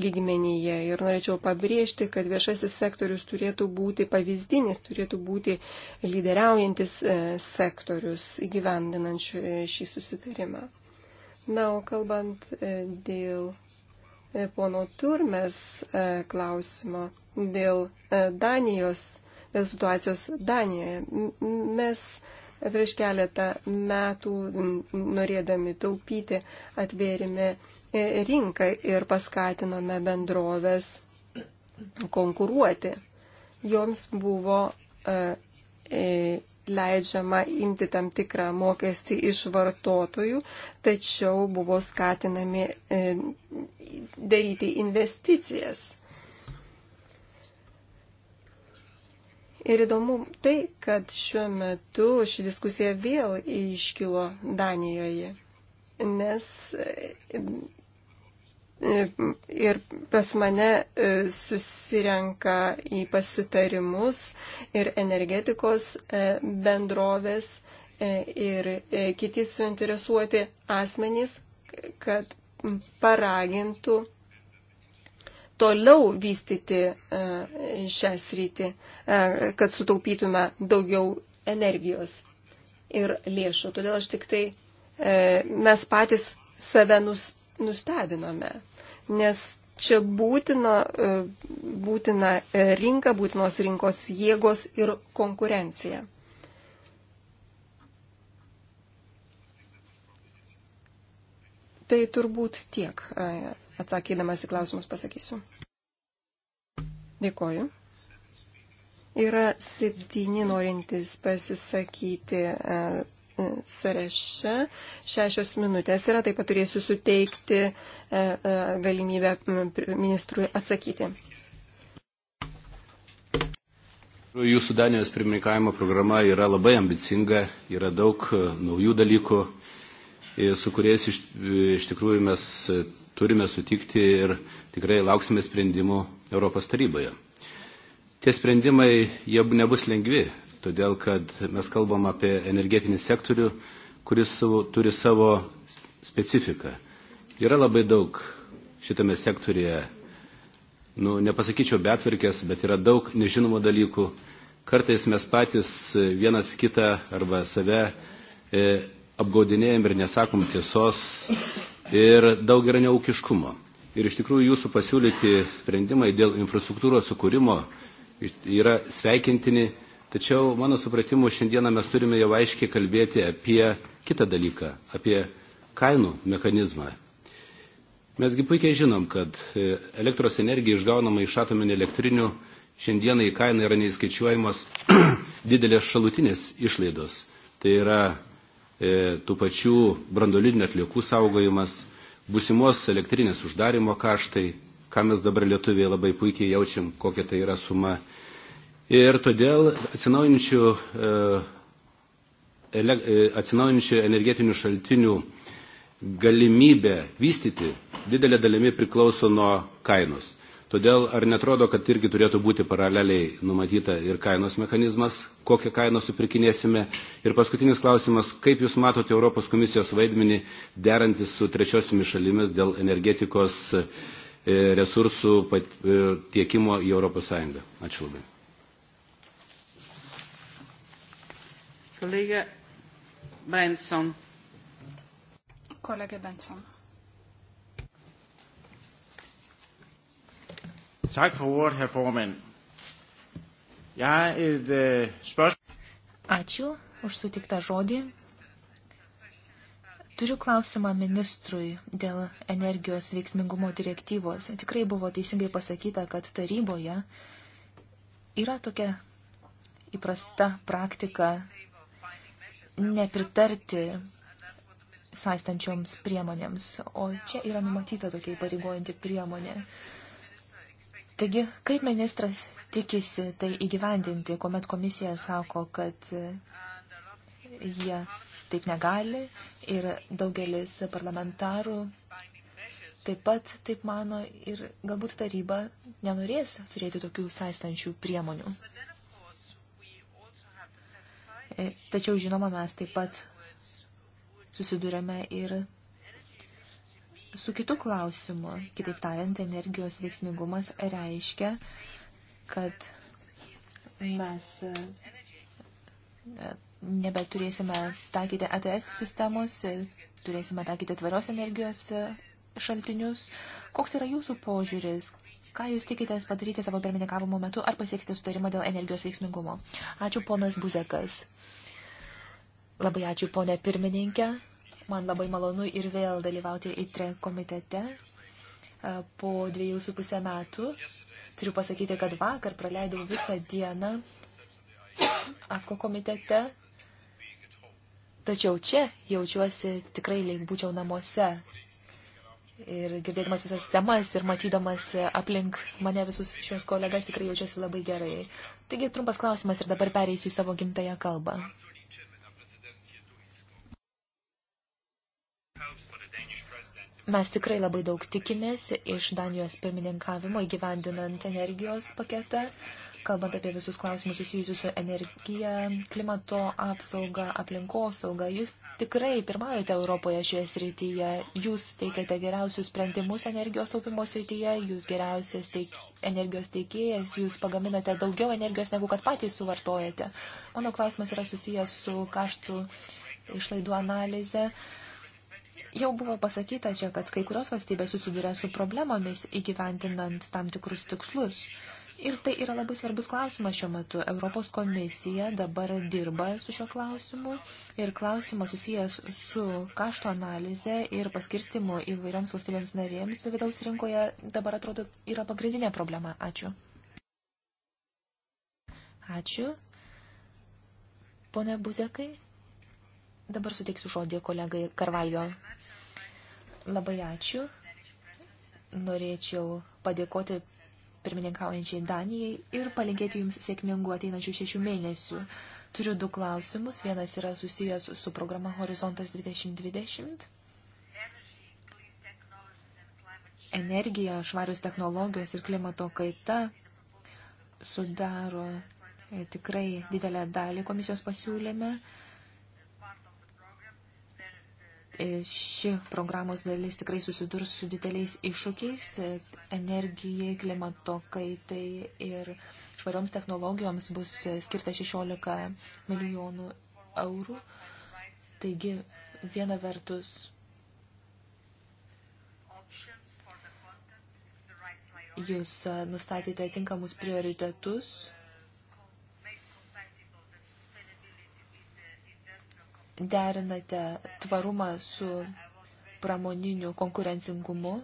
lygmenyje. Ir norėčiau pabrėžti, kad viešasis sektorius turėtų būti pavyzdinis, turėtų būti lyderiaujantis sektorius įgyvendinant šį susitarimą. Na, o kalbant dėl E, pono Turmes e, klausimo dėl e, Danijos situacijos Danijoje. Mes prieš keletą metų, norėdami taupyti, atvėrime rinką ir paskatinome bendrovės konkuruoti. Joms buvo leidžiama imti tam tikrą mokestį iš vartotojų, tačiau buvo skatinami e, daryti investicijas. Ir įdomu tai, kad šiuo metu ši diskusija vėl iškilo Danijoje, nes e, ir pas mane e, susirenka į pasitarimus ir energetikos e, bendrovės e, ir kiti suinteresuoti asmenys, kad paragintų toliau vystyti šią sritį, kad sutaupytume daugiau energijos ir lėšų. Todėl aš tik tai mes patys save nusipirkome nustebinome, nes čia būtina, e, būtina e, rinka, būtinos rinkos jėgos ir konkurencija. Tai turbūt tiek, e, atsakydamas į klausimus pasakysiu. Dėkoju. Yra septyni norintys pasisakyti sąraše šešios minutės yra, taip pat turėsiu suteikti e, e, galimybę ministrui atsakyti. Jūsų Danijos pirmininkavimo programa yra labai ambicinga, yra daug e, naujų dalykų, su kuriais iš, iš tikrųjų mes turime sutikti ir tikrai lauksime sprendimų Europos taryboje. Tie sprendimai, jie nebus lengvi, todėl kad mes kalbam apie energetinį sektorių, kuris savo, turi savo specifiką. Yra labai daug šitame sektorėje, nu, nepasakyčiau betvarkės, bet yra daug nežinomų dalykų. Kartais mes patys vienas kitą arba save e, apgaudinėjom ir nesakom tiesos ir daug yra neaukiškumo. Ir iš tikrųjų jūsų pasiūlyti sprendimai dėl infrastruktūros sukūrimo yra sveikintini Tačiau mano supratimu šiandieną mes turime jau aiškiai kalbėti apie kitą dalyką, apie kainų mechanizmą. Mesgi puikiai žinom, kad e, elektros energija išgaunama iš atominių elektrinių šiandienai kaina yra neįskaičiuojamos didelės šalutinės išlaidos. Tai yra e, tų pačių brandolinių atliekų saugojimas, busimos elektrinės uždarimo kaštai, ką mes dabar Lietuviai labai puikiai jaučiam, kokia tai yra suma. Ir todėl atsinaujinčių, e, e, atsinaujinčių energetinių šaltinių galimybė vystyti didelė dalimi priklauso nuo kainos. Todėl ar netrodo, kad irgi turėtų būti paraleliai numatyta ir kainos mechanizmas, kokią kainą supirkinėsime. Ir paskutinis klausimas, kaip Jūs matote Europos komisijos vaidmenį derantis su trečiosiomis šalimis dėl energetikos e, resursų tiekimo į ES? Ačiū labai. Kolega Benson. Kolega Benson. Tak for ordet, herr formand. Jeg har et øh, spørgsmål. Ačiū už sutiktą žodį. Turiu klausimą ministrui dėl energijos veiksmingumo direktyvos. Tikrai buvo teisingai pasakyta, kad taryboje yra tokia įprasta praktika nepritarti saistančioms priemonėms, o čia yra numatyta tokia įpareigojanti priemonė. Taigi, kaip ministras tikisi tai įgyvendinti, kuomet komisija sako, kad jie taip negali ir daugelis parlamentarų taip pat taip mano ir galbūt taryba nenorės turėti tokių saistančių priemonių. E, tačiau, žinoma, mes taip pat susidurėme ir su kitu klausimu. Kitaip tariant, energijos veiksmingumas reiškia, kad mes e, nebeturėsime taikyti ATS sistemos, e, turėsime taikyti tvarios energijos šaltinius. Koks yra jūsų požiūris, Ką jūs tikitės padaryti savo pirmininkavimo metu ar pasieksite sutarimą dėl energijos veiksmingumo? Ačiū ponas Buzekas. Labai ačiū ponė pirmininkė. Man labai malonu ir vėl dalyvauti ITRE komitete e, po dviejų su pusę metų. Turiu pasakyti, kad vakar praleidau visą dieną AFKO komitete. Tačiau čia jaučiuosi tikrai lyg būčiau namuose, Ir girdėdamas visas temas ir matydamas aplink mane visus šios kolegas tikrai jaučiuosi labai gerai. Taigi trumpas klausimas ir dabar pereisiu į savo gimtają kalbą. Mes tikrai labai daug tikimės iš Danijos pirmininkavimo įgyvendinant energijos paketą kalbant apie visus klausimus susijusius su energija, klimato apsauga, aplinkosauga. Jūs tikrai pirmaujate Europoje šioje srityje. Jūs teikiate geriausius sprendimus energijos taupimo srityje, jūs geriausias teik... energijos teikėjas, jūs pagaminate daugiau energijos, negu kad patys suvartojate. Mano klausimas yra susijęs su kaštų išlaidų analize. Jau buvo pasakyta čia, kad kai kurios valstybės susiduria su problemomis įgyventinant tam tikrus tikslus. Ir tai yra labai svarbus klausimas šiuo metu. Europos komisija dabar dirba su šiuo klausimu ir klausimas susijęs su kašto analize ir paskirstimu įvairioms valstybėms narėms vidaus rinkoje dabar atrodo yra pagrindinė problema. Ačiū. Ačiū. Pone Buzekai, dabar suteiksiu žodį kolegai Karvaljo. Labai ačiū. Norėčiau padėkoti pirmininkaujančiai Danijai ir palinkėti Jums sėkmingų ateinančių šešių mėnesių. Turiu du klausimus. Vienas yra susijęs su programa Horizontas 2020. Energija, švarius technologijos ir klimato kaita sudaro e, tikrai didelę dalį komisijos pasiūlyme. E, ši programos dalis tikrai susidurs su dideliais iššūkiais e, energijai, klimato kaitai ir švarioms technologijoms bus e, skirta 16 milijonų eurų. Taigi, viena vertus, jūs nustatėte tinkamus prioritetus derinate tvarumą su pramoniniu konkurencingumu.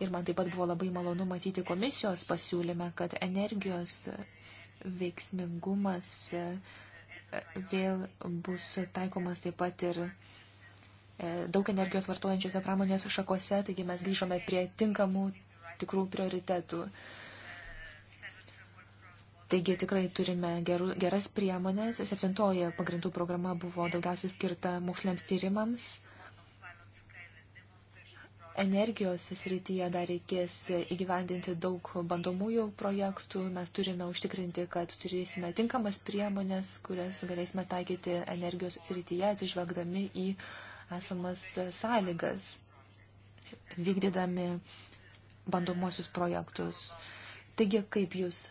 Ir man taip pat buvo labai malonu matyti komisijos pasiūlymą, kad energijos veiksmingumas e, vėl bus taikomas taip pat ir e, daug energijos vartojančiose pramonės šakose, taigi mes grįžome prie tinkamų tikrų prioritetų. Uh, Taigi tikrai turime geru, geras priemonės. Septintoji pagrindų programa buvo daugiausiai skirta moksliniams tyrimams. Energijos srityje dar reikės įgyvendinti daug bandomųjų projektų. Mes turime užtikrinti, kad turėsime tinkamas priemonės, kurias galėsime taikyti energijos srityje, atsižvelgdami į esamas sąlygas, vykdydami bandomuosius projektus. Taigi, kaip jūs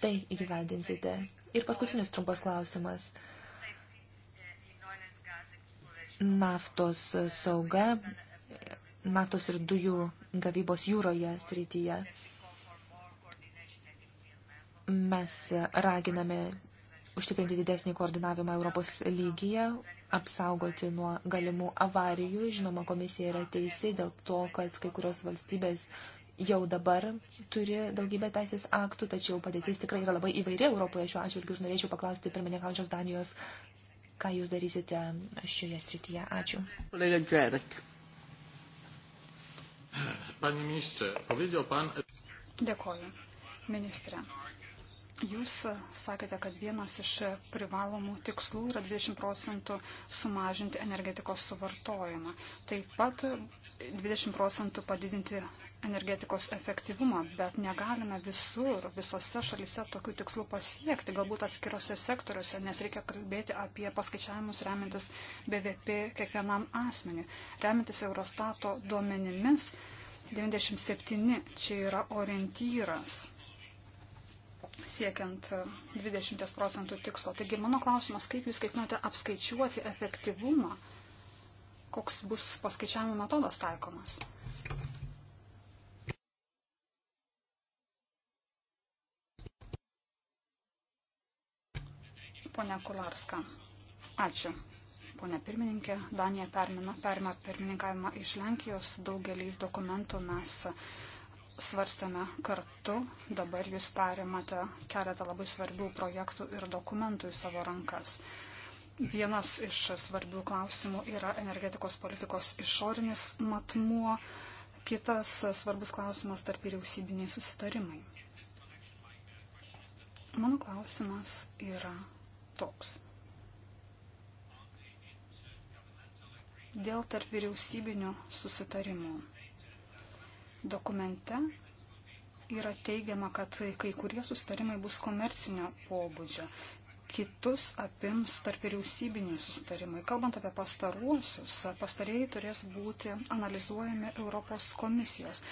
tai įgyvendinsite? Ir paskutinis trumpas klausimas. Naftos sauga, naftos ir dujų gavybos jūroje srityje. Mes raginame užtikrinti didesnį koordinavimą Europos lygyje, apsaugoti nuo galimų avarijų. Žinoma, komisija yra teisi dėl to, kad kai kurios valstybės jau dabar turi daugybę teisės aktų, tačiau padėtis tikrai yra labai įvairi Europoje šiuo atžvilgiu ir norėčiau paklausti pirmininkaujančios Danijos, ką jūs darysite šioje srityje. Ačiū. Panie ministrze, powiedział pan... Dėkoju, ministrė. Jūs sakėte, kad vienas iš privalomų tikslų yra 20 procentų sumažinti energetikos suvartojimą. Taip pat 20 procentų padidinti energetikos efektyvumą, bet negalime visur, visose šalise tokių tikslų pasiekti, galbūt atskirose sektoriuose, nes reikia kalbėti apie paskaičiavimus remintis BVP kiekvienam asmeniui. Remintis Eurostato duomenimis, 97 čia yra orientyras siekiant 20 procentų tikslo. Taigi mano klausimas, kaip jūs ketinate apskaičiuoti efektyvumą, koks bus paskaičiavimo metodas taikomas? ponia Kularska. Ačiū. Pone pirmininkė, Danija permina, perima pirmininkavimą iš Lenkijos. Daugelį dokumentų mes svarstėme kartu. Dabar jūs perimate keletą labai svarbių projektų ir dokumentų į savo rankas. Vienas iš svarbių klausimų yra energetikos politikos išorinis matmuo. Kitas svarbus klausimas tarp vyriausybiniai susitarimai. Mano klausimas yra toks. Dėl tarp vyriausybinių susitarimų. Dokumente yra teigiama, kad kai kurie susitarimai bus komercinio pobūdžio, kitus apims tarp vyriausybiniai susitarimai. Kalbant apie pastaruosius, pastarėjai turės būti analizuojami Europos komisijos.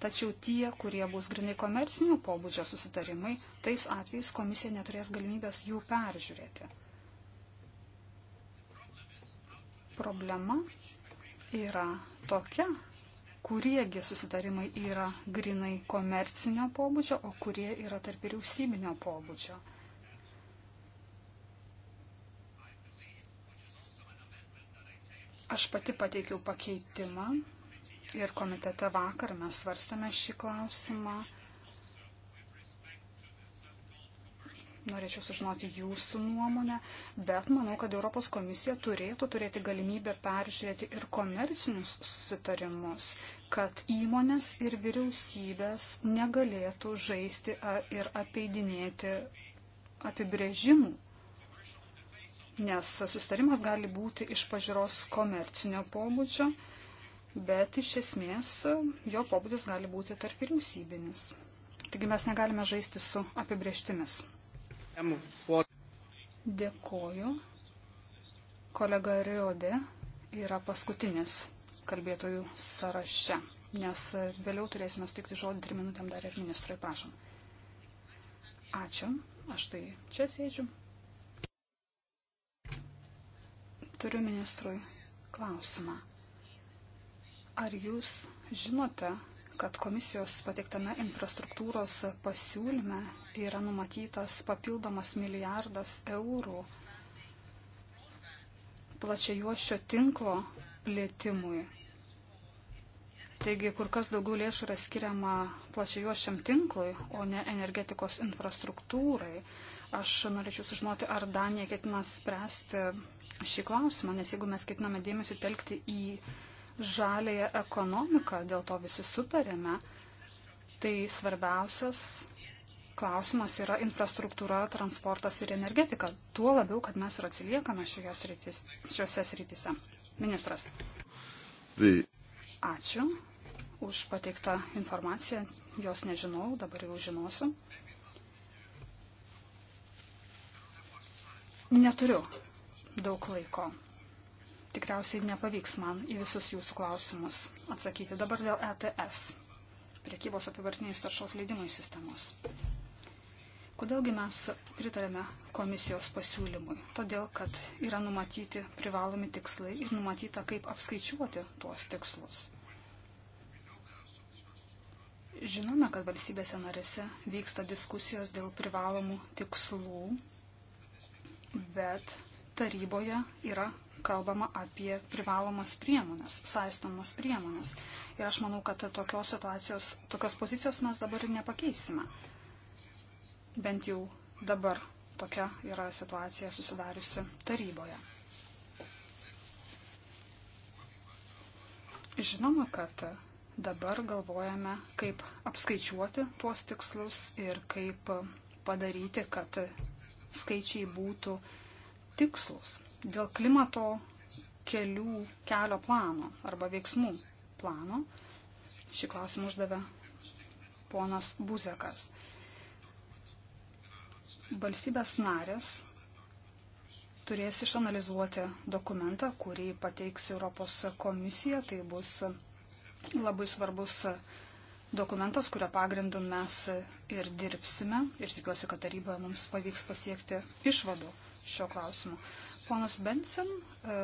Tačiau tie, kurie bus grinai komercinių pobūdžio susitarimai, tais atvejais komisija neturės galimybės jų peržiūrėti. Problema yra tokia, kuriegi susitarimai yra grinai komercinio pobūdžio, o kurie yra tarp vyriausybinio pobūdžio. Aš pati pateikiau pakeitimą, ir komitete vakar mes svarstame šį klausimą. Norėčiau sužinoti jūsų nuomonę, bet manau, kad Europos komisija turėtų turėti galimybę peržiūrėti ir komercinius susitarimus, kad įmonės ir vyriausybės negalėtų žaisti ir apeidinėti apibrėžimų nes sustarimas gali būti iš pažiūros komercinio pobūdžio, bet iš esmės jo pobūdis gali būti tarp vyriausybinis. Taigi mes negalime žaisti su apibrieštimis. Dėkoju. Kolega Riode yra paskutinis kalbėtojų sąraše, nes vėliau turėsime sutikti žodį trim minutėm dar ir ministrui, prašom. Ačiū, aš tai čia sėdžiu. Turiu ministrui klausimą. Ar jūs žinote, kad komisijos pateiktame infrastruktūros pasiūlyme yra numatytas papildomas milijardas eurų plačiajuošio tinklo plėtimui? Taigi, kur kas daugiau lėšų yra skiriama plačiajuošiam tinklui, o ne energetikos infrastruktūrai. Aš norėčiau sužinoti, ar Danija ketina spręsti šį klausimą, nes jeigu mes ketiname dėmesį telkti į žalėje ekonomiką, dėl to visi sutarėme, tai svarbiausias klausimas yra infrastruktūra, transportas ir energetika. Tuo labiau, kad mes ir atsiliekame sritis, šiuose srityse. Ministras. Tai Ačiū už pateiktą informaciją. Jos nežinau, dabar jau žinosiu. Neturiu daug laiko tikriausiai nepavyks man į visus jūsų klausimus atsakyti. Dabar dėl ETS, priekybos apivartiniais taršos leidimais sistemos. Kodėlgi mes pritarėme komisijos pasiūlymui? Todėl, kad yra numatyti privalomi tikslai ir numatyta, kaip apskaičiuoti tuos tikslus. Žinome, kad valstybėse narėse vyksta diskusijos dėl privalomų tikslų, bet taryboje yra kalbama apie privalomas priemonės, saistomas priemonės. Ir aš manau, kad tokios situacijos, tokios pozicijos mes dabar ir nepakeisime. Bent jau dabar tokia yra situacija susidariusi taryboje. Žinoma, kad dabar galvojame, kaip apskaičiuoti tuos tikslus ir kaip padaryti, kad skaičiai būtų tikslus. Dėl klimato kelių kelio plano arba veiksmų plano. Šį klausimą uždavė ponas Buzekas. Valstybės narės turės išanalizuoti dokumentą, kurį pateiks Europos komisija. Tai bus labai svarbus dokumentas, kurio pagrindu mes ir dirbsime. Ir tikiuosi, kad taryboje mums pavyks pasiekti išvadų šio klausimu. Ponas Benson e,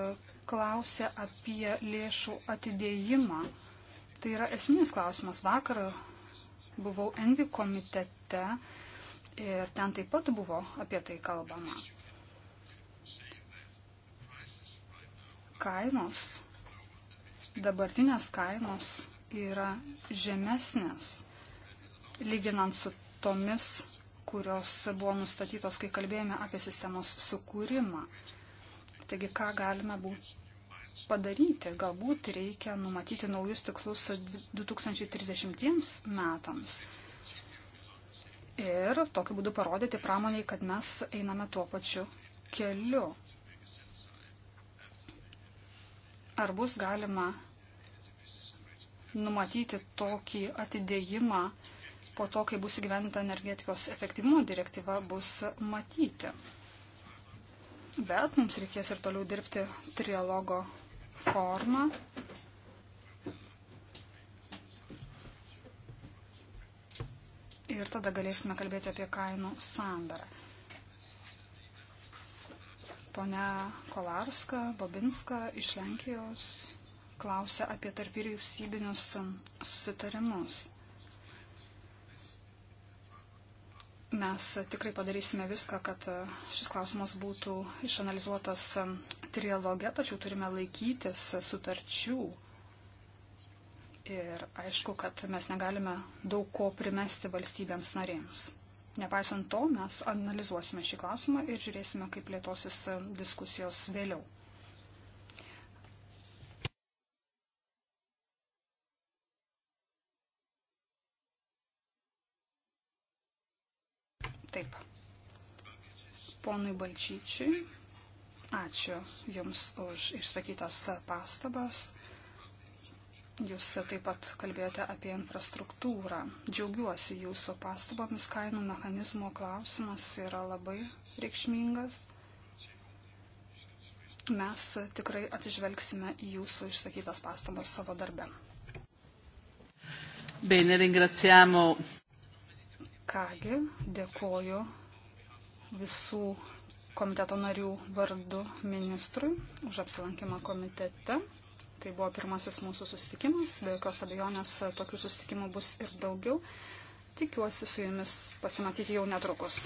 klausė apie lėšų atidėjimą. Tai yra esminis klausimas. Vakar buvau Envi komitete ir ten taip pat buvo apie tai kalbama. Kainos, dabartinės kainos yra žemesnės, lyginant su tomis, kurios buvo nustatytos, kai kalbėjome apie sistemos sukūrimą. Taigi, ką galime būti padaryti. Galbūt reikia numatyti naujus tikslus 2030 metams. Ir tokiu būdu parodyti pramoniai, kad mes einame tuo pačiu keliu. Ar bus galima numatyti tokį atidėjimą po to, kai bus įgyventa energetikos efektyvumo direktyva, bus matyti bet mums reikės ir toliau dirbti trialogo formą. Ir tada galėsime kalbėti apie kainų sandarą. Pone Kolarska, Bobinska iš Lenkijos klausia apie tarp vyriausybinius susitarimus. Mes tikrai padarysime viską, kad e, šis klausimas būtų išanalizuotas e, trialoge, tačiau turime laikytis sutarčių. Ir aišku, kad mes negalime daug ko primesti valstybėms narėms. Nepaisant to, mes analizuosime šį klausimą ir žiūrėsime, kaip plėtosis e, diskusijos vėliau. ponui Balčyčiui. Ačiū Jums už išsakytas pastabas. Jūs taip pat kalbėjote apie infrastruktūrą. Džiaugiuosi jūsų pastabomis, kainų mechanizmo klausimas yra labai reikšmingas. Mes tikrai atižvelgsime į jūsų išsakytas pastabas savo darbe. Bene, ringraziamo. Kągi, dėkoju visų komiteto narių vardu ministrui už apsilankimą komitete. Tai buvo pirmasis mūsų susitikimas, be jokios abejonės tokių susitikimų bus ir daugiau. Tikiuosi su jumis pasimatyti jau netrukus.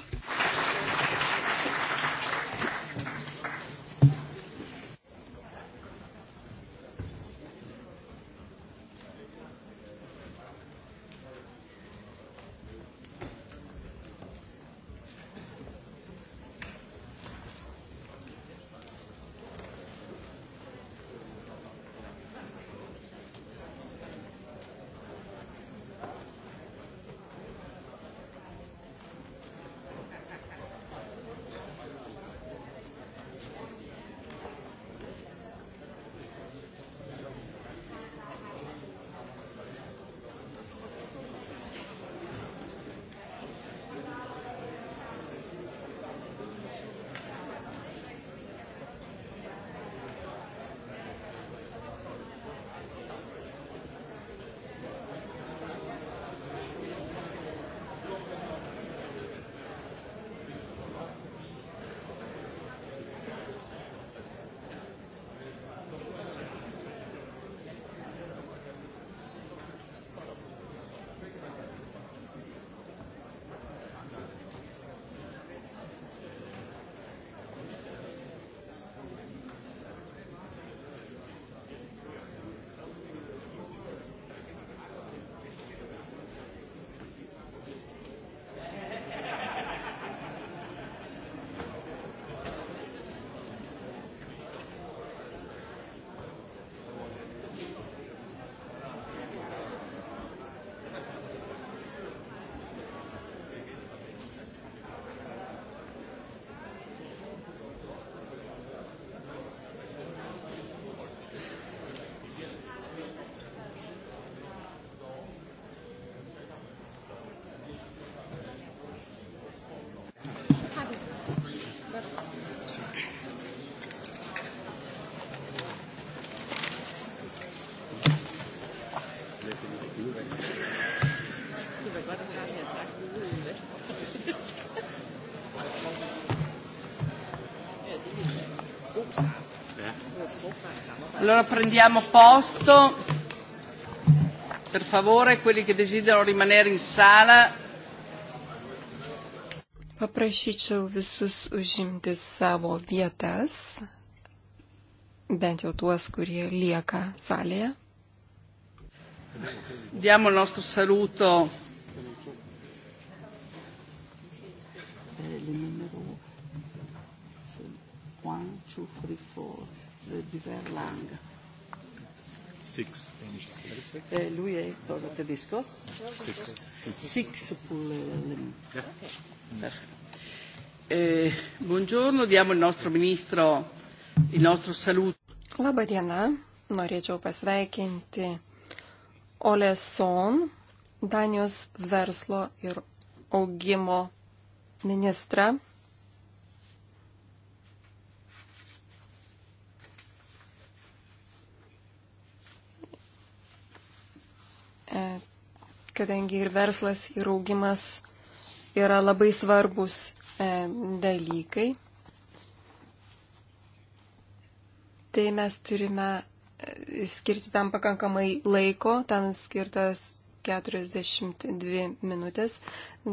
Allora prendiamo posto. Per favore, quelli che desiderano rimanere in sala. Paprašyčiau visus užimti savo vietas, bent jau tuos, kurie lieka salėje. Diamo il nostro saluto Bisco? Six. Six pure. Yeah. Okay. Eh, buongiorno, diamo il nostro ministro il nostro saluto. Labą dieną, norėčiau pasveikinti Ole Son, Danijos verslo ir augimo ministrą. E, kadangi ir verslas, ir augimas yra labai svarbus e, dalykai. Tai mes turime e, skirti tam pakankamai laiko, tam skirtas 42 minutės.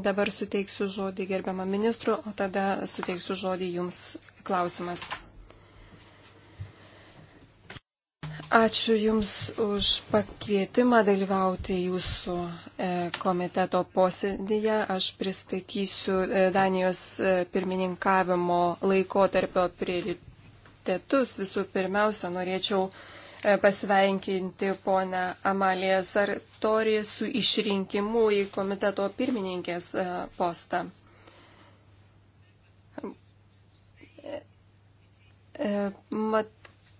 Dabar suteiksiu žodį gerbiamą ministrų, o tada suteiksiu žodį jums klausimas. Ačiū Jums už pakvietimą dalyvauti Jūsų e, komiteto posėdėje. Aš pristatysiu e, Danijos e, pirmininkavimo laikotarpio prioritetus. Visų pirmiausia, norėčiau pasveikinti ponę Amaliją Sartorį su išrinkimu į komiteto pirmininkės postą. Mat,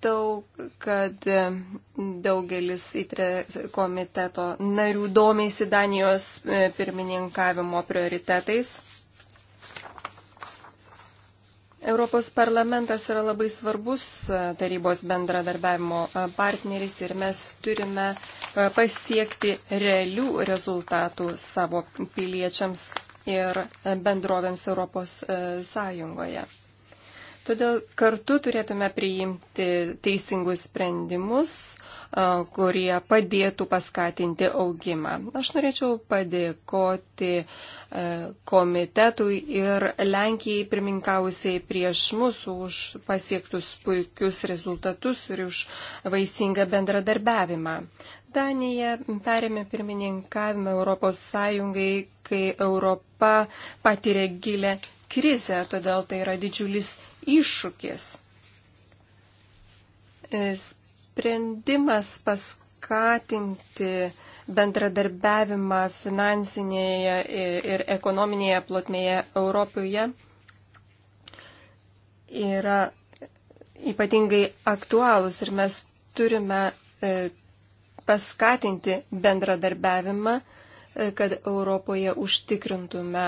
matau, kad e, daugelis įtre komiteto narių domėsi Danijos e, pirmininkavimo prioritetais. Europos parlamentas yra labai svarbus e, tarybos bendradarbiavimo partneris ir mes turime pasiekti realių rezultatų savo piliečiams ir bendrovėms Europos Sąjungoje. Todėl kartu turėtume priimti teisingus sprendimus, kurie padėtų paskatinti augimą. Aš norėčiau padėkoti komitetui ir Lenkijai pirminkausiai prieš mus už pasiektus puikius rezultatus ir už vaisingą bendradarbiavimą. Danija perėmė pirmininkavimą Europos Sąjungai, kai Europa patiria gilę krizę, todėl tai yra didžiulis iššūkis. E, sprendimas paskatinti bendradarbiavimą finansinėje ir ekonominėje plotmėje Europoje yra ypatingai aktualūs ir mes turime e, paskatinti bendradarbiavimą, e, kad Europoje užtikrintume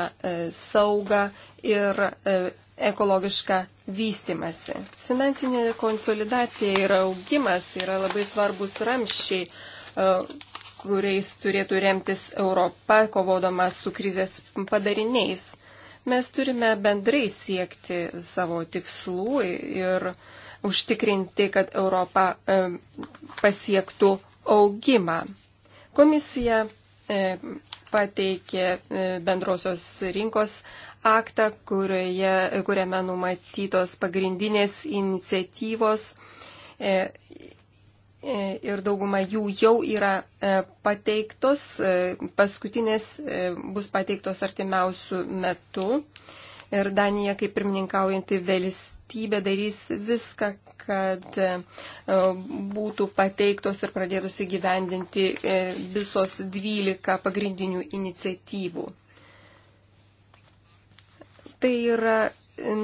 saugą ir ekologišką vystimasi. Finansinė konsolidacija ir augimas yra labai svarbus ramščiai, e, kuriais turėtų remtis Europa, kovodama su krizės padariniais. Mes turime bendrai siekti savo tikslų ir užtikrinti, kad Europa e, pasiektų augimą. Komisija e, pateikė bendrosios rinkos aktą, kurioje, kuriame numatytos pagrindinės iniciatyvos e, e, ir dauguma jų jau yra e, pateiktos, paskutinės bus pateiktos artimiausių metų. Ir Danija, kaip pirmininkaujanti valstybė, darys viską, kad būtų pateiktos ir pradėtos įgyvendinti visos 12 pagrindinių iniciatyvų. Tai yra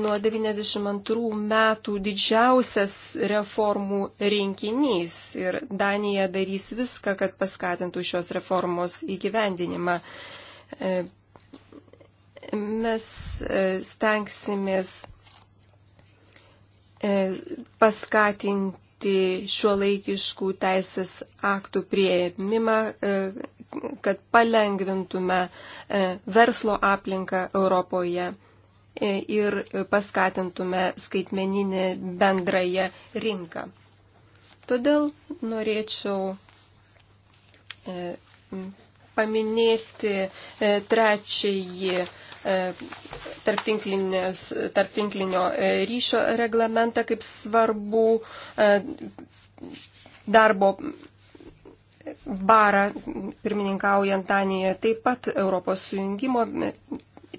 nuo 92 metų didžiausias reformų rinkinys ir Danija darys viską, kad paskatintų šios reformos įgyvendinimą. E, mes e, stengsimės e, paskatinti šiuolaikiškų teisės aktų prieimimą, kad palengvintume verslo aplinką Europoje E, ir paskatintume skaitmeninį bendrąją rinką. Todėl norėčiau e, paminėti e, trečiąjį tarptinklinio ryšio reglamentą kaip svarbu darbo barą pirmininkaujant Danijai, taip pat Europos sujungimo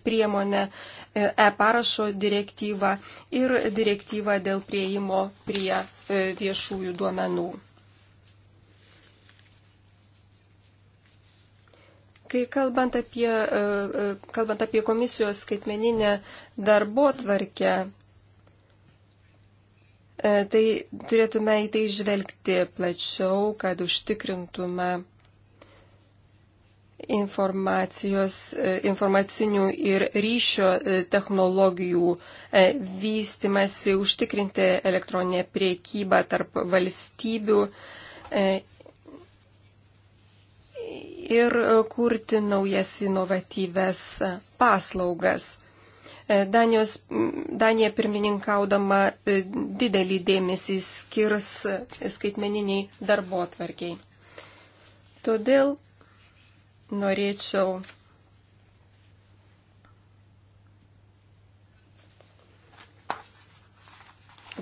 priemonę, e, e-parašo direktyvą ir direktyvą dėl prieimo prie e, viešųjų duomenų. Kai kalbant apie, e, kalbant apie komisijos skaitmeninę darbo tvarkę, tai turėtume į tai žvelgti plačiau, kad užtikrintume E, informacinių ir ryšio e, technologijų e, vystimasi, užtikrinti elektroninę priekybą tarp valstybių ir kurti naujas inovatyves paslaugas. Danijos, Danija pirmininkaudama didelį dėmesį skirs skaitmeniniai darbo atvarkiai. Todėl norėčiau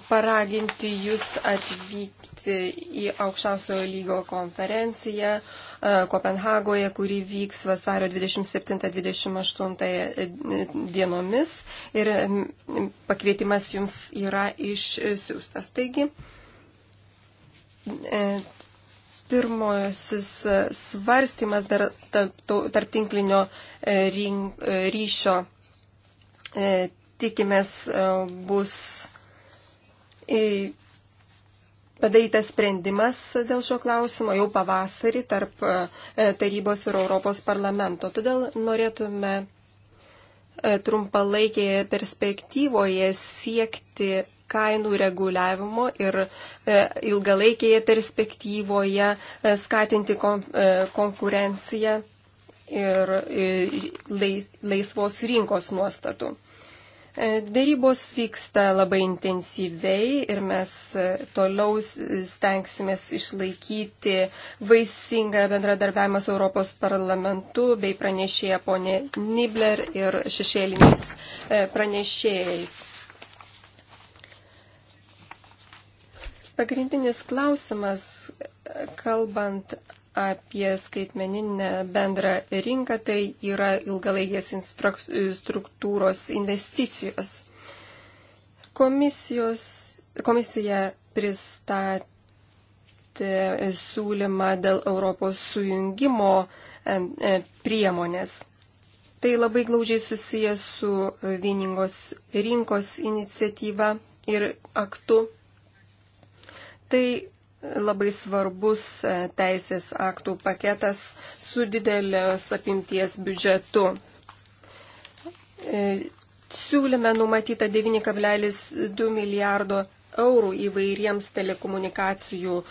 paraginti jūs atvykti į aukščiausiojo lygo konferenciją e, Kopenhagoje, kuri vyks vasario 27-28 e, dienomis ir pakvietimas jums yra išsiųstas. Taigi, e, pirmosis e, svarstymas dar tarp tinklinio e, e, ryšio tikimės bus padarytas sprendimas dėl šio klausimo jau pavasarį tarp tarybos ir Europos parlamento. Todėl norėtume trumpalaikėje perspektyvoje siekti kainų reguliavimo ir e, ilgalaikėje perspektyvoje e, skatinti e, konkurenciją ir laisvos rinkos nuostatų. Dėrybos vyksta labai intensyviai ir mes toliau stengsimės išlaikyti vaisingą bendradarbiavimą su Europos parlamentu bei pranešėja ponė Nibler ir šešėliniais pranešėjais. Pagrindinis klausimas, kalbant apie skaitmeninę bendrą rinką, tai yra ilgalaikės struktūros investicijos. Komisijos, komisija pristatė pateikti siūlymą dėl Europos sujungimo e, priemonės. Tai labai glaužiai susijęs su vieningos rinkos iniciatyva ir aktu Tai labai svarbus e, teisės aktų paketas su didelės apimties biudžetu. E, siūlyme numatyta 9,2 milijardo eurų įvairiems telekomunikacijų e,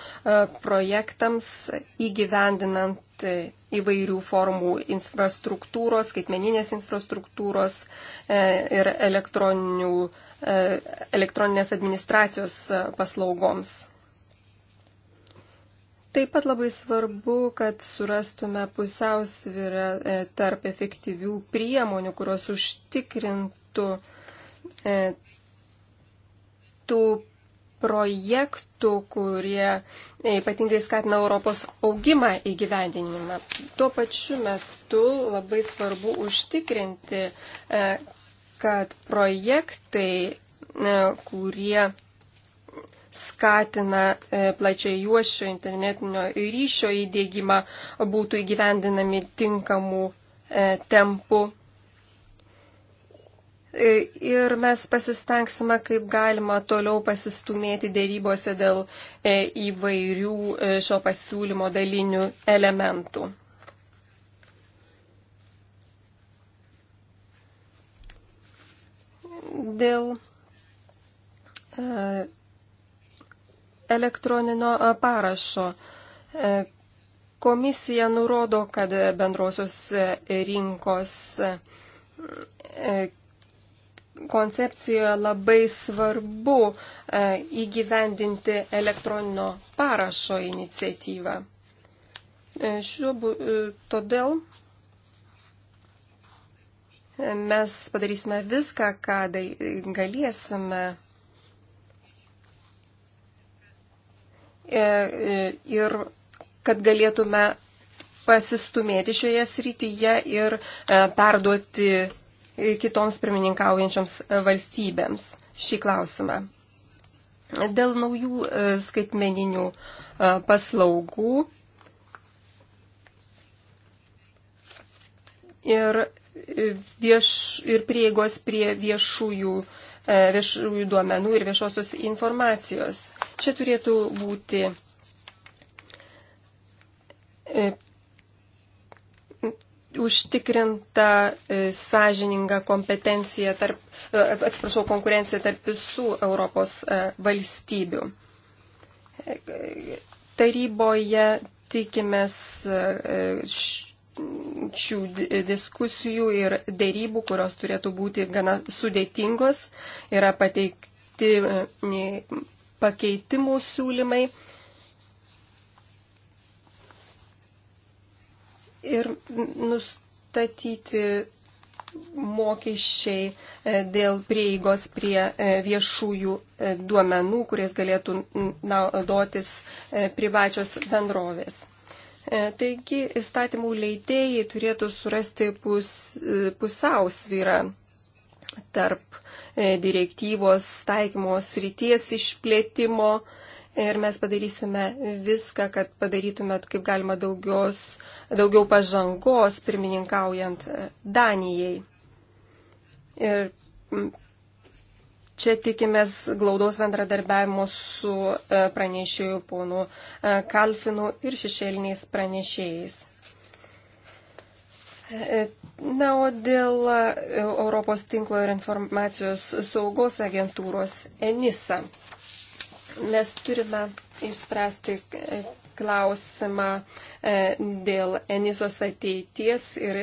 projektams įgyvendinant įvairių formų infrastruktūros, skaitmeninės infrastruktūros ir elektroninės administracijos paslaugoms. Taip pat labai svarbu, kad surastume pusiausvyrą e, tarp efektyvių priemonių, kurios užtikrintų e, tų projektų, kurie e, ypatingai skatina Europos augimą įgyvendinimą. Tuo pačiu metu labai svarbu užtikrinti, kad projektai, kurie skatina e, plačiai juošio internetinio ryšio įdėgymą, būtų įgyvendinami tinkamų e, tempų. E, ir mes pasistengsime, kaip galima toliau pasistumėti dėrybose dėl įvairių šio pasiūlymo dalinių elementų. Dėl elektroninio parašo. E, komisija nurodo, kad bendrosios e, rinkos e, koncepcijoje labai svarbu įgyvendinti elektroninio parašo iniciatyvą. Šiuo todėl mes padarysime viską, ką galėsime E, e, ir kad galėtume pasistumėti šioje srityje ir e, perduoti kitoms pirmininkaujančioms valstybėms šį klausimą. Dėl naujų skaitmeninių paslaugų ir, vieš, ir prieigos prie viešųjų uh, E, viešųjų duomenų ir viešosios informacijos. Čia turėtų būti e, užtikrinta e, sąžininga kompetencija tarp, atsiprašau, konkurencija tarp visų Europos valstybių. Taryboje tikimės š šių diskusijų ir dėrybų, kurios turėtų būti gana sudėtingos, yra pateikti e, pakeitimų siūlymai. Ir nustatyti mokesčiai e, dėl prieigos prie e, viešųjų duomenų, kuriais galėtų naudotis privačios bendrovės. E, taigi įstatymų leidėjai turėtų surasti pus, e, pusiausvyrą tarp e, direktyvos taikymos ryties išplėtimo ir mes padarysime viską, kad padarytumėt kaip galima daugios, daugiau pažangos pirmininkaujant Danijai. Ir Čia tikimės glaudaus bendradarbiavimo su e, pranešėjų ponu e, Kalfinu ir šešėliniais pranešėjais. E, na, o dėl Europos tinklo ir informacijos saugos agentūros ENISA mes turime išspręsti klausimą e, dėl Enisos ateities ir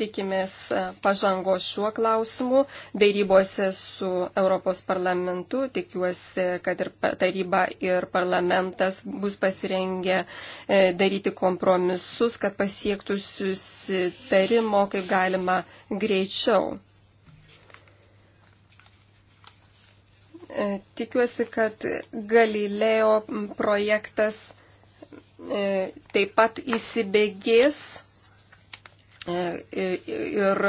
tikimės e, pažango šiuo klausimu. Darybose su Europos parlamentu tikiuosi, kad ir taryba ir parlamentas bus pasirengę e, daryti kompromisus, kad pasiektų susitarimo kaip galima greičiau. Tikiuosi, kad Galileo projektas E, taip pat įsibėgės e, ir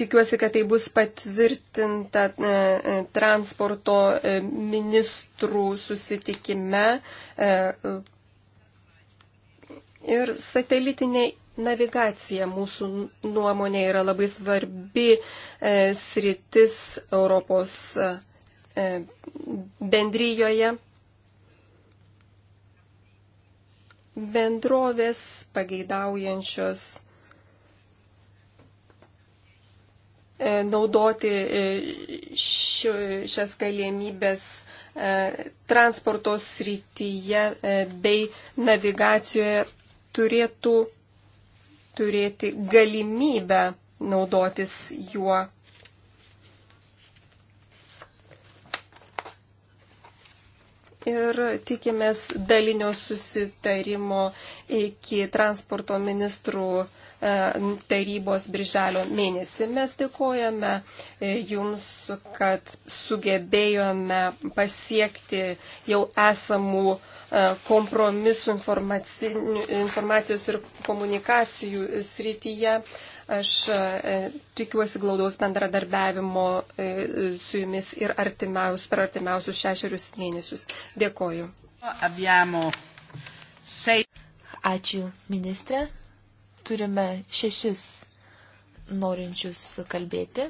tikiuosi, kad tai bus patvirtinta e, transporto ministrų susitikime. Ir satelitinė navigacija mūsų nuomonė yra labai svarbi sritis Europos bendryjoje. bendrovės pageidaujančios e, naudoti e, šias galimybės e, transporto srityje bei navigacijoje turėtų turėti galimybę naudotis juo ir tikimės dalinio susitarimo iki transporto ministrų e, tarybos birželio mėnesį. Mes dėkojame e, Jums, kad sugebėjome pasiekti jau esamų e, kompromisų informacijos ir komunikacijų srityje. Aš e, tikiuosi glaudaus bendradarbiavimo e, su jumis ir artimiaus, per artimiausius šešerius mėnesius. Dėkoju. Ačiū, ministrė. Turime šešis norinčius kalbėti.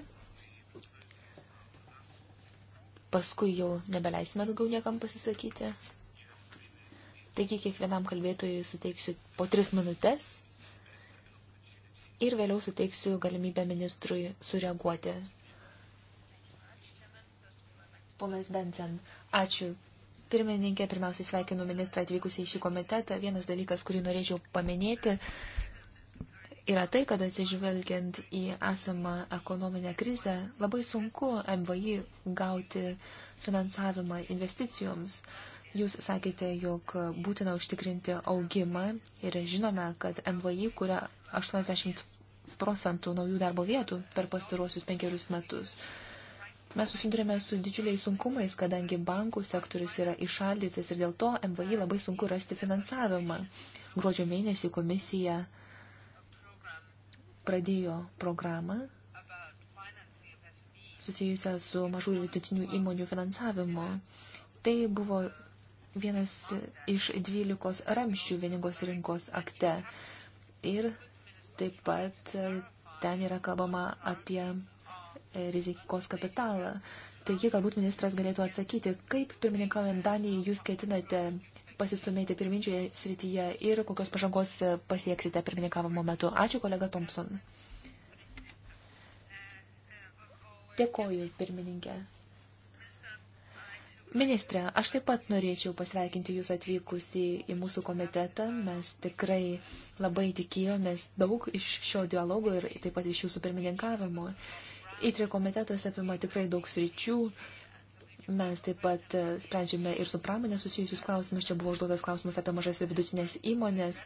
Paskui jau nebeleisime daugiau niekam pasisakyti. Taigi kiekvienam kalbėtojui suteiksiu po tris minutės ir vėliau suteiksiu galimybę ministrui sureaguoti. Ponas Benson, ačiū. Pirmininkė, pirmiausiai sveikinu ministrą atvykusiai į šį komitetą. Vienas dalykas, kurį norėčiau paminėti, yra tai, kad atsižvelgiant į esamą ekonominę krizę, labai sunku MVI gauti finansavimą investicijoms. Jūs sakėte, jog būtina užtikrinti augimą ir žinome, kad MVI, kuria 80 procentų naujų darbo vietų per pastaruosius penkerius metus. Mes susidurėme su didžiuliais sunkumais, kadangi bankų sektorius yra išaldytas ir dėl to MVI labai sunku rasti finansavimą. Gruodžio mėnesį komisija pradėjo programą susijusią su mažų ir vidutinių įmonių finansavimu. Tai buvo vienas iš dvylikos ramščių vieningos rinkos akte. Ir Taip pat e, ten yra kalbama apie e, rizikos kapitalą. Taigi, galbūt ministras galėtų atsakyti, kaip pirmininkaujant Danijai jūs ketinate pasistumėti pirminčioje srityje ir kokios pažangos e, pasieksite pirmininkavimo metu. Ačiū, kolega Thompson. Dėkoju, pirmininkė. Ministre, aš taip pat norėčiau pasveikinti Jūs atvykus į, į mūsų komitetą. Mes tikrai labai tikėjomės daug iš šio dialogo ir taip pat iš Jūsų pirmininkavimo. Įtrė komitetas apima tikrai daug sričių. Mes taip pat e, sprendžiame ir su pramonė susijusius klausimus. Čia buvo užduotas klausimas apie mažas ir vidutinės įmonės.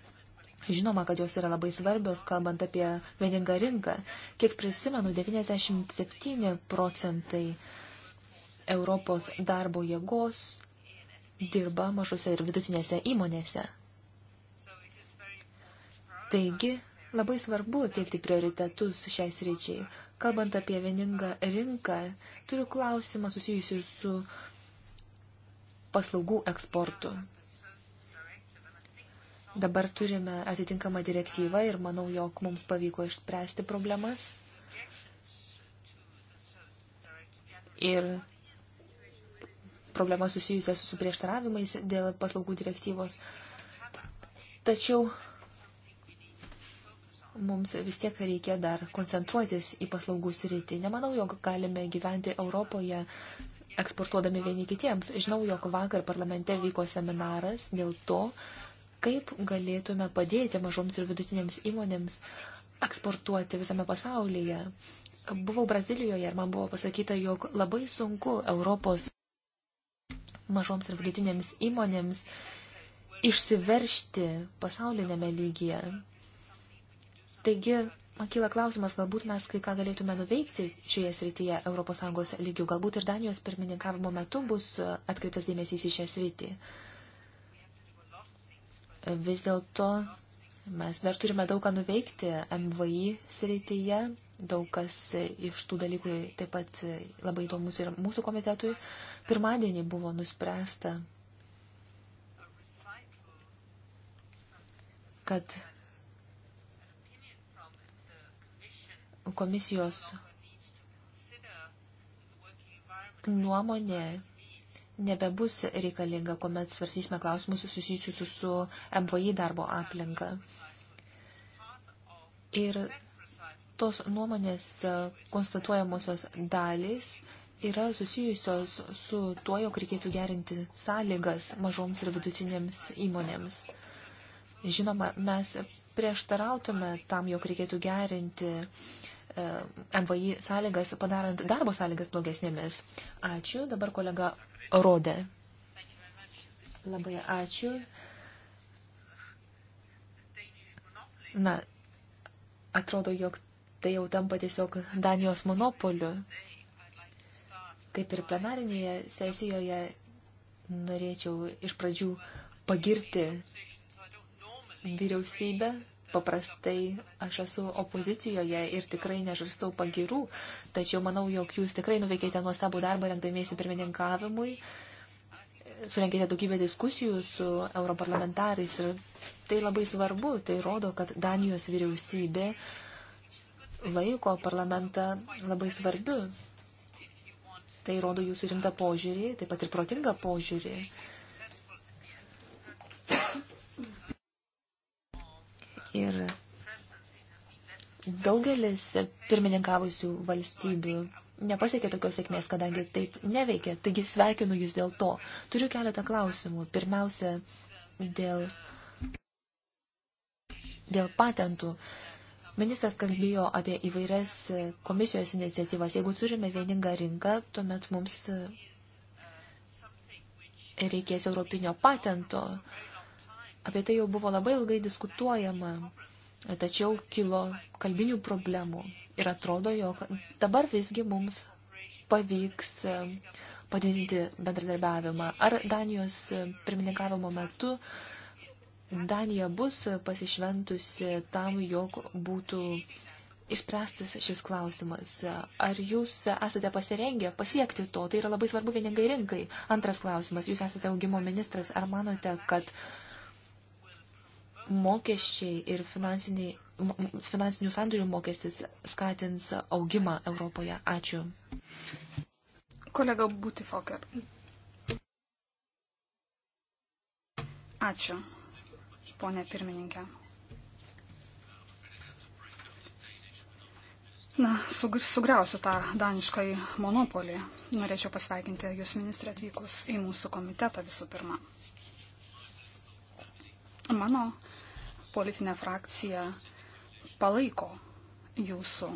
Žinoma, kad jos yra labai svarbios, kalbant apie vieningą rinką. Kiek prisimenu, 97 procentai Europos darbo jėgos dirba mažose ir vidutinėse įmonėse. Taigi, labai svarbu teikti prioritetus šiais ryčiai. Kalbant apie vieningą rinką, turiu klausimą susijusiu su paslaugų eksportu. Dabar turime atitinkamą direktyvą ir manau, jog mums pavyko išspręsti problemas. Ir problemas susijusias su prieštaravimais dėl paslaugų direktyvos. Tačiau mums vis tiek reikia dar koncentruotis į paslaugų sritį. Nemanau, jog galime gyventi Europoje eksportuodami vieni kitiems. Žinau, jog vakar parlamente vyko seminaras dėl to, kaip galėtume padėti mažoms ir vidutinėms įmonėms eksportuoti visame pasaulyje. Buvau Brazilijoje ir man buvo pasakyta, jog labai sunku Europos mažoms ir vidutinėms įmonėms išsiveršti pasaulinėme lygyje. Taigi, man kyla klausimas, galbūt mes kai ką galėtume nuveikti šioje srityje ES lygių, galbūt ir Danijos pirmininkavimo metu bus atkreiptas dėmesys į šią sritį. Vis dėlto mes dar turime daug ką nuveikti MVI srityje, daug kas iš tų dalykų taip pat labai įdomus ir mūsų komitetui. Pirmadienį buvo nuspręsta, kad komisijos nuomonė nebebus reikalinga, kuomet svarsysime klausimus susijusius su MVI darbo aplinka. Ir tos nuomonės konstatuojamosios dalys yra susijusios su tuo, jog reikėtų gerinti sąlygas mažoms ir vidutinėms įmonėms. Žinoma, mes prieštarautume tam, jog reikėtų gerinti e, MVI sąlygas, padarant darbo sąlygas blogesnėmis. Ačiū. Dabar kolega Rodė. Labai ačiū. Na, atrodo, jog tai jau tampa tiesiog Danijos monopoliu. Kaip ir plenarinėje sesijoje norėčiau iš pradžių pagirti vyriausybę. Paprastai aš esu opozicijoje ir tikrai nežarstau pagirų, tačiau manau, jog jūs tikrai nuveikėte nuostabų darbą rengdamiesi pirmininkavimui, surenkėte daugybę diskusijų su europarlamentarais ir tai labai svarbu, tai rodo, kad Danijos vyriausybė laiko parlamentą labai svarbiu Tai rodo jūsų rimtą požiūrį, taip pat ir protingą požiūrį. Ir daugelis pirmininkavusių valstybių nepasiekė tokios sėkmės, kadangi taip neveikia. Taigi sveikinu jūs dėl to. Turiu keletą klausimų. Pirmiausia, dėl, dėl patentų. Uh, Ministras kalbėjo apie įvairias komisijos iniciatyvas. Jeigu turime vieningą rinką, tuomet mums reikės europinio patento. Apie tai jau buvo labai ilgai diskutuojama, tačiau kilo kalbinių problemų. Ir atrodo, jog dabar visgi mums pavyks padidinti bendradarbiavimą. Ar Danijos pirmininkavimo metu uh, Danija bus pasišventusi tam, jog būtų išspręstas šis klausimas. Ar jūs esate pasirengę pasiekti to? Tai yra labai svarbu vieningai rinkai. Antras klausimas. Jūs esate augimo ministras. Ar manote, kad mokesčiai ir finansinių sandorių mokestis skatins augimą Europoje? Ačiū. Kolega Būtifoker. Ačiū ponė pirmininkė. Na, sugriausiu tą danišką monopolį. Norėčiau pasveikinti Jūs, ministrė, atvykus į mūsų komitetą visų pirma. Mano politinė frakcija palaiko Jūsų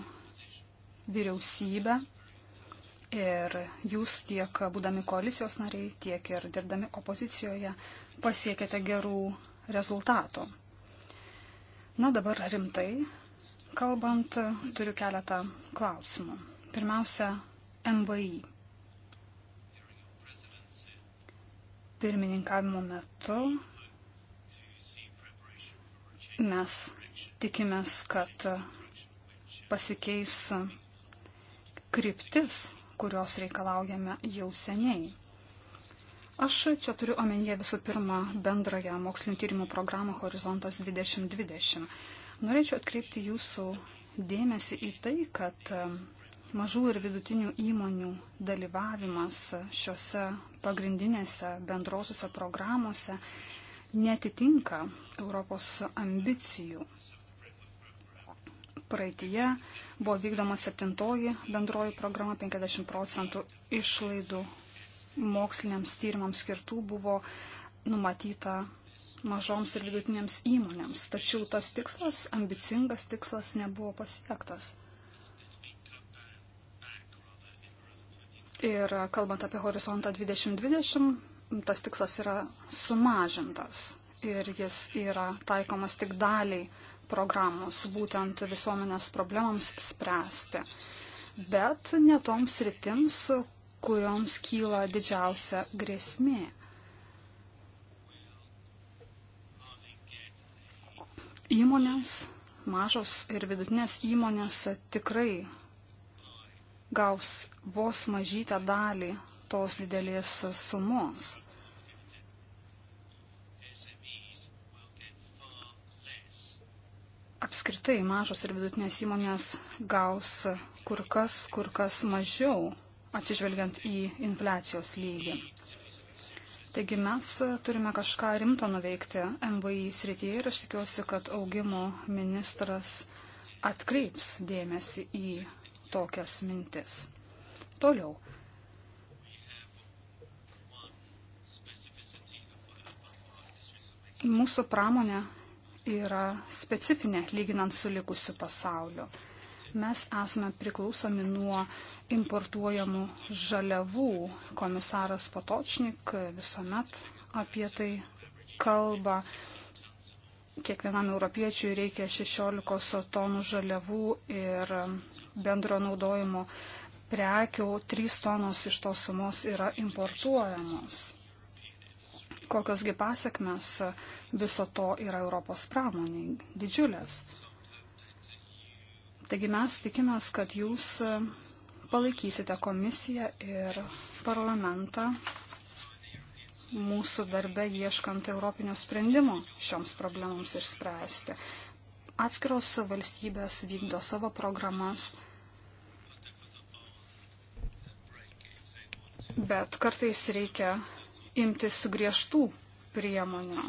vyriausybę ir Jūs tiek būdami koalicijos nariai, tiek ir dirbdami opozicijoje pasiekėte gerų rezultatų. Na dabar rimtai, kalbant, turiu keletą klausimų. Pirmiausia, MVI. Pirmininkavimo metu mes tikimės, kad pasikeis kryptis, kurios reikalaujame jau seniai. Aš čia turiu omenyje visų pirma bendrąją mokslinio tyrimų programą Horizontas 2020. Norėčiau atkreipti jūsų dėmesį į tai, kad mažų ir vidutinių įmonių dalyvavimas šiuose pagrindinėse bendrosiuose programuose netitinka Europos ambicijų. Praeitie buvo vykdoma septintoji bendroji programa 50 procentų išlaidų moksliniams tyrimams skirtų buvo numatyta mažoms ir vidutinėms įmonėms. Tačiau tas tikslas, ambicingas tikslas, nebuvo pasiektas. Ir kalbant apie horizontą 2020, tas tikslas yra sumažintas ir jis yra taikomas tik daliai programos, būtent visuomenės problemams spręsti. Bet ne toms rytims, kurioms kyla didžiausia grėsmė. Įmonės, mažos ir vidutinės įmonės tikrai gaus vos mažytę dalį tos didelės sumos. Apskritai mažos ir vidutinės įmonės gaus kur kas, kur kas mažiau atsižvelgiant į infliacijos lygį. Taigi mes turime kažką rimto nuveikti MVI srityje ir aš tikiuosi, kad augimo ministras atkreips dėmesį į tokias mintis. Toliau. Mūsų pramonė yra specifinė lyginant su likusiu pasauliu. Mes esame priklausomi nuo importuojamų žaliavų. Komisaras Potočnik visuomet apie tai kalba. Kiekvienam europiečiui reikia 16 tonų žaliavų ir bendro naudojimo prekių 3 tonos iš tos sumos yra importuojamos. Kokiosgi pasiekmes viso to yra Europos pramoniai? Didžiulės. Taigi mes tikimės, kad jūs e, palaikysite komisiją ir parlamentą mūsų darbe ieškant europinio sprendimo šioms problemams išspręsti. Atskiros valstybės vykdo savo programas, bet kartais reikia imtis griežtų priemonių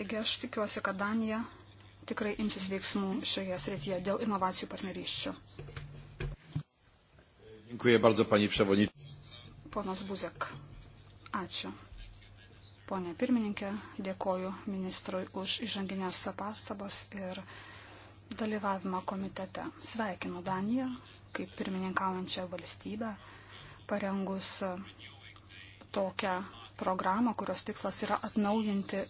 Taigi aš tikiuosi, kad Danija tikrai imsis veiksmų šioje srityje dėl inovacijų partnerysčių. Dziękuję bardzo pani przewodnicząca. Ponas Buzek. Ačiū. Pone pirmininkė, dėkoju ministrui už įžanginės pastabas ir dalyvavimą komitete. Sveikinu Daniją kaip pirmininkaujančią valstybę, parengus tokią programą, kurios tikslas yra atnaujinti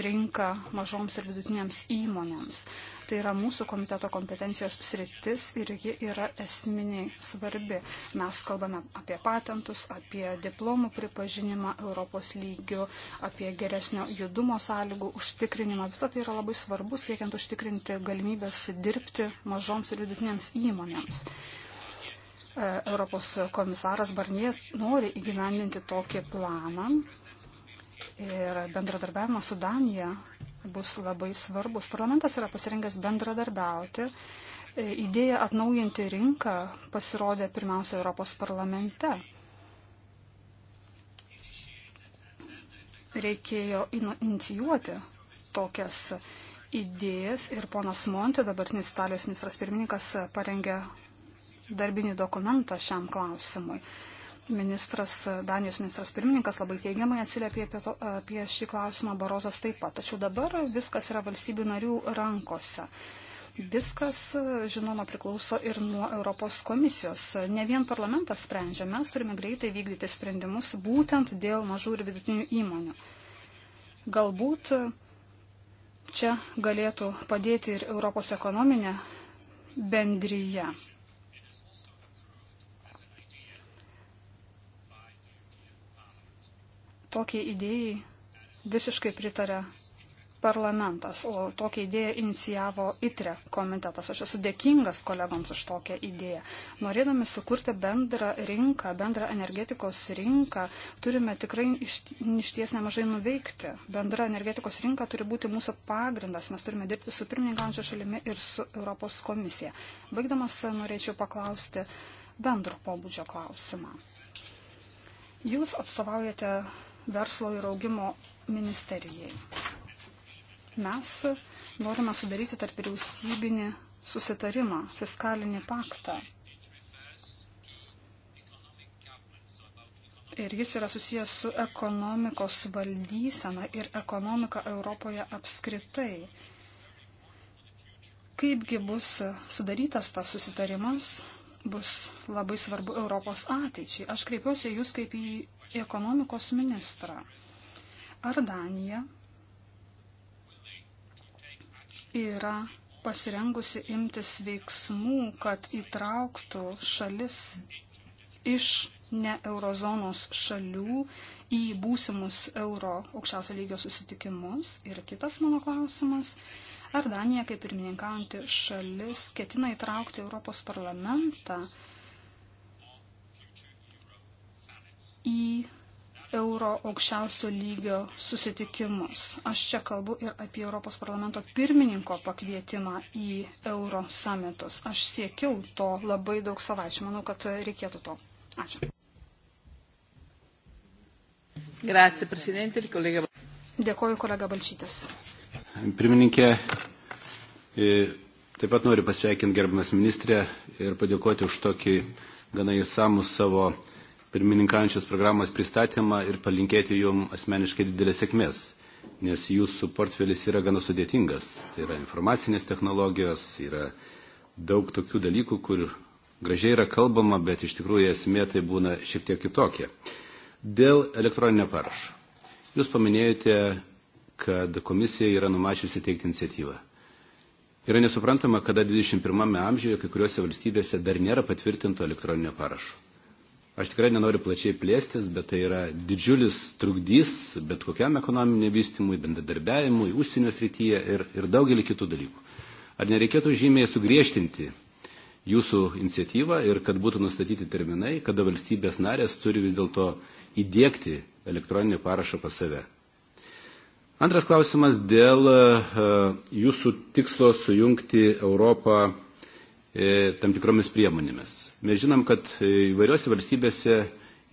rinką mažoms ir vidutinėms įmonėms. Tai yra mūsų komiteto kompetencijos sritis ir ji yra esminiai svarbi. Mes kalbame apie patentus, apie diplomų pripažinimą Europos lygių, apie geresnio judumo sąlygų užtikrinimą. Visą tai yra labai svarbu siekiant užtikrinti galimybės dirbti mažoms ir vidutinėms įmonėms. E, Europos komisaras Barnie nori įgyvendinti tokį planą ir bendradarbiavimas su Danija bus labai svarbus. Parlamentas yra pasirengęs bendradarbiauti. E, idėja atnaujinti rinką pasirodė pirmiausia Europos parlamente. Reikėjo inicijuoti tokias idėjas ir ponas Monti, dabartinis Italijos ministras pirmininkas, parengė darbinį dokumentą šiam klausimui. Ministras, Danijos ministras pirmininkas labai teigiamai atsiliepė apie, to, apie šį klausimą, Barozas taip pat. Tačiau dabar viskas yra valstybių narių rankose. Viskas, žinoma, priklauso ir nuo Europos komisijos. Ne vien parlamentas sprendžia, mes turime greitai vykdyti sprendimus būtent dėl mažų ir vidutinių įmonių. Galbūt čia galėtų padėti ir Europos ekonominė bendryje. tokiai idėjai visiškai pritarė parlamentas, o tokią idėją inicijavo ITRE komitetas. Aš esu dėkingas kolegoms už tokią idėją. Norėdami sukurti bendrą rinką, bendrą energetikos rinką, turime tikrai iš ties nemažai nuveikti. Bendra energetikos rinka turi būti mūsų pagrindas. Mes turime dirbti su pirmininkančia šalimi ir su Europos komisija. Baigdamas norėčiau paklausti bendro pobūdžio klausimą. Jūs atstovaujate verslo ir augimo ministerijai. Mes norime sudaryti tarp vyriausybinį susitarimą, fiskalinį paktą. Ir jis yra susijęs su ekonomikos valdysena ir ekonomika Europoje apskritai. Kaipgi bus sudarytas tas susitarimas, bus labai svarbu Europos ateičiai. Aš kreipiuosi jūs kaip į ekonomikos ministrą. Ar Danija yra pasirengusi imtis veiksmų, kad įtrauktų šalis iš ne eurozonos šalių į būsimus euro aukščiausio lygio susitikimus? Ir kitas mano klausimas. Ar Danija, kaip pirmininkaujanti šalis, ketina įtraukti Europos parlamentą į euro aukščiausio lygio susitikimus. Aš čia kalbu ir apie Europos parlamento pirmininko pakvietimą į euro summitus. Aš siekiau to labai daug savaičių. Manau, kad reikėtų to. Ačiū. Grazie, prezidentė ir kolega. Dėkoju, kolega Balčytis pirmininkė. E, taip pat noriu pasveikinti gerbimas ministrė ir padėkoti už tokį gana įsamų savo pirmininkančios programos pristatymą ir palinkėti jum asmeniškai didelės sėkmės, nes jūsų portfelis yra gana sudėtingas. Tai yra informacinės technologijos, yra daug tokių dalykų, kur gražiai yra kalbama, bet iš tikrųjų esmė tai būna šiek tiek kitokia. Dėl elektroninio parašo. Jūs paminėjote kad komisija yra numačiusi teikti iniciatyvą. Yra nesuprantama, kada 21 amžiuje kai kuriuose valstybėse dar nėra patvirtinto elektroninio parašo. Aš tikrai nenoriu plačiai plėstis, bet tai yra didžiulis trukdys bet kokiam ekonominiam vystimui, bendradarbiavimui, užsienio srityje ir, ir daugelį kitų dalykų. Ar nereikėtų žymiai sugriežtinti jūsų iniciatyvą ir kad būtų nustatyti terminai, kada valstybės narės turi vis dėlto įdėkti elektroninį parašą pas save? Antras klausimas dėl e, e, jūsų tikslo sujungti Europą e, tam tikromis priemonėmis. Mes žinom, kad įvairiose valstybėse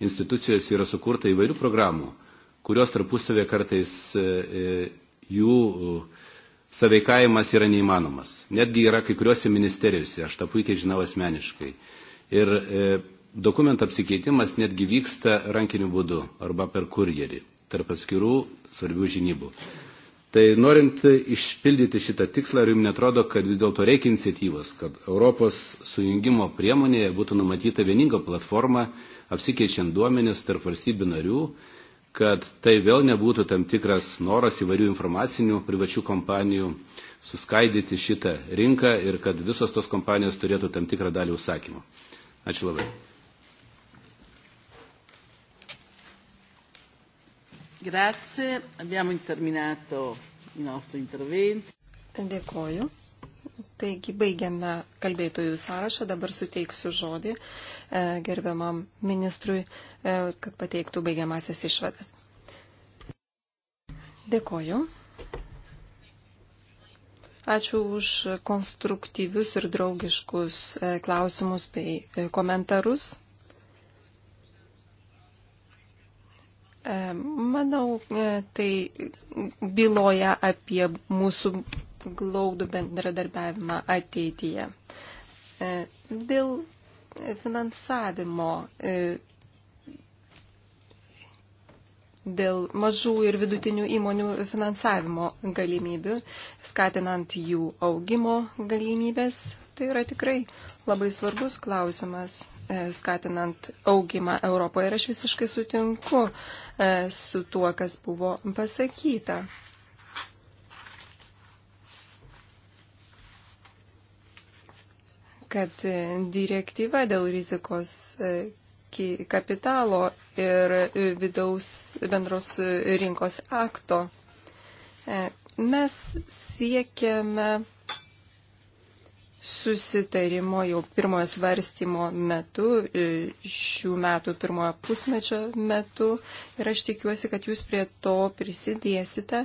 institucijose yra sukurta įvairių programų, kurios tarpusavė kartais jų saveikavimas yra neįmanomas. Netgi yra kai kuriuose ministerijose, aš tą puikiai žinau asmeniškai. Ir dokumentų apsikeitimas netgi vyksta rankiniu būdu arba per kurjerį tarp atskirų svarbių žinybų. Tai norint išpildyti šitą tikslą, ar jums netrodo, kad vis dėlto reikia iniciatyvos, kad Europos sujungimo priemonėje būtų numatyta vieninga platforma, apsikeičiant duomenis tarp valstybių narių, kad tai vėl nebūtų tam tikras noras įvairių informacinių privačių kompanijų suskaidyti šitą rinką ir kad visos tos kompanijos turėtų tam tikrą dalį užsakymų. Ačiū labai. Grazie, abbiamo terminato il nostro intervento. Dėkoju. Taigi baigiame kalbėtojų sąrašą, dabar suteiksiu žodį e, gerbiamam ministrui, e, kad pateiktų baigiamasias išvadas. Dėkoju. Ačiū už konstruktyvius ir draugiškus e, klausimus bei komentarus. E, manau, e, tai byloja apie mūsų glaudų bendradarbiavimą ateityje. E, dėl finansavimo, dėl mažų ir vidutinių įmonių finansavimo galimybių, skatinant jų augimo galimybės, tai yra tikrai labai svarbus klausimas. E, skatinant augimą Europoje. Ir aš visiškai sutinku e, su tuo, kas buvo pasakyta. kad e, direktyva dėl rizikos kapitalo ir vidaus bendros rinkos akto mes siekiame susitarimo jau pirmojo svarstymo metu, e, šių metų pirmojo pusmečio metu ir aš tikiuosi, kad jūs prie to prisidėsite,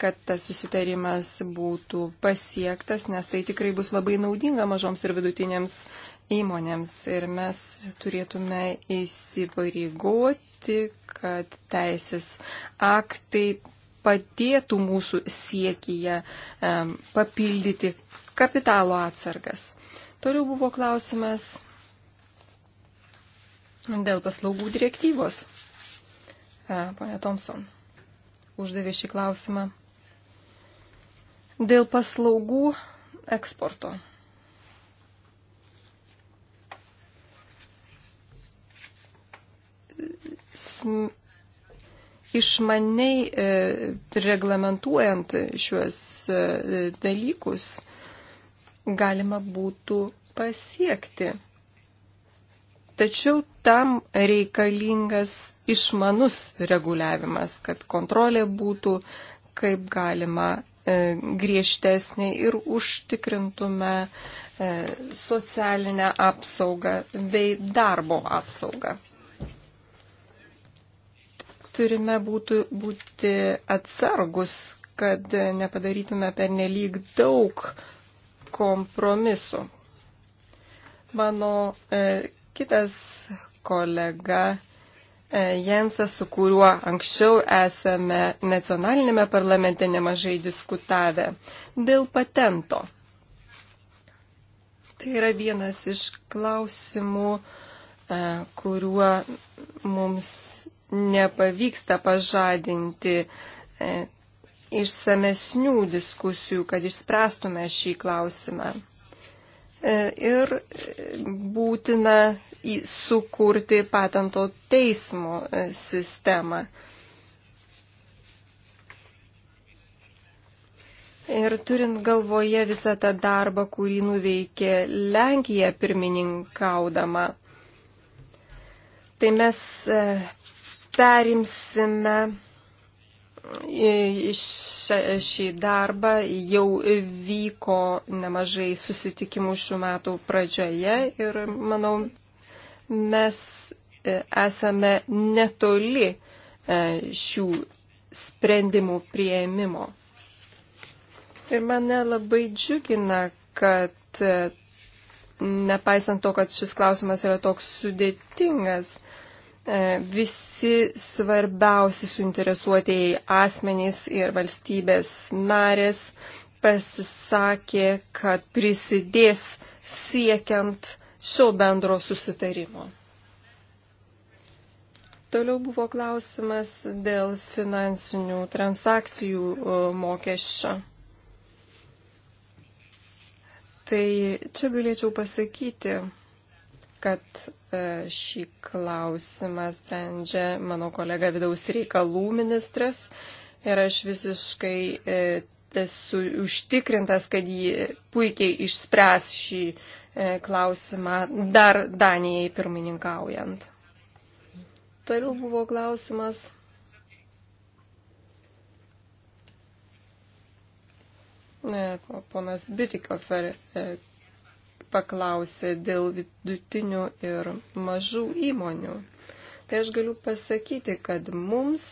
kad tas susitarimas būtų pasiektas, nes tai tikrai bus labai naudinga mažoms ir vidutinėms įmonėms ir mes turėtume įsipareigoti, kad teisės aktai padėtų mūsų siekyje papildyti kapitalo atsargas. Toliau buvo klausimas dėl paslaugų direktyvos. E, Pane Thompson uždavė šį klausimą. Dėl paslaugų eksporto. Sm išmaniai e, reglamentuojant šiuos e, dalykus galima būtų pasiekti. Tačiau tam reikalingas išmanus reguliavimas, kad kontrolė būtų kaip galima e, griežtesnė ir užtikrintume socialinę apsaugą bei darbo apsaugą turime būtų, būti atsargus, kad nepadarytume per nelik daug kompromisų. Mano e, kitas kolega e, Jensas, su kuriuo anksčiau esame nacionalinėme parlamente nemažai diskutavę dėl patento. Tai yra vienas iš klausimų, e, kuriuo mums nepavyksta pažadinti e, išsamesnių diskusijų, kad išspręstume šį klausimą. E, ir būtina sukurti patento teismo e, sistemą. Ir turint galvoje visą tą darbą, kurį nuveikė Lenkija pirmininkaudama, tai mes perimsime šį darbą jau vyko nemažai susitikimų šių metų pradžioje ir manau mes esame netoli e, šių sprendimų prieimimo. Ir mane labai džiugina, kad e, nepaisant to, kad šis klausimas yra toks sudėtingas, E, visi svarbiausi suinteresuotieji asmenys ir valstybės narės pasisakė, kad prisidės siekiant šio bendro susitarimo. Toliau buvo klausimas dėl finansinių transakcijų e, mokesčio. Tai čia galėčiau pasakyti, kad e, šį klausimą sprendžia mano kolega vidaus reikalų ministras ir aš visiškai e, esu užtikrintas, kad jį puikiai išspręs šį e, klausimą dar Danijai pirmininkaujant. Toliau buvo klausimas. Ponas Bitikoferi paklausė dėl vidutinių ir mažų įmonių. Tai aš galiu pasakyti, kad mums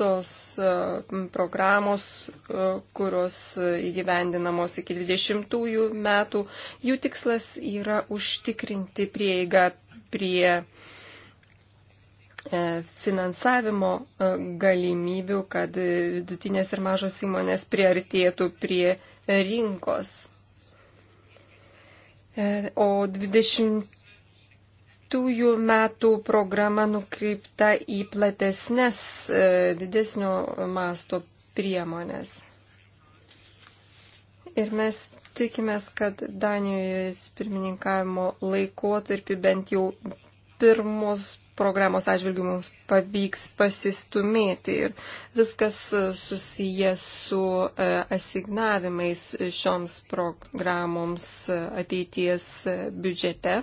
tos e, programos, e, kurios įgyvendinamos iki 20 metų, jų tikslas yra užtikrinti prieigą prie uh, E, finansavimo e, galimybių, kad vidutinės ir mažos įmonės priartėtų prie rinkos. E, o 20 metų programa nukreipta į platesnės, didesnio masto priemonės. Ir mes tikimės, kad Danijos pirmininkavimo laikotarpį bent jau pirmos programos atžvilgių mums pavyks pasistumėti ir viskas susiję su e, asignavimais šioms programoms e, ateities e, biudžete.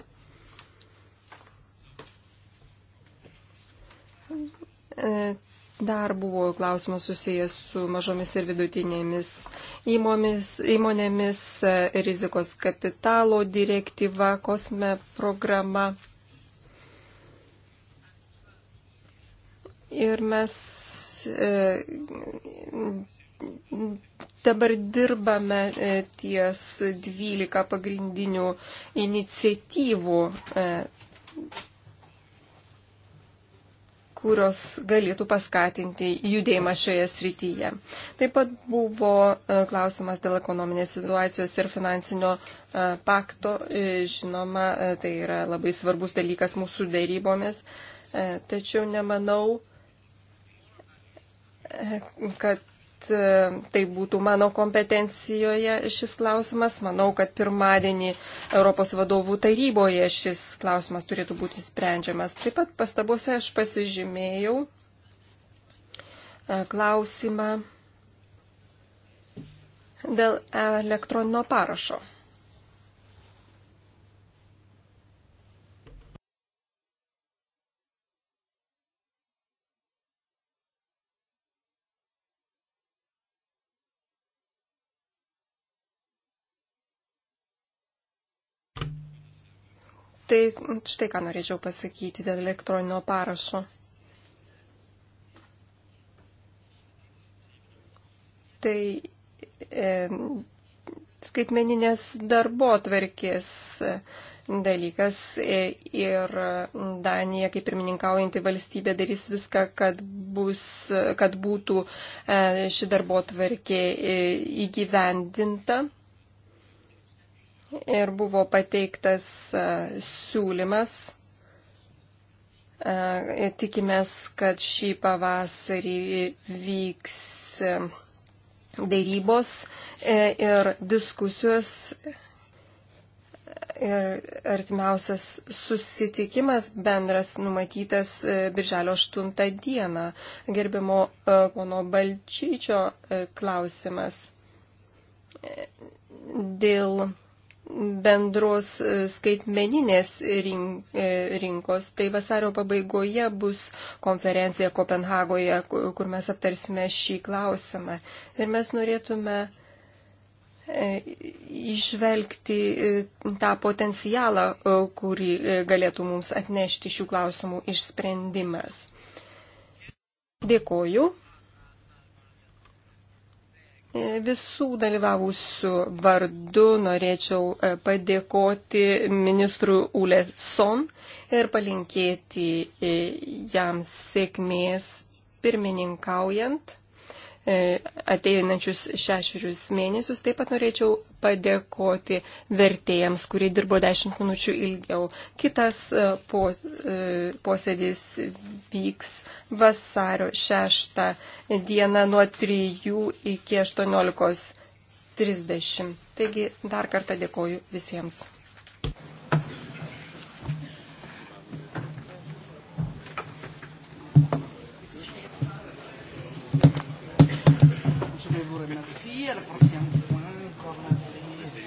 Dar buvo klausimas susijęs su mažomis ir vidutinėmis įmomis, įmonėmis, rizikos kapitalo direktyva, kosme programa. Ir mes e, dabar dirbame e, ties 12 pagrindinių iniciatyvų, e, kurios galėtų paskatinti judėjimą šioje srityje. Taip pat buvo klausimas dėl ekonominės situacijos ir finansinio pakto. Žinoma, tai yra labai svarbus dalykas mūsų darybomis. Tačiau nemanau, kad e, tai būtų mano kompetencijoje šis klausimas. Manau, kad pirmadienį Europos vadovų taryboje šis klausimas turėtų būti sprendžiamas. Taip pat pastabuose aš pasižymėjau e, klausimą dėl elektroninio parašo. Tai štai ką norėčiau pasakyti dėl elektroninio parašo. Tai e, skaitmeninės darbo tvarkės e, dalykas e, ir Danija, kaip pirmininkaujanti valstybė, darys viską, kad, bus, kad būtų e, ši darbo tvarkė įgyvendinta ir buvo pateiktas e, siūlymas. E, tikimės, kad šį pavasarį vyks e, darybos ir diskusijos ir artimiausias susitikimas bendras numatytas Birželio 8 dieną. Gerbimo pono Balčyčio klausimas dėl bendros e, skaitmeninės e, rinkos. Tai vasario pabaigoje bus konferencija Kopenhagoje, kur mes aptarsime šį klausimą. Ir mes norėtume e, išvelgti tą potencialą, kurį galėtų mums atnešti šių klausimų išsprendimas. Dėkoju. E, visų dalyvavusių vardu norėčiau e, padėkoti ministrų Ule Son ir palinkėti e, jam sėkmės pirmininkaujant E, ateinančius šešerius mėnesius. Taip pat norėčiau padėkoti vertėjams, kurie dirbo dešimt minučių ilgiau. Kitas e, po, e, posėdis vyks vasario šeštą dieną nuo 3 iki 18.30. Taigi dar kartą dėkoju visiems. Merci, à la prochaine. Encore merci.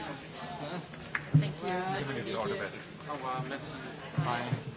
Thank you. Everybody's all the best. Au revoir, merci. Bye.